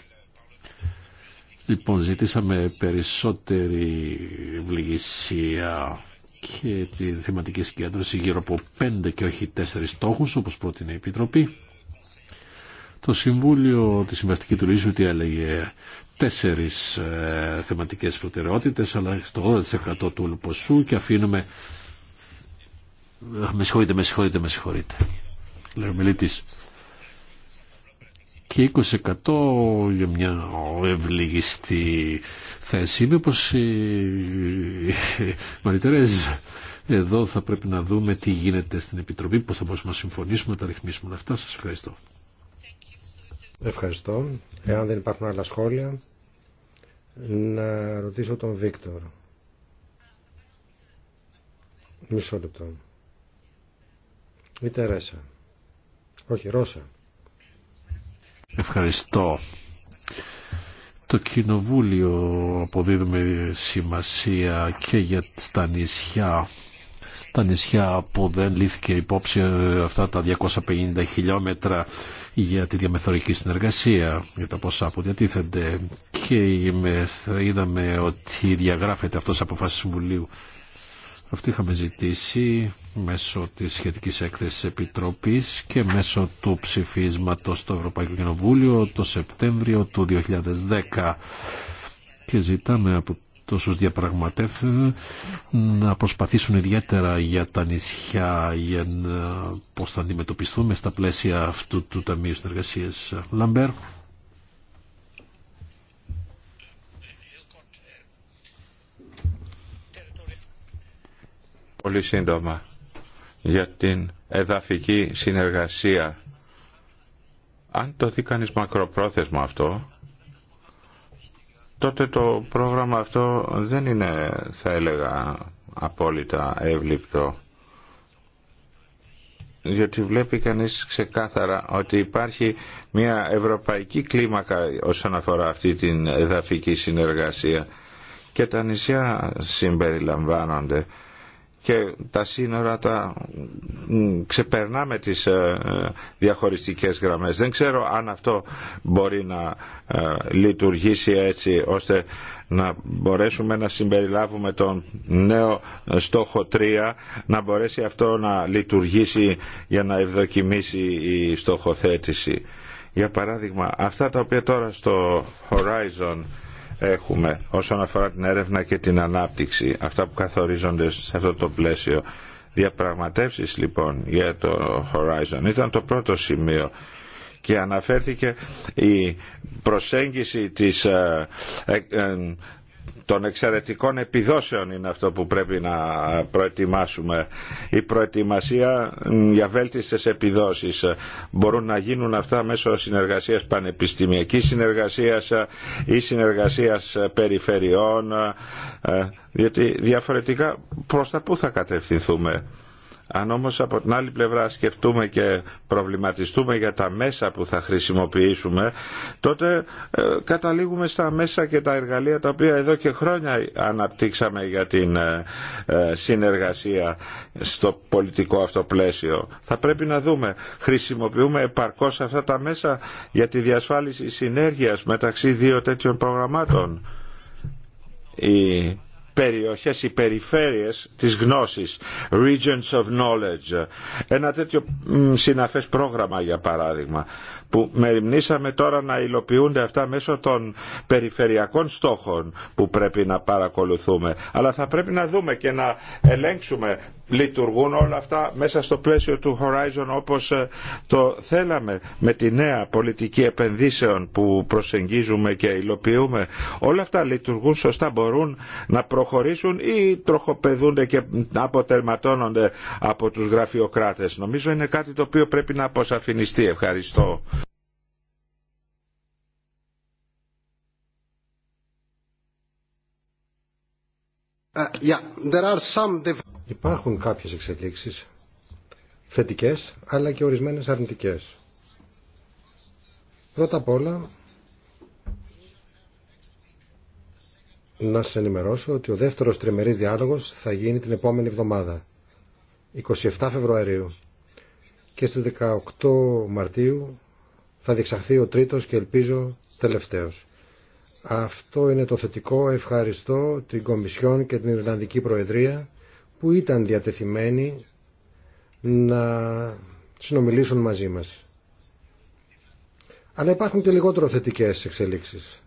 Λοιπόν, ζητήσαμε περισσότερη ευληγησία και τη θεματική συγκέντρωση γύρω από πέντε και όχι τέσσερις στόχους, όπως πρότεινε η Επιτροπή. Το Συμβούλιο της Συμβαστική του Λύσου τι έλεγε τέσσερις ε, θεματικές προτεραιότητες αλλά στο 80% του ποσού και αφήνουμε ε, με συγχωρείτε, με συγχωρείτε, με συγχωρείτε λέει ο και 20% για μια ευλίγιστη θέση είναι πως η, η Μαριτερέζ εδώ θα πρέπει να δούμε τι γίνεται στην Επιτροπή, πώς θα μπορούμε να συμφωνήσουμε, να τα ρυθμίσουμε αυτά. Σας ευχαριστώ. Ευχαριστώ. Εάν δεν υπάρχουν άλλα σχόλια, να ρωτήσω τον Βίκτορ. Μισό λεπτό. Η Τερέσα. Όχι, Ρώσα. Ευχαριστώ. Το Κοινοβούλιο αποδίδουμε σημασία και για τα νησιά τα νησιά που δεν λύθηκε υπόψη ε, αυτά τα 250 χιλιόμετρα για τη διαμεθορική συνεργασία, για τα ποσά που διατίθενται και είδαμε ότι διαγράφεται αυτός αποφάσεις Συμβουλίου. Αυτή είχαμε ζητήσει μέσω της σχετικής έκθεσης Επιτροπής και μέσω του ψηφίσματος στο Ευρωπαϊκό Κοινοβούλιο το Σεπτέμβριο του 2010 και ζητάμε από τόσους διαπραγματεύσεις να προσπαθήσουν ιδιαίτερα για τα νησιά για να, πώς θα αντιμετωπιστούμε στα πλαίσια αυτού του Ταμείου Συνεργασίας. Λαμπέρ. Πολύ σύντομα για την εδαφική συνεργασία. Αν το δει κανείς μακροπρόθεσμα αυτό, τότε το πρόγραμμα αυτό δεν είναι, θα έλεγα, απόλυτα εύληπτο. Διότι βλέπει κανείς ξεκάθαρα ότι υπάρχει μια ευρωπαϊκή κλίμακα όσον αφορά αυτή την εδαφική συνεργασία και τα νησιά συμπεριλαμβάνονται και τα σύνορα τα ξεπερνάμε τις ε, διαχωριστικές γραμμές. Δεν ξέρω αν αυτό μπορεί να ε, λειτουργήσει έτσι ώστε να μπορέσουμε να συμπεριλάβουμε τον νέο στόχο 3, να μπορέσει αυτό να λειτουργήσει για να ευδοκιμήσει η στοχοθέτηση. Για παράδειγμα, αυτά τα οποία τώρα στο Horizon έχουμε όσον αφορά την έρευνα και την ανάπτυξη, αυτά που καθορίζονται σε αυτό το πλαίσιο. Διαπραγματεύσεις λοιπόν για το Horizon ήταν το πρώτο σημείο και αναφέρθηκε η προσέγγιση της ε, ε, των εξαιρετικών επιδόσεων είναι αυτό που πρέπει να προετοιμάσουμε. Η προετοιμασία για βέλτιστες επιδόσεις ε, μπορούν να γίνουν αυτά μέσω συνεργασίας πανεπιστημιακής συνεργασίας ε, ή συνεργασίας ε, περιφερειών διότι διαφορετικά προς τα πού θα κατευθυνθούμε. Αν όμως από την άλλη πλευρά σκεφτούμε και προβληματιστούμε για τα μέσα που θα χρησιμοποιήσουμε, τότε ε, καταλήγουμε στα μέσα και τα εργαλεία τα οποία εδώ και χρόνια αναπτύξαμε για την ε, ε, συνεργασία στο πολιτικό αυτό πλαίσιο. Θα πρέπει να δούμε, χρησιμοποιούμε επαρκώς αυτά τα μέσα για τη διασφάλιση συνέργειας μεταξύ δύο τέτοιων προγραμμάτων. Η περιοχές, οι περιφέρειες της γνώσης, regions of knowledge. Ένα τέτοιο συναφές πρόγραμμα για παράδειγμα, που μεριμνήσαμε τώρα να υλοποιούνται αυτά μέσω των περιφερειακών στόχων που πρέπει να παρακολουθούμε. Αλλά θα πρέπει να δούμε και να ελέγξουμε λειτουργούν όλα αυτά μέσα στο πλαίσιο του Horizon όπως ε, το θέλαμε με τη νέα πολιτική επενδύσεων που προσεγγίζουμε και υλοποιούμε όλα αυτά λειτουργούν σωστά μπορούν να προχωρήσουν ή τροχοπεδούνται και αποτελματώνονται από τους γραφειοκράτες νομίζω είναι κάτι το οποίο πρέπει να αποσαφινιστεί ευχαριστώ ε, yeah, there are some Υπάρχουν κάποιες εξελίξεις θετικές αλλά και ορισμένες αρνητικές. Πρώτα απ' όλα να σας ενημερώσω ότι ο δεύτερος τριμερής διάλογος θα γίνει την επόμενη εβδομάδα, 27 Φεβρουαρίου. Και στις 18 Μαρτίου θα διεξαχθεί ο τρίτος και ελπίζω τελευταίος. Αυτό είναι το θετικό. Ευχαριστώ την Κομισιόν και την Ιρλανδική Προεδρία που ήταν διατεθειμένοι να συνομιλήσουν μαζί μας. Αλλά υπάρχουν και λιγότερο θετικές εξελίξεις.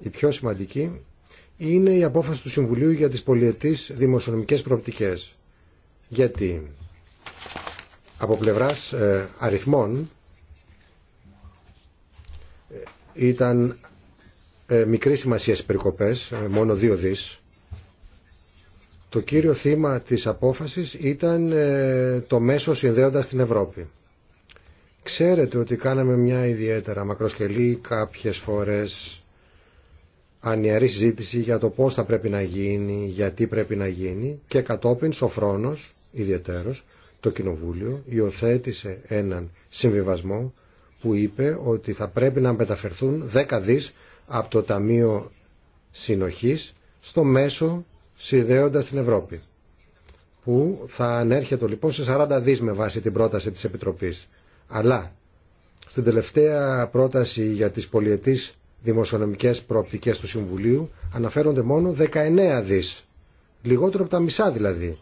Η πιο σημαντική είναι η απόφαση του Συμβουλίου για τις πολιετής δημοσιονομικές προοπτικές. Γιατί από πλευράς ε, αριθμών ε, ήταν ε, μικρή σημασία στις περικοπές, μόνο δύο δις, το κύριο θύμα της απόφασης ήταν ε, το μέσο συνδέοντας την Ευρώπη. Ξέρετε ότι κάναμε μια ιδιαίτερα μακροσκελή κάποιες φορές ανιαρή συζήτηση για το πώς θα πρέπει να γίνει, γιατί πρέπει να γίνει και κατόπιν Σοφρόνος, ιδιαίτερος, το Κοινοβούλιο υιοθέτησε έναν συμβιβασμό που είπε ότι θα πρέπει να μεταφερθούν δέκα δις από το Ταμείο Συνοχής στο μέσο συνδέοντας την Ευρώπη που θα ανέρχεται λοιπόν σε 40 δις με βάση την πρόταση της Επιτροπής. Αλλά στην τελευταία πρόταση για τις πολιετής δημοσιονομικές προοπτικές του Συμβουλίου αναφέρονται μόνο 19 δις, λιγότερο από τα μισά δηλαδή.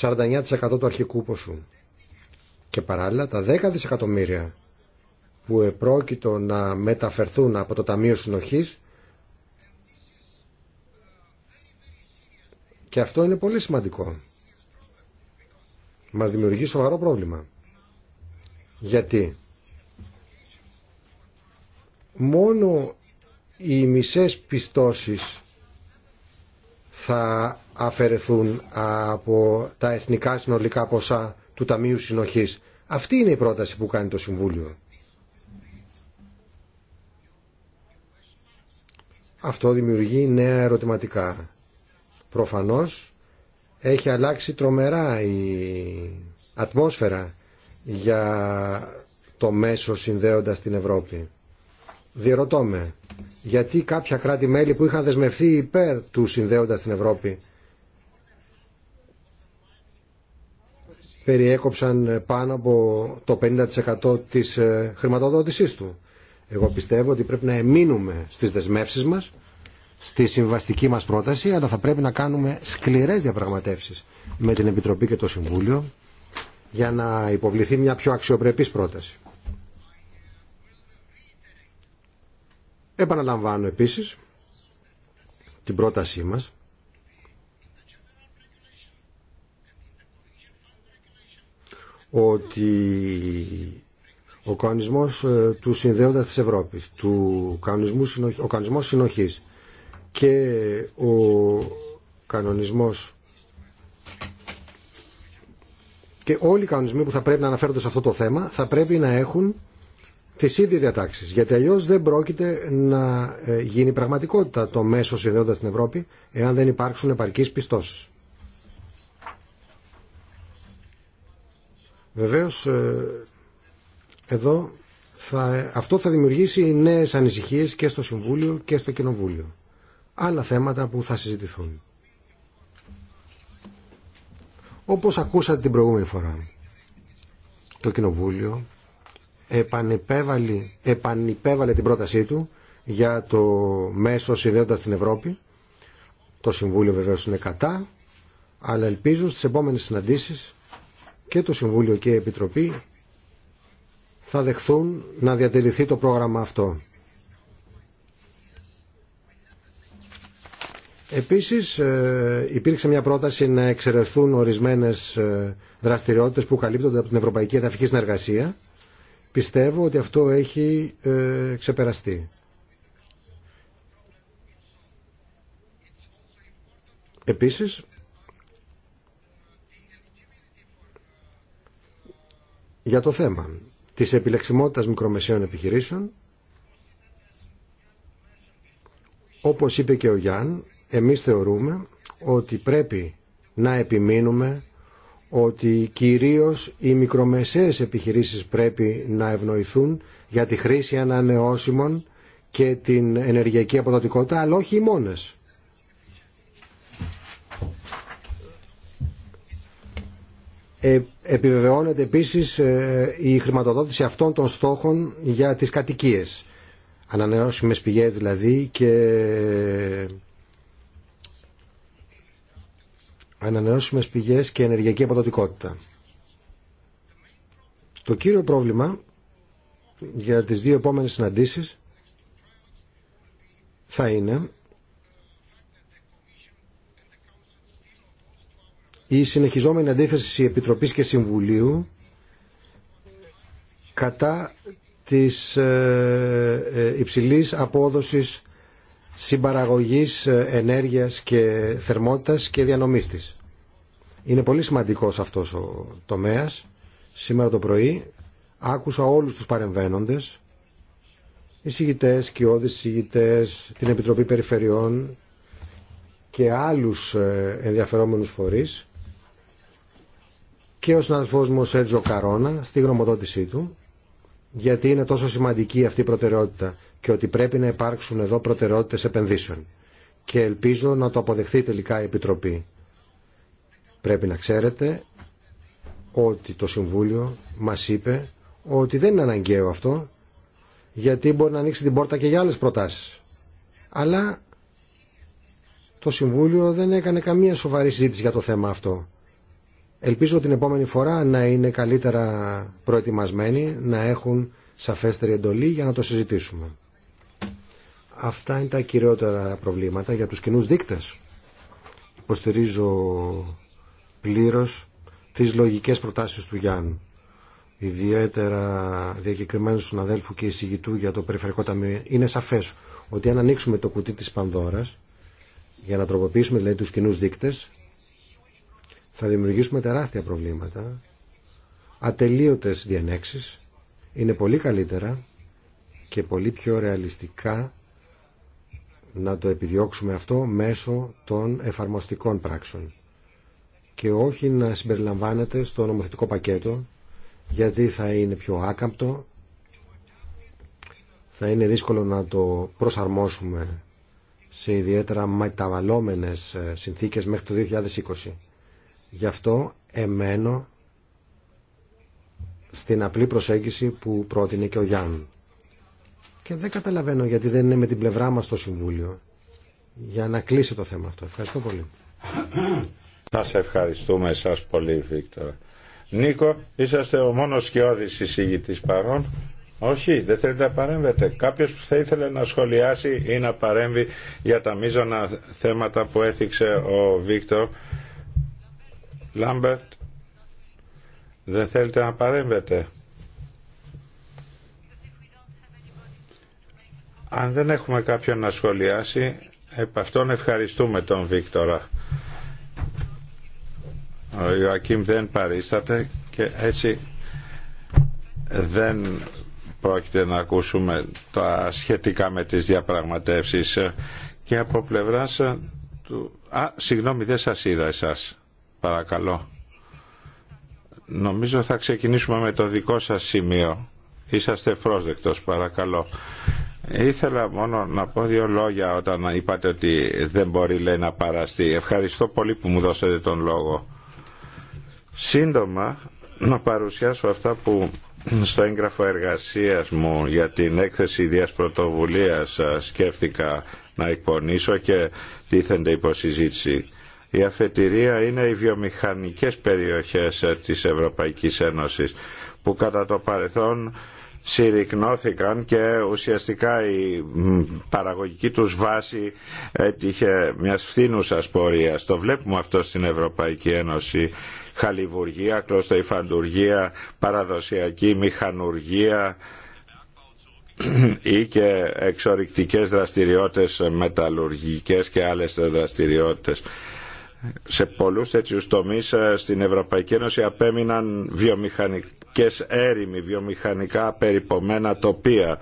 49% του αρχικού ποσού. Και παράλληλα τα 10 δισεκατομμύρια που επρόκειτο να μεταφερθούν από το Ταμείο Συνοχής Και αυτό είναι πολύ σημαντικό. Μας δημιουργεί σοβαρό πρόβλημα. Γιατί μόνο οι μισές πιστώσεις θα αφαιρεθούν από τα εθνικά συνολικά ποσά του Ταμείου Συνοχής. Αυτή είναι η πρόταση που κάνει το Συμβούλιο. Αυτό δημιουργεί νέα ερωτηματικά. Προφανώς έχει αλλάξει τρομερά η ατμόσφαιρα για το μέσο συνδέοντας την Ευρώπη. Διερωτώ με, γιατί κάποια κράτη-μέλη που είχαν δεσμευθεί υπέρ του συνδέοντας την Ευρώπη περιέκοψαν πάνω από το 50% της ε, χρηματοδότησής του. Εγώ πιστεύω ότι πρέπει να εμείνουμε στις δεσμεύσεις μας στη συμβαστική μας πρόταση, αλλά θα πρέπει να κάνουμε σκληρές διαπραγματεύσεις με την Επιτροπή και το Συμβούλιο για να υποβληθεί μια πιο αξιοπρεπής πρόταση. Επαναλαμβάνω επίσης την πρότασή μας ότι ο κανονισμός ε, του συνδέοντας της Ευρώπης, του κανονισμού, ο κανονισμός συνοχής και ο κανονισμός και όλοι οι κανονισμοί που θα πρέπει να αναφέρονται σε αυτό το θέμα θα πρέπει να έχουν τις ίδιες διατάξεις. Γιατί αλλιώ δεν πρόκειται να ε, γίνει πραγματικότητα το μέσο συνδέοντας την Ευρώπη εάν δεν υπάρξουν επαρκείς πιστώσεις. Βεβαίως ε, εδώ ε, αυτό θα δημιουργήσει νέες ανησυχίες και στο Συμβούλιο και στο Κοινοβούλιο άλλα θέματα που θα συζητηθούν. Όπως ακούσατε την προηγούμενη φορά, το Κοινοβούλιο επανυπέβαλε, επανυπέβαλε την πρότασή του για το μέσο συνδέοντας την Ευρώπη. Το Συμβούλιο βεβαίως είναι κατά, αλλά ελπίζω στις επόμενες συναντήσεις και το Συμβούλιο και η Επιτροπή θα δεχθούν να διατηρηθεί το πρόγραμμα αυτό. Επίσης ε, υπήρξε μια πρόταση να εξαιρεθούν ορισμένες ε, δραστηριότητες που καλύπτονται από την Ευρωπαϊκή Εδαφική Συνεργασία. Πιστεύω ότι αυτό έχει ε, ξεπεραστεί. Επίσης, για το θέμα της επιλεξιμότητας μικρομεσαίων επιχειρήσεων, όπως είπε και ο Γιάνν, εμείς θεωρούμε ότι πρέπει να επιμείνουμε ότι κυρίως οι μικρομεσαίες επιχειρήσεις πρέπει να ευνοηθούν για τη χρήση ανανεώσιμων και την ενεργειακή αποδοτικότητα, αλλά όχι οι μόνες. Ε, επιβεβαιώνεται επίσης ε, η χρηματοδότηση αυτών των στόχων για τις κατοικίες. Ανανεώσιμες πηγές δηλαδή και ανανεώσιμες πηγές και ενεργειακή αποδοτικότητα. Το κύριο πρόβλημα για τις δύο επόμενες συναντήσεις θα είναι η συνεχιζόμενη αντίθεση Επιτροπής και Συμβουλίου κατά της ε, ε, υψηλής απόδοσης συμπαραγωγής ε, ενέργειας και θερμότητας και διανομής της. Είναι πολύ σημαντικός αυτός ο τομέας. Σήμερα το πρωί άκουσα όλους τους παρεμβαίνοντες, εισηγητέ, κοιόδης εισηγητέ, την Επιτροπή Περιφερειών και άλλους ε, ενδιαφερόμενους φορείς και ο συναδελφός μου ο Σέρτζο Καρόνα στη γνωμοδότησή του γιατί είναι τόσο σημαντική αυτή η προτεραιότητα και ότι πρέπει να υπάρξουν εδώ προτεραιότητες επενδύσεων. Και ελπίζω να το αποδεχθεί τελικά η Επιτροπή. Πρέπει να ξέρετε ότι το Συμβούλιο μας είπε ότι δεν είναι αναγκαίο αυτό γιατί μπορεί να ανοίξει την πόρτα και για άλλες προτάσεις. Αλλά το Συμβούλιο δεν έκανε καμία σοβαρή συζήτηση για το θέμα αυτό. Ελπίζω την επόμενη φορά να είναι καλύτερα προετοιμασμένοι, να έχουν σαφέστερη εντολή για να το συζητήσουμε. Αυτά είναι τα κυριότερα προβλήματα για τους κοινού δείκτες. Υποστηρίζω πλήρως τις λογικές προτάσεις του Γιάννου. Ιδιαίτερα διακεκριμένου συναδέλφου και εισηγητού για το Περιφερειακό Ταμείο είναι σαφές ότι αν ανοίξουμε το κουτί της Πανδώρας για να τροποποιήσουμε δηλαδή τους κοινού δείκτες θα δημιουργήσουμε τεράστια προβλήματα ατελείωτες διενέξεις είναι πολύ καλύτερα και πολύ πιο ρεαλιστικά να το επιδιώξουμε αυτό μέσω των εφαρμοστικών πράξεων και όχι να συμπεριλαμβάνεται στο νομοθετικό πακέτο γιατί θα είναι πιο άκαμπτο θα είναι δύσκολο να το προσαρμόσουμε σε ιδιαίτερα μεταβαλλόμενες ε, συνθήκες μέχρι το 2020. Γι' αυτό εμένω στην απλή προσέγγιση που πρότεινε και ο Γιάννη και δεν καταλαβαίνω γιατί δεν είναι με την πλευρά μας το Συμβούλιο για να κλείσει το θέμα αυτό. Ευχαριστώ πολύ. Να ευχαριστούμε εσάς πολύ Βίκτορ. Νίκο, είσαστε ο μόνος σκιώδης εισηγητής παρών. Όχι, δεν θέλετε να παρέμβετε. Κάποιο που θα ήθελε να σχολιάσει ή να παρέμβει για τα μείζωνα θέματα που έθιξε ο Βίκτορ. Λάμπερτ, δεν θέλετε να παρέμβετε. Αν δεν έχουμε κάποιον να σχολιάσει, επ' αυτόν ευχαριστούμε τον Βίκτορα. Ο Ιωακήμ δεν παρίσταται και έτσι δεν πρόκειται να ακούσουμε τα σχετικά με τις διαπραγματεύσεις και από πλευράς του... Α, συγγνώμη, δεν σας είδα εσάς. Παρακαλώ. Νομίζω θα ξεκινήσουμε με το δικό σας σημείο. Είσαστε πρόσδεκτος, παρακαλώ. Ήθελα μόνο να πω δύο λόγια όταν είπατε ότι δεν μπορεί λέει να παραστεί. Ευχαριστώ πολύ που μου δώσατε τον λόγο. Σύντομα να παρουσιάσω αυτά που στο έγγραφο εργασίας μου για την έκθεση ιδίας πρωτοβουλίας σκέφτηκα να εκπονήσω και τίθενται υποσυζήτηση. Η αφετηρία είναι οι βιομηχανικές περιοχές της Ευρωπαϊκής Ένωσης που κατά το παρελθόν συρρυκνώθηκαν και ουσιαστικά η παραγωγική τους βάση έτυχε μιας φθήνουσας πορείας. Το βλέπουμε αυτό στην Ευρωπαϊκή Ένωση. Χαλιβουργία, κλωστοϊφαντουργία, παραδοσιακή μηχανουργία ή και εξορρυκτικές δραστηριότητες μεταλλουργικές και άλλες δραστηριότητες σε πολλούς τέτοιους τομείς ε, στην Ευρωπαϊκή Ένωση απέμειναν βιομηχανικές έρημοι, βιομηχανικά περιπομένα τοπία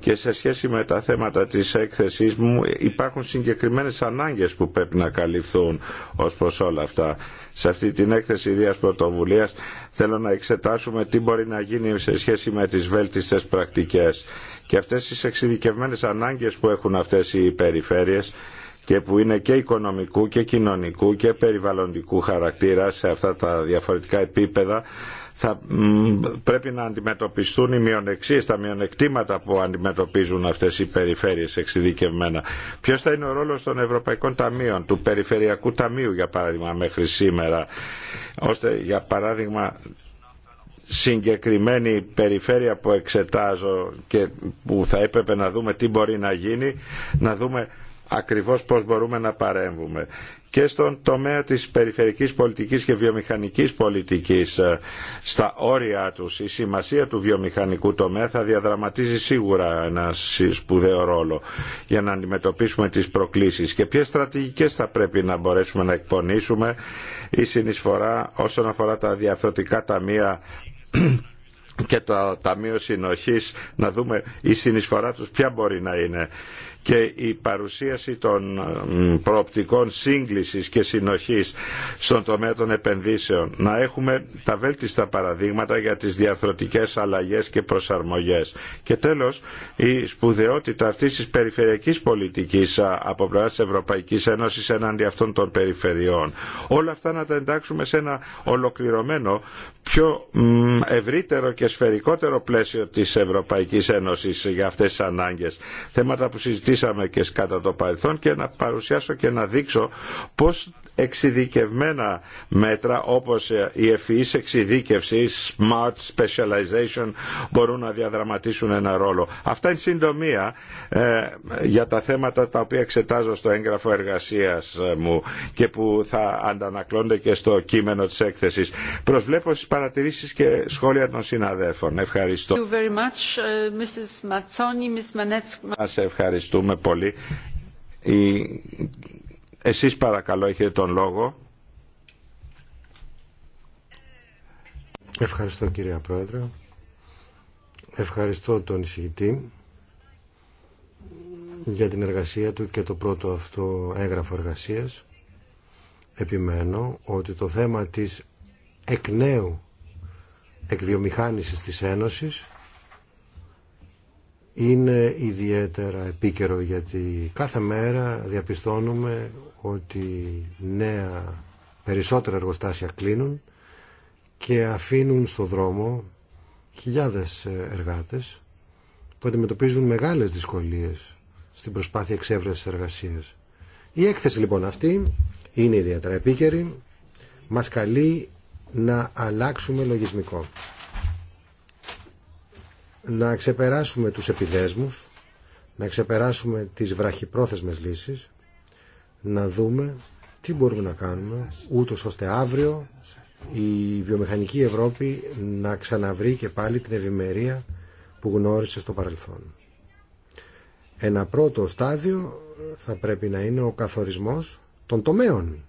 και σε σχέση με τα θέματα της έκθεσής μου υπάρχουν συγκεκριμένες ανάγκες που πρέπει να καλυφθούν ως προς όλα αυτά. Σε αυτή την έκθεση ιδίας πρωτοβουλίας θέλω να εξετάσουμε τι μπορεί να γίνει σε σχέση με τις βέλτιστες πρακτικές και αυτές τις εξειδικευμένες ανάγκες που έχουν αυτές οι περιφέρειες και που είναι και οικονομικού και κοινωνικού και περιβαλλοντικού χαρακτήρα σε αυτά τα διαφορετικά επίπεδα θα πρέπει να αντιμετωπιστούν οι μειονεξίες, τα μειονεκτήματα που αντιμετωπίζουν αυτές οι περιφέρειες εξειδικευμένα. Ποιος θα είναι ο ρόλος των Ευρωπαϊκών Ταμείων, του Περιφερειακού Ταμείου για παράδειγμα μέχρι σήμερα, ώστε για παράδειγμα συγκεκριμένη περιφέρεια που εξετάζω και που θα έπρεπε να δούμε τι μπορεί να γίνει, να δούμε ακριβώς πώς μπορούμε να παρέμβουμε. Και στον τομέα της περιφερικής πολιτικής και βιομηχανικής πολιτικής, ε, στα όρια τους, η σημασία του βιομηχανικού τομέα θα διαδραματίζει σίγουρα ένα σπουδαίο ρόλο για να αντιμετωπίσουμε τις προκλήσεις και ποιες στρατηγικές θα πρέπει να μπορέσουμε να εκπονήσουμε η συνεισφορά όσον αφορά τα διαφθορτικά ταμεία και το Ταμείο Συνοχής να δούμε η συνεισφορά τους ποια μπορεί να είναι και η παρουσίαση των προοπτικών σύγκλησης και συνοχής στον τομέα των επενδύσεων. Να έχουμε τα βέλτιστα παραδείγματα για τις διαθροτικές αλλαγές και προσαρμογές. Και τέλος, η σπουδαιότητα αυτής της περιφερειακής πολιτικής από πλευρά της Ευρωπαϊκής Ένωσης έναντι αυτών των περιφερειών. Όλα αυτά να τα εντάξουμε σε ένα ολοκληρωμένο, πιο ευρύτερο και σφαιρικότερο πλαίσιο της Ευρωπαϊκής Ένωσης για αυτές τις ανάγκες. Θέματα που συζητήσαμε συζητήσαμε και κατά το παρελθόν και να παρουσιάσω και να δείξω πώς εξειδικευμένα μέτρα όπως η ευφυής εξειδίκευση, smart specialization μπορούν να διαδραματίσουν ένα ρόλο. Αυτά είναι συντομία ε, για τα θέματα τα οποία εξετάζω στο έγγραφο εργασίας ε, μου και που θα αντανακλώνται και στο κείμενο της έκθεσης. Προσβλέπω στις παρατηρήσεις και σχόλια των συναδέφων. Ευχαριστώ. you very much, uh, Mrs. Σας ευχαριστούμε πολύ. Εσείς παρακαλώ έχετε τον λόγο. Ευχαριστώ κυρία Πρόεδρε. Ευχαριστώ τον εισηγητή για την εργασία του και το πρώτο αυτό έγγραφο εργασίας. Επιμένω ότι το θέμα της εκ νέου εκβιομηχάνησης της Ένωσης είναι ιδιαίτερα επίκαιρο γιατί κάθε μέρα διαπιστώνουμε ότι νέα περισσότερα εργοστάσια κλείνουν και αφήνουν στο δρόμο χιλιάδες ε, εργάτες που αντιμετωπίζουν μεγάλες δυσκολίες στην προσπάθεια εξέβρεσης εργασίας. Η έκθεση λοιπόν αυτή είναι ιδιαίτερα επίκαιρη, μας καλεί να αλλάξουμε λογισμικό να ξεπεράσουμε τους επιδέσμους, να ξεπεράσουμε τις βραχυπρόθεσμες λύσεις, να δούμε τι μπορούμε να κάνουμε, ούτω ώστε αύριο η βιομηχανική Ευρώπη να ξαναβρει και πάλι την ευημερία που γνώρισε στο παρελθόν. Ένα πρώτο στάδιο θα πρέπει να είναι ο καθορισμός των τομέων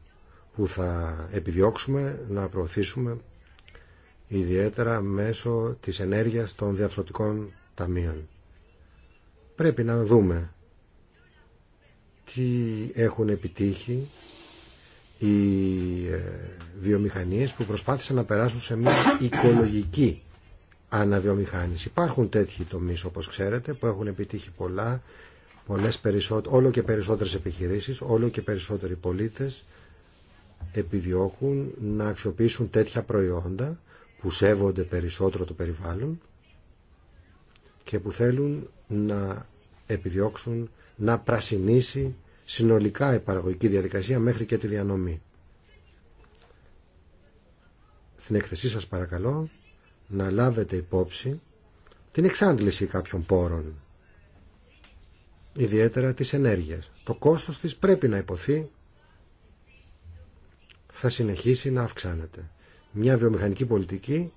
που θα επιδιώξουμε να προωθήσουμε ιδιαίτερα μέσω της ενέργειας των διαφορετικών ταμείων. Πρέπει να δούμε τι έχουν επιτύχει οι ε, βιομηχανίες που προσπάθησαν να περάσουν σε μια οικολογική αναβιομηχάνηση. Υπάρχουν τέτοιοι τομείς όπως ξέρετε που έχουν επιτύχει πολλά, πολλές όλο και περισσότερες επιχειρήσεις, όλο και περισσότεροι πολίτες επιδιώκουν να αξιοποιήσουν τέτοια προϊόντα που σέβονται περισσότερο το περιβάλλον και που θέλουν να επιδιώξουν να πρασινίσει συνολικά η παραγωγική διαδικασία μέχρι και τη διανομή. Στην εκθεσή σας παρακαλώ να λάβετε υπόψη την εξάντληση κάποιων πόρων, ιδιαίτερα της ενέργειας. Το κόστος της πρέπει να υποθεί, θα συνεχίσει να αυξάνεται μια βιομηχανική πολιτική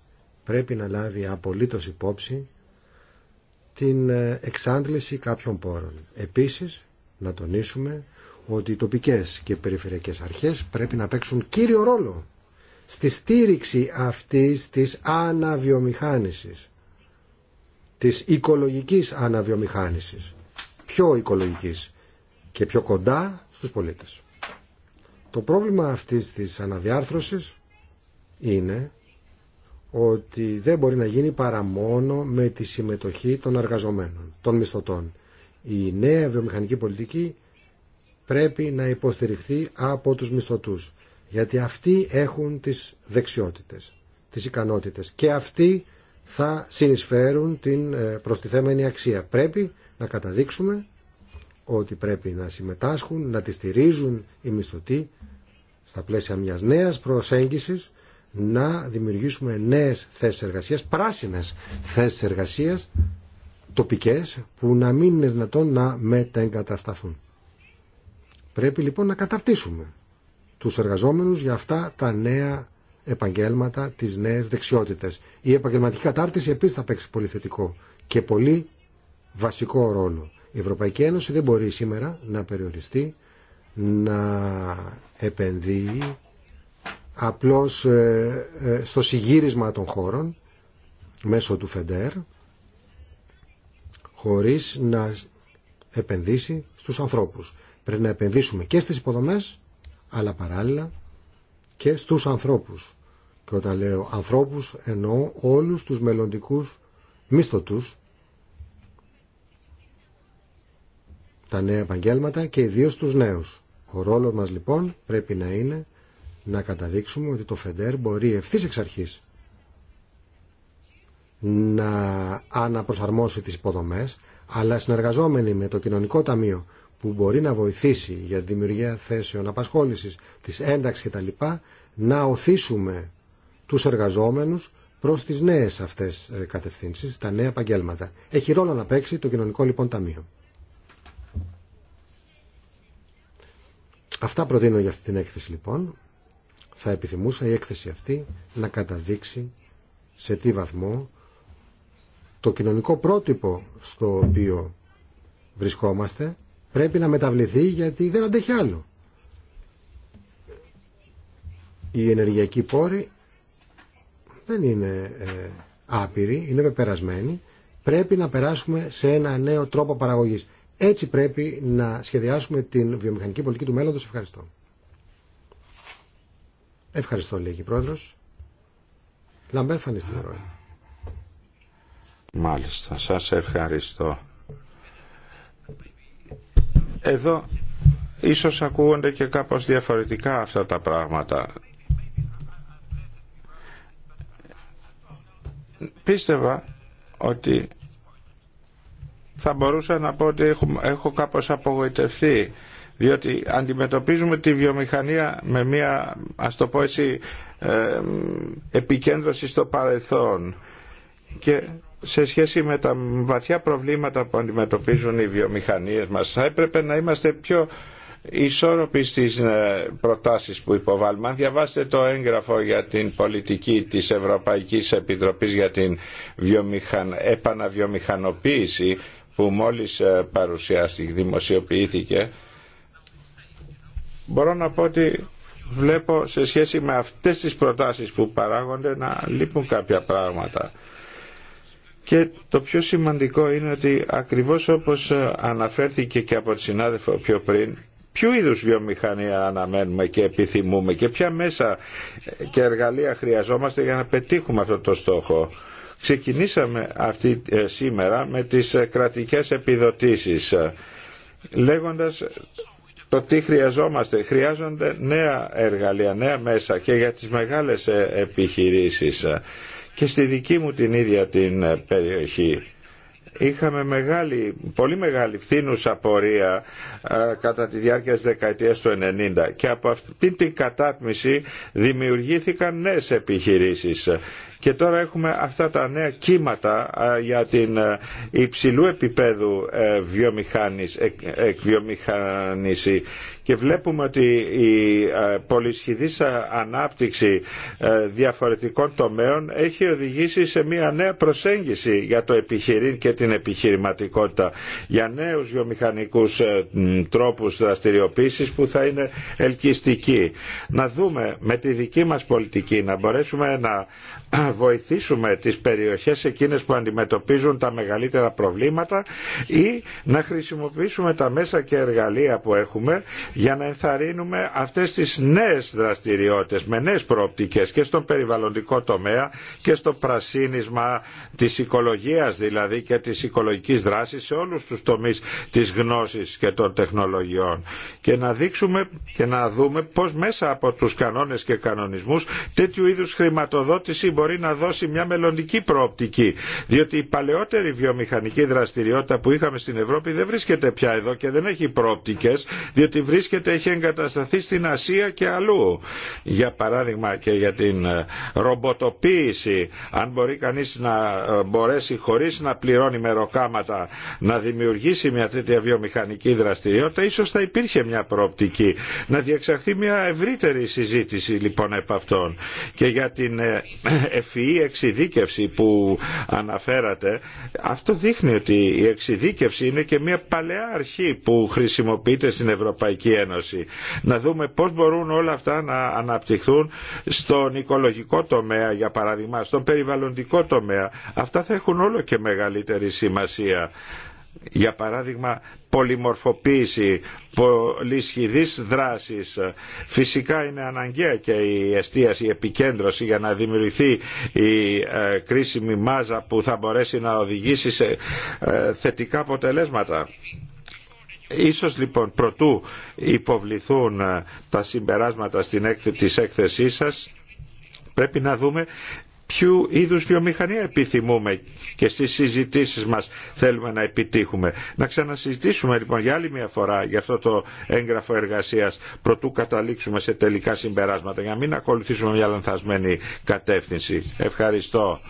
πρέπει να λάβει απολύτως υπόψη την ε, εξάντληση κάποιων πόρων. Επίσης, να τονίσουμε ότι οι τοπικές και περιφερειακές αρχές πρέπει να παίξουν κύριο ρόλο στη στήριξη αυτής της αναβιομηχάνησης, της οικολογικής αναβιομηχάνησης, πιο οικολογικής και πιο κοντά στους πολίτες. Το πρόβλημα αυτής της αναδιάρθρωσης είναι ότι δεν μπορεί να γίνει παρά μόνο με τη συμμετοχή των εργαζομένων, των μισθωτών. Η νέα βιομηχανική πολιτική πρέπει να υποστηριχθεί από τους μισθωτούς, γιατί αυτοί έχουν τις δεξιότητες, τις ικανότητες και αυτοί θα συνεισφέρουν την ε, προστιθέμενη αξία. Πρέπει να καταδείξουμε ότι πρέπει να συμμετάσχουν, να τη στηρίζουν οι μισθωτοί στα πλαίσια μιας νέας προσέγγισης να δημιουργήσουμε νέες θέσεις εργασίας, πράσινες θέσεις εργασίας, τοπικές, που να μην είναι δυνατόν να μετεγκατασταθούν. Πρέπει λοιπόν να καταρτήσουμε τους εργαζόμενους για αυτά τα νέα επαγγέλματα, τις νέες δεξιότητες. Η επαγγελματική κατάρτιση επίσης θα παίξει πολύ θετικό και πολύ βασικό ρόλο. Η Ευρωπαϊκή Ένωση δεν μπορεί σήμερα να περιοριστεί, να επενδύει απλώς ε, ε, στο συγύρισμα των χώρων μέσω του ΦΕΝΤΕΡ χωρίς να επενδύσει στους ανθρώπους. Πρέπει να επενδύσουμε και στις υποδομές αλλά παράλληλα και στους ανθρώπους. Και όταν λέω ανθρώπους εννοώ όλους τους μελλοντικούς μισθωτούς τα νέα επαγγέλματα και ιδίως τους νέους. Ο ρόλος μας λοιπόν πρέπει να είναι να καταδείξουμε ότι το ΦΕΝΤΕΡ μπορεί ευθύ εξ αρχής να αναπροσαρμόσει τις υποδομές, αλλά συνεργαζόμενοι με το Κοινωνικό Ταμείο που μπορεί να βοηθήσει για τη δημιουργία θέσεων απασχόλησης, της ένταξης κτλ, να οθήσουμε τους εργαζόμενους προς τις νέες αυτές ε, κατευθύνσεις, τα νέα επαγγέλματα. Έχει ρόλο να παίξει το Κοινωνικό λοιπόν Ταμείο. Αυτά προτείνω για αυτή την έκθεση λοιπόν. Θα επιθυμούσα η έκθεση αυτή να καταδείξει σε τι βαθμό το κοινωνικό πρότυπο στο οποίο βρισκόμαστε πρέπει να μεταβληθεί γιατί δεν αντέχει άλλο. Η ενεργειακή πόρη δεν είναι ε, άπειρη, είναι πεπερασμένη. Πρέπει να περάσουμε σε ένα νέο τρόπο παραγωγής. Έτσι πρέπει να σχεδιάσουμε την βιομηχανική πολιτική του μέλλοντος. Ευχαριστώ. Ευχαριστώ, λέγει η πρόεδρος. Λαμπέρ ώρα. Μάλιστα, σας ευχαριστώ. Εδώ ίσως ακούγονται και κάπως διαφορετικά αυτά τα πράγματα. Πίστευα ότι θα μπορούσα να πω ότι έχω, έχω κάπως απογοητευτεί διότι αντιμετωπίζουμε τη βιομηχανία με μια ας το πω έτσι επικέντρωση στο παρελθόν και σε σχέση με τα βαθιά προβλήματα που αντιμετωπίζουν οι βιομηχανίες μας θα έπρεπε να είμαστε πιο ισόρροποι στις ε, προτάσεις που υποβάλλουμε. Αν διαβάσετε το έγγραφο για την πολιτική της Ευρωπαϊκής Επιτροπής για την βιομηχαν... επαναβιομηχανοποίηση που μόλις ε, παρουσιάστηκε, δημοσιοποιήθηκε, μπορώ να πω ότι βλέπω σε σχέση με αυτές τις προτάσεις που παράγονται να λείπουν κάποια πράγματα. Και το πιο σημαντικό είναι ότι ακριβώς όπως αναφέρθηκε και από τη συνάδελφο πιο πριν, ποιο είδους βιομηχανία αναμένουμε και επιθυμούμε και ποια μέσα και εργαλεία χρειαζόμαστε για να πετύχουμε αυτό το στόχο. Ξεκινήσαμε αυτή ε, σήμερα με τις κρατικές επιδοτήσεις ε, λέγοντας το τι χρειαζόμαστε. Χρειάζονται νέα εργαλεία, νέα μέσα και για τις μεγάλες ε, επιχειρήσεις. Και στη δική μου την ίδια την ε, περιοχή είχαμε μεγάλη, πολύ μεγάλη φθήνουσα πορεία ε, κατά τη διάρκεια της δεκαετίας του 90 και από αυτή την κατάτμιση δημιουργήθηκαν νέες επιχειρήσεις και τώρα έχουμε αυτά τα νέα κύματα για την υψηλού επίπεδου ε, βιομηχάνηση, και βλέπουμε ότι η ε, πολυσχηδής ανάπτυξη ε, διαφορετικών τομέων έχει οδηγήσει σε μια νέα προσέγγιση για το επιχειρήν και την επιχειρηματικότητα για νέους βιομηχανικούς ε, τρόπους δραστηριοποίησης που θα είναι ελκυστικοί. Να δούμε με τη δική μας πολιτική να μπορέσουμε να βοηθήσουμε τις περιοχές εκείνες που αντιμετωπίζουν τα μεγαλύτερα προβλήματα ή να χρησιμοποιήσουμε τα μέσα και εργαλεία που έχουμε για να ενθαρρύνουμε αυτές τις νέες δραστηριότητες με νέες προοπτικές και στον περιβαλλοντικό τομέα και στο πρασίνισμα της οικολογίας δηλαδή και της οικολογικής δράσης σε όλους τους τομείς της γνώσης και των τεχνολογιών και να δείξουμε και να δούμε πώς μέσα από τους κανόνες και κανονισμούς τέτοιου είδους χρηματοδότηση μπορεί να δώσει μια μελλοντική προοπτική διότι η παλαιότερη βιομηχανική δραστηριότητα που είχαμε στην Ευρώπη δεν βρίσκεται πια εδώ και δεν έχει προοπτικές διότι βρίσκεται το έχει εγκατασταθεί στην Ασία και αλλού. Για παράδειγμα και για την ε, ρομποτοποίηση, αν μπορεί κανείς να ε, μπορέσει χωρίς να πληρώνει μεροκάματα να δημιουργήσει μια τέτοια βιομηχανική δραστηριότητα, ίσως θα υπήρχε μια προοπτική. Να διεξαχθεί μια ευρύτερη συζήτηση λοιπόν επ' αυτών. Και για την ε, ευφυή εξειδίκευση που αναφέρατε, αυτό δείχνει ότι η εξειδίκευση είναι και μια παλαιά αρχή που χρησιμοποιείται στην Ευρωπαϊκή Ένωση. Να δούμε πώς μπορούν όλα αυτά να αναπτυχθούν στον οικολογικό τομέα, για παράδειγμα, στον περιβαλλοντικό τομέα. Αυτά θα έχουν όλο και μεγαλύτερη σημασία. Για παράδειγμα, πολυμορφοποίηση, πολυσχηδείς δράσεις. Φυσικά είναι αναγκαία και η εστίαση, η επικέντρωση για να δημιουργηθεί η ε, κρίσιμη μάζα που θα μπορέσει να οδηγήσει σε ε, θετικά αποτελέσματα. Ίσως λοιπόν προτού υποβληθούν ε, τα συμπεράσματα στην έκθεση, της έκθεσής σας πρέπει να δούμε ποιου είδους βιομηχανία επιθυμούμε και στις συζητήσεις μας θέλουμε να επιτύχουμε. Να ξανασυζητήσουμε λοιπόν για άλλη μια φορά για αυτό το έγγραφο εργασίας προτού καταλήξουμε σε τελικά συμπεράσματα για να μην ακολουθήσουμε μια λανθασμένη κατεύθυνση. Ευχαριστώ.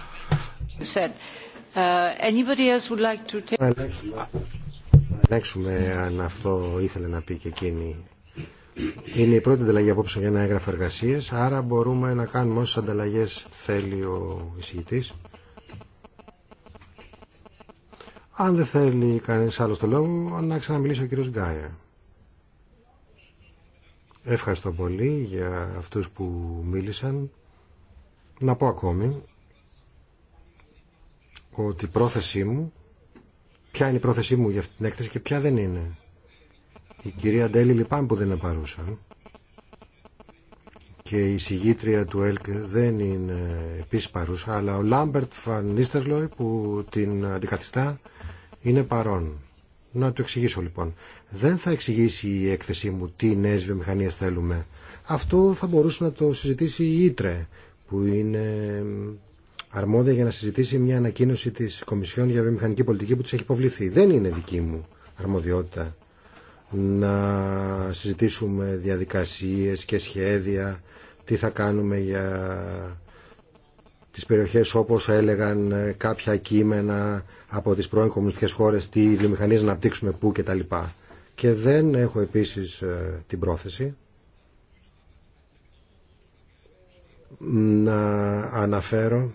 Uh, anybody else would like to take παίξουμε αν αυτό ήθελε να πει και εκείνη. Είναι η πρώτη ανταλλαγή απόψε για ένα έγγραφο εργασίε. άρα μπορούμε να κάνουμε όσε ανταλλαγέ θέλει ο εισηγητή. Αν δεν θέλει κανεί άλλο το λόγο, να ξαναμιλήσει ο κύριο Γκάια Ευχαριστώ πολύ για αυτούς που μίλησαν. Να πω ακόμη ότι η πρόθεσή μου ποια είναι η πρόθεσή μου για αυτή την έκθεση και ποια δεν είναι. Η κυρία Ντέλη λυπάμαι που δεν είναι παρούσα και η συγγήτρια του ΕΛΚ δεν είναι επίσης παρούσα αλλά ο Λάμπερτ Φανίστερλοϊ που την αντικαθιστά είναι παρόν. Να το εξηγήσω λοιπόν. Δεν θα εξηγήσει η έκθεσή μου τι νέε βιομηχανίε θέλουμε. Αυτό θα μπορούσε να το συζητήσει η Ήτρε που είναι αρμόδια για να συζητήσει μια ανακοίνωση της Κομισιόν για βιομηχανική πολιτική που της έχει υποβληθεί. Δεν είναι δική μου αρμοδιότητα να συζητήσουμε διαδικασίες και σχέδια, τι θα κάνουμε για τις περιοχές όπως έλεγαν κάποια κείμενα από τις πρώην κομμουνιστικές χώρες, τι βιομηχανίες να αναπτύξουμε πού κτλ. Και δεν έχω επίσης ε, την πρόθεση να αναφέρω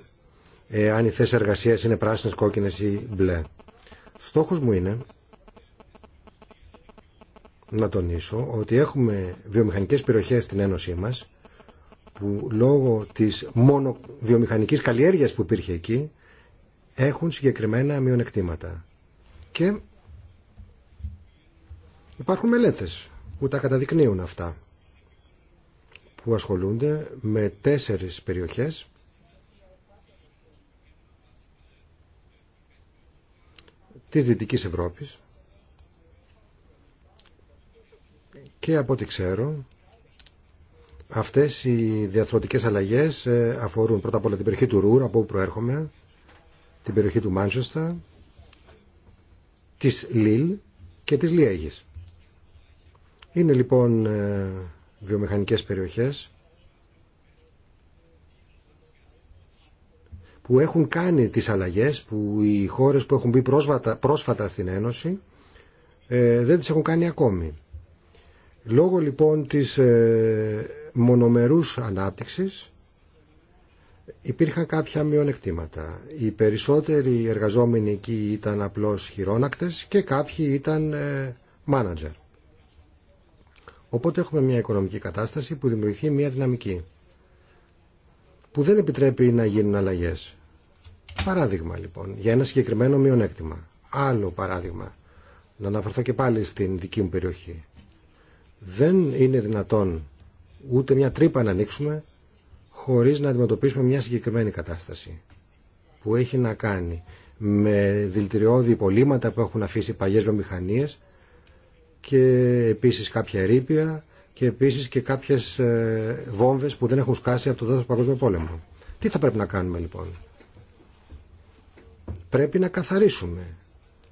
ε, αν οι θέσει εργασία είναι πράσινε, κόκκινε ή μπλε. Στόχο μου είναι να τονίσω ότι έχουμε βιομηχανικές περιοχές στην Ένωσή μας που λόγω της μόνο βιομηχανικής καλλιέργειας που υπήρχε εκεί έχουν συγκεκριμένα μειονεκτήματα. Και υπάρχουν μελέτες που τα καταδεικνύουν αυτά που ασχολούνται με τέσσερις περιοχές της Δυτικής Ευρώπης και από ό,τι ξέρω αυτές οι διαθροτικές αλλαγές ε, αφορούν πρώτα απ' όλα την περιοχή του Ρούρ από όπου προέρχομαι την περιοχή του Μάντσεστα της Λίλ και της Λιέγης είναι λοιπόν ε, βιομηχανικές περιοχές που έχουν κάνει τις αλλαγές που οι χώρες που έχουν μπει πρόσφατα, στην Ένωση ε, δεν τις έχουν κάνει ακόμη. Λόγω λοιπόν της ε, μονομερούς ανάπτυξης υπήρχαν κάποια μειονεκτήματα. Οι περισσότεροι εργαζόμενοι εκεί ήταν απλώς χειρόνακτες και κάποιοι ήταν ε, manager. Οπότε έχουμε μια οικονομική κατάσταση που δημιουργεί μια δυναμική που δεν επιτρέπει να γίνουν αλλαγές. Παράδειγμα λοιπόν, για ένα συγκεκριμένο μειονέκτημα. Άλλο παράδειγμα, να αναφερθώ και πάλι στην δική μου περιοχή. Δεν είναι δυνατόν ούτε μια τρύπα να ανοίξουμε χωρίς να αντιμετωπίσουμε μια συγκεκριμένη κατάσταση που έχει να κάνει με δηλητηριώδη υπολείμματα που έχουν αφήσει παλιές βιομηχανίες και επίσης κάποια ερήπια και επίσης και κάποιες ε, βόμβες που δεν έχουν σκάσει από το δεύτερο παγκόσμιο πόλεμο. Τι θα πρέπει να κάνουμε λοιπόν. Πρέπει να καθαρίσουμε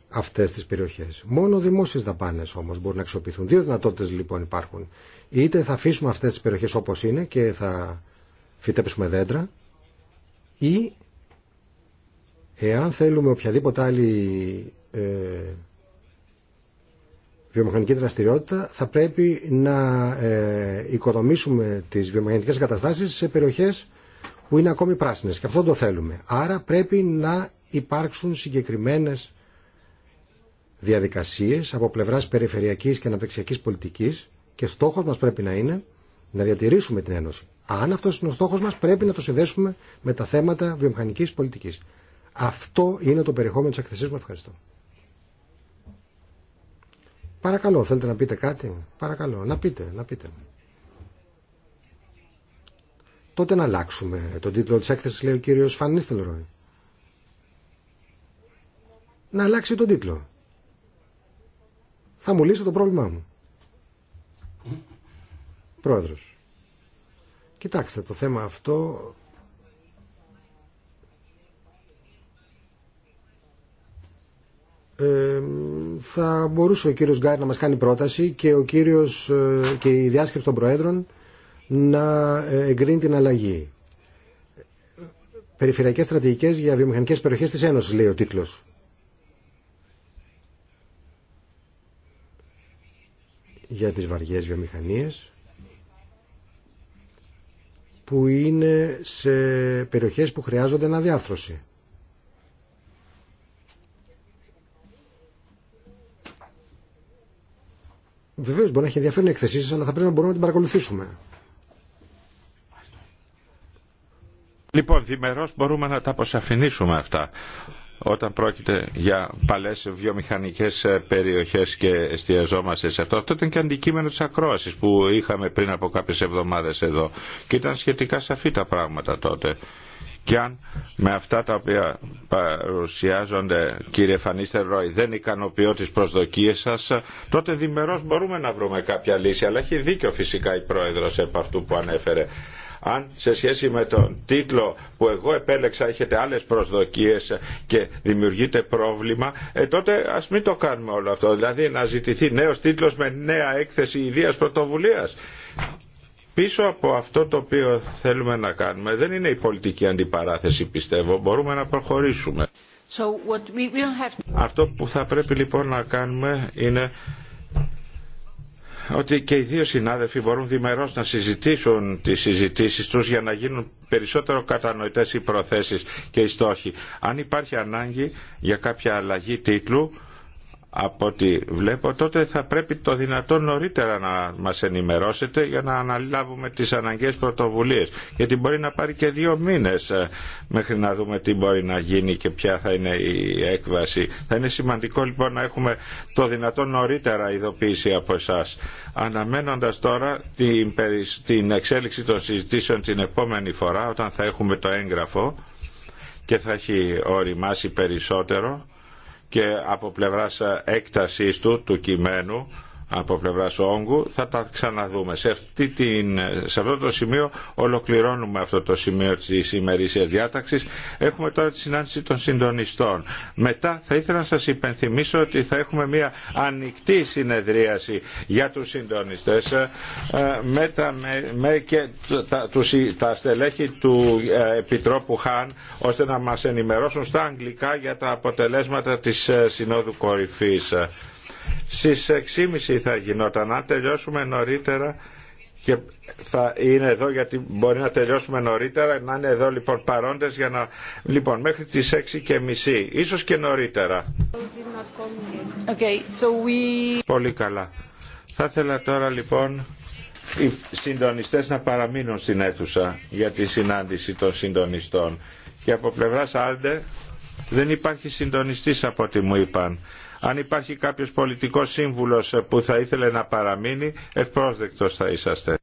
αυτές τις περιοχές. Μόνο δημόσιες δαπάνες όμως μπορούν να αξιοποιηθούν. Δύο δυνατότητε λοιπόν υπάρχουν. Είτε θα αφήσουμε αυτές τις περιοχές όπως είναι και θα φυτέψουμε δέντρα ή εάν θέλουμε οποιαδήποτε άλλη ε, βιομηχανική δραστηριότητα θα πρέπει να ε, οικοδομήσουμε τις βιομηχανικές καταστάσεις σε περιοχέ που είναι ακόμη πράσινες και αυτό το θέλουμε. Άρα πρέπει να υπάρξουν συγκεκριμένες διαδικασίες από πλευράς περιφερειακής και αναπτυξιακής πολιτικής και στόχος μας πρέπει να είναι να διατηρήσουμε την Ένωση. Αν αυτός είναι ο στόχος μας πρέπει να το συνδέσουμε με τα θέματα βιομηχανικής πολιτικής. Αυτό είναι το περιεχόμενο της εκθεσής μου. Ευχαριστώ. Παρακαλώ, θέλετε να πείτε κάτι. Παρακαλώ, να πείτε, να πείτε. Τότε να αλλάξουμε τον τίτλο της έκθεσης, λέει ο κύριος Φανίστελροι να αλλάξει τον τίτλο. Θα μου λύσει το πρόβλημά μου. Πρόεδρος. Κοιτάξτε, το θέμα αυτό Ε, θα μπορούσε ο κύριος Γκάρι να μας κάνει πρόταση και, ο κύριος, ε, και η διάσκεψη των Προέδρων να ε, εγκρίνει την αλλαγή. Περιφερειακές στρατηγικές για βιομηχανικές περιοχές της Ένωσης λέει ο τίτλος. για τις βαριές βιομηχανίες που είναι σε περιοχές που χρειάζονται αναδιάρθρωση. Βεβαίως μπορεί να έχει ενδιαφέρον εκθεσή αλλά θα πρέπει να μπορούμε να την παρακολουθήσουμε. Λοιπόν, διμερώς μπορούμε να τα αποσαφηνίσουμε αυτά όταν πρόκειται για παλές βιομηχανικές ε, περιοχές και εστιαζόμαστε σε αυτό. Αυτό ήταν και αντικείμενο της ακρόασης που είχαμε πριν από κάποιες εβδομάδες εδώ και ήταν σχετικά σαφή τα πράγματα τότε. Και αν με αυτά τα οποία παρουσιάζονται, κύριε Φανίστερ Ρόι, δεν ικανοποιώ τις προσδοκίες σας, τότε διμερώς μπορούμε να βρούμε κάποια λύση. Αλλά έχει δίκιο φυσικά η Πρόεδρος επ' αυτού που ανέφερε αν σε σχέση με τον τίτλο που εγώ επέλεξα έχετε άλλες προσδοκίες και δημιουργείται πρόβλημα, ε, τότε ας μην το κάνουμε όλο αυτό. Δηλαδή να ζητηθεί νέος τίτλος με νέα έκθεση ιδίας πρωτοβουλίας. Πίσω από αυτό το οποίο θέλουμε να κάνουμε δεν είναι η πολιτική αντιπαράθεση πιστεύω. Μπορούμε να προχωρήσουμε. Αυτό που θα πρέπει λοιπόν να κάνουμε είναι ότι και οι δύο συνάδελφοι μπορούν διμερώς να συζητήσουν τις συζητήσεις τους για να γίνουν περισσότερο κατανοητές οι προθέσεις και οι στόχοι. Αν υπάρχει ανάγκη για κάποια αλλαγή τίτλου, από ό,τι βλέπω, τότε θα πρέπει το δυνατόν νωρίτερα να μας ενημερώσετε για να αναλάβουμε τις αναγκαίες πρωτοβουλίες. Γιατί μπορεί να πάρει και δύο μήνες ε, μέχρι να δούμε τι μπορεί να γίνει και ποια θα είναι η έκβαση. Θα είναι σημαντικό λοιπόν να έχουμε το δυνατόν νωρίτερα ειδοποίηση από εσά. Αναμένοντας τώρα την, την εξέλιξη των συζητήσεων την επόμενη φορά όταν θα έχουμε το έγγραφο και θα έχει οριμάσει περισσότερο και από πλευράς έκτασής του, του κειμένου από πλευρά όγκου. Θα τα ξαναδούμε. Σε, την, αυτό το σημείο ολοκληρώνουμε αυτό το σημείο της ημερήσιας διάταξης. Έχουμε τώρα τη συνάντηση των συντονιστών. Μετά θα ήθελα να σας υπενθυμίσω ότι θα έχουμε μια ανοιχτή συνεδρίαση για τους συντονιστές ε, με τα, με, και τα, τους, τα στελέχη του ε, Επιτρόπου Χάν ώστε να μας ενημερώσουν στα αγγλικά για τα αποτελέσματα της ε, Συνόδου Κορυφής. Στις 6.30 θα γινόταν. Αν τελειώσουμε νωρίτερα και θα είναι εδώ γιατί μπορεί να τελειώσουμε νωρίτερα, να είναι εδώ λοιπόν παρόντες για να... Λοιπόν, μέχρι τις 6 και ίσως και νωρίτερα. Okay, so we... Πολύ καλά. Θα ήθελα τώρα λοιπόν οι συντονιστές να παραμείνουν στην αίθουσα για τη συνάντηση των συντονιστών. Και από πλευράς Άλντε δεν υπάρχει συντονιστής από ό,τι μου είπαν. Αν υπάρχει κάποιος πολιτικός σύμβουλος που θα ήθελε να παραμείνει, ευπρόσδεκτος θα είσαστε.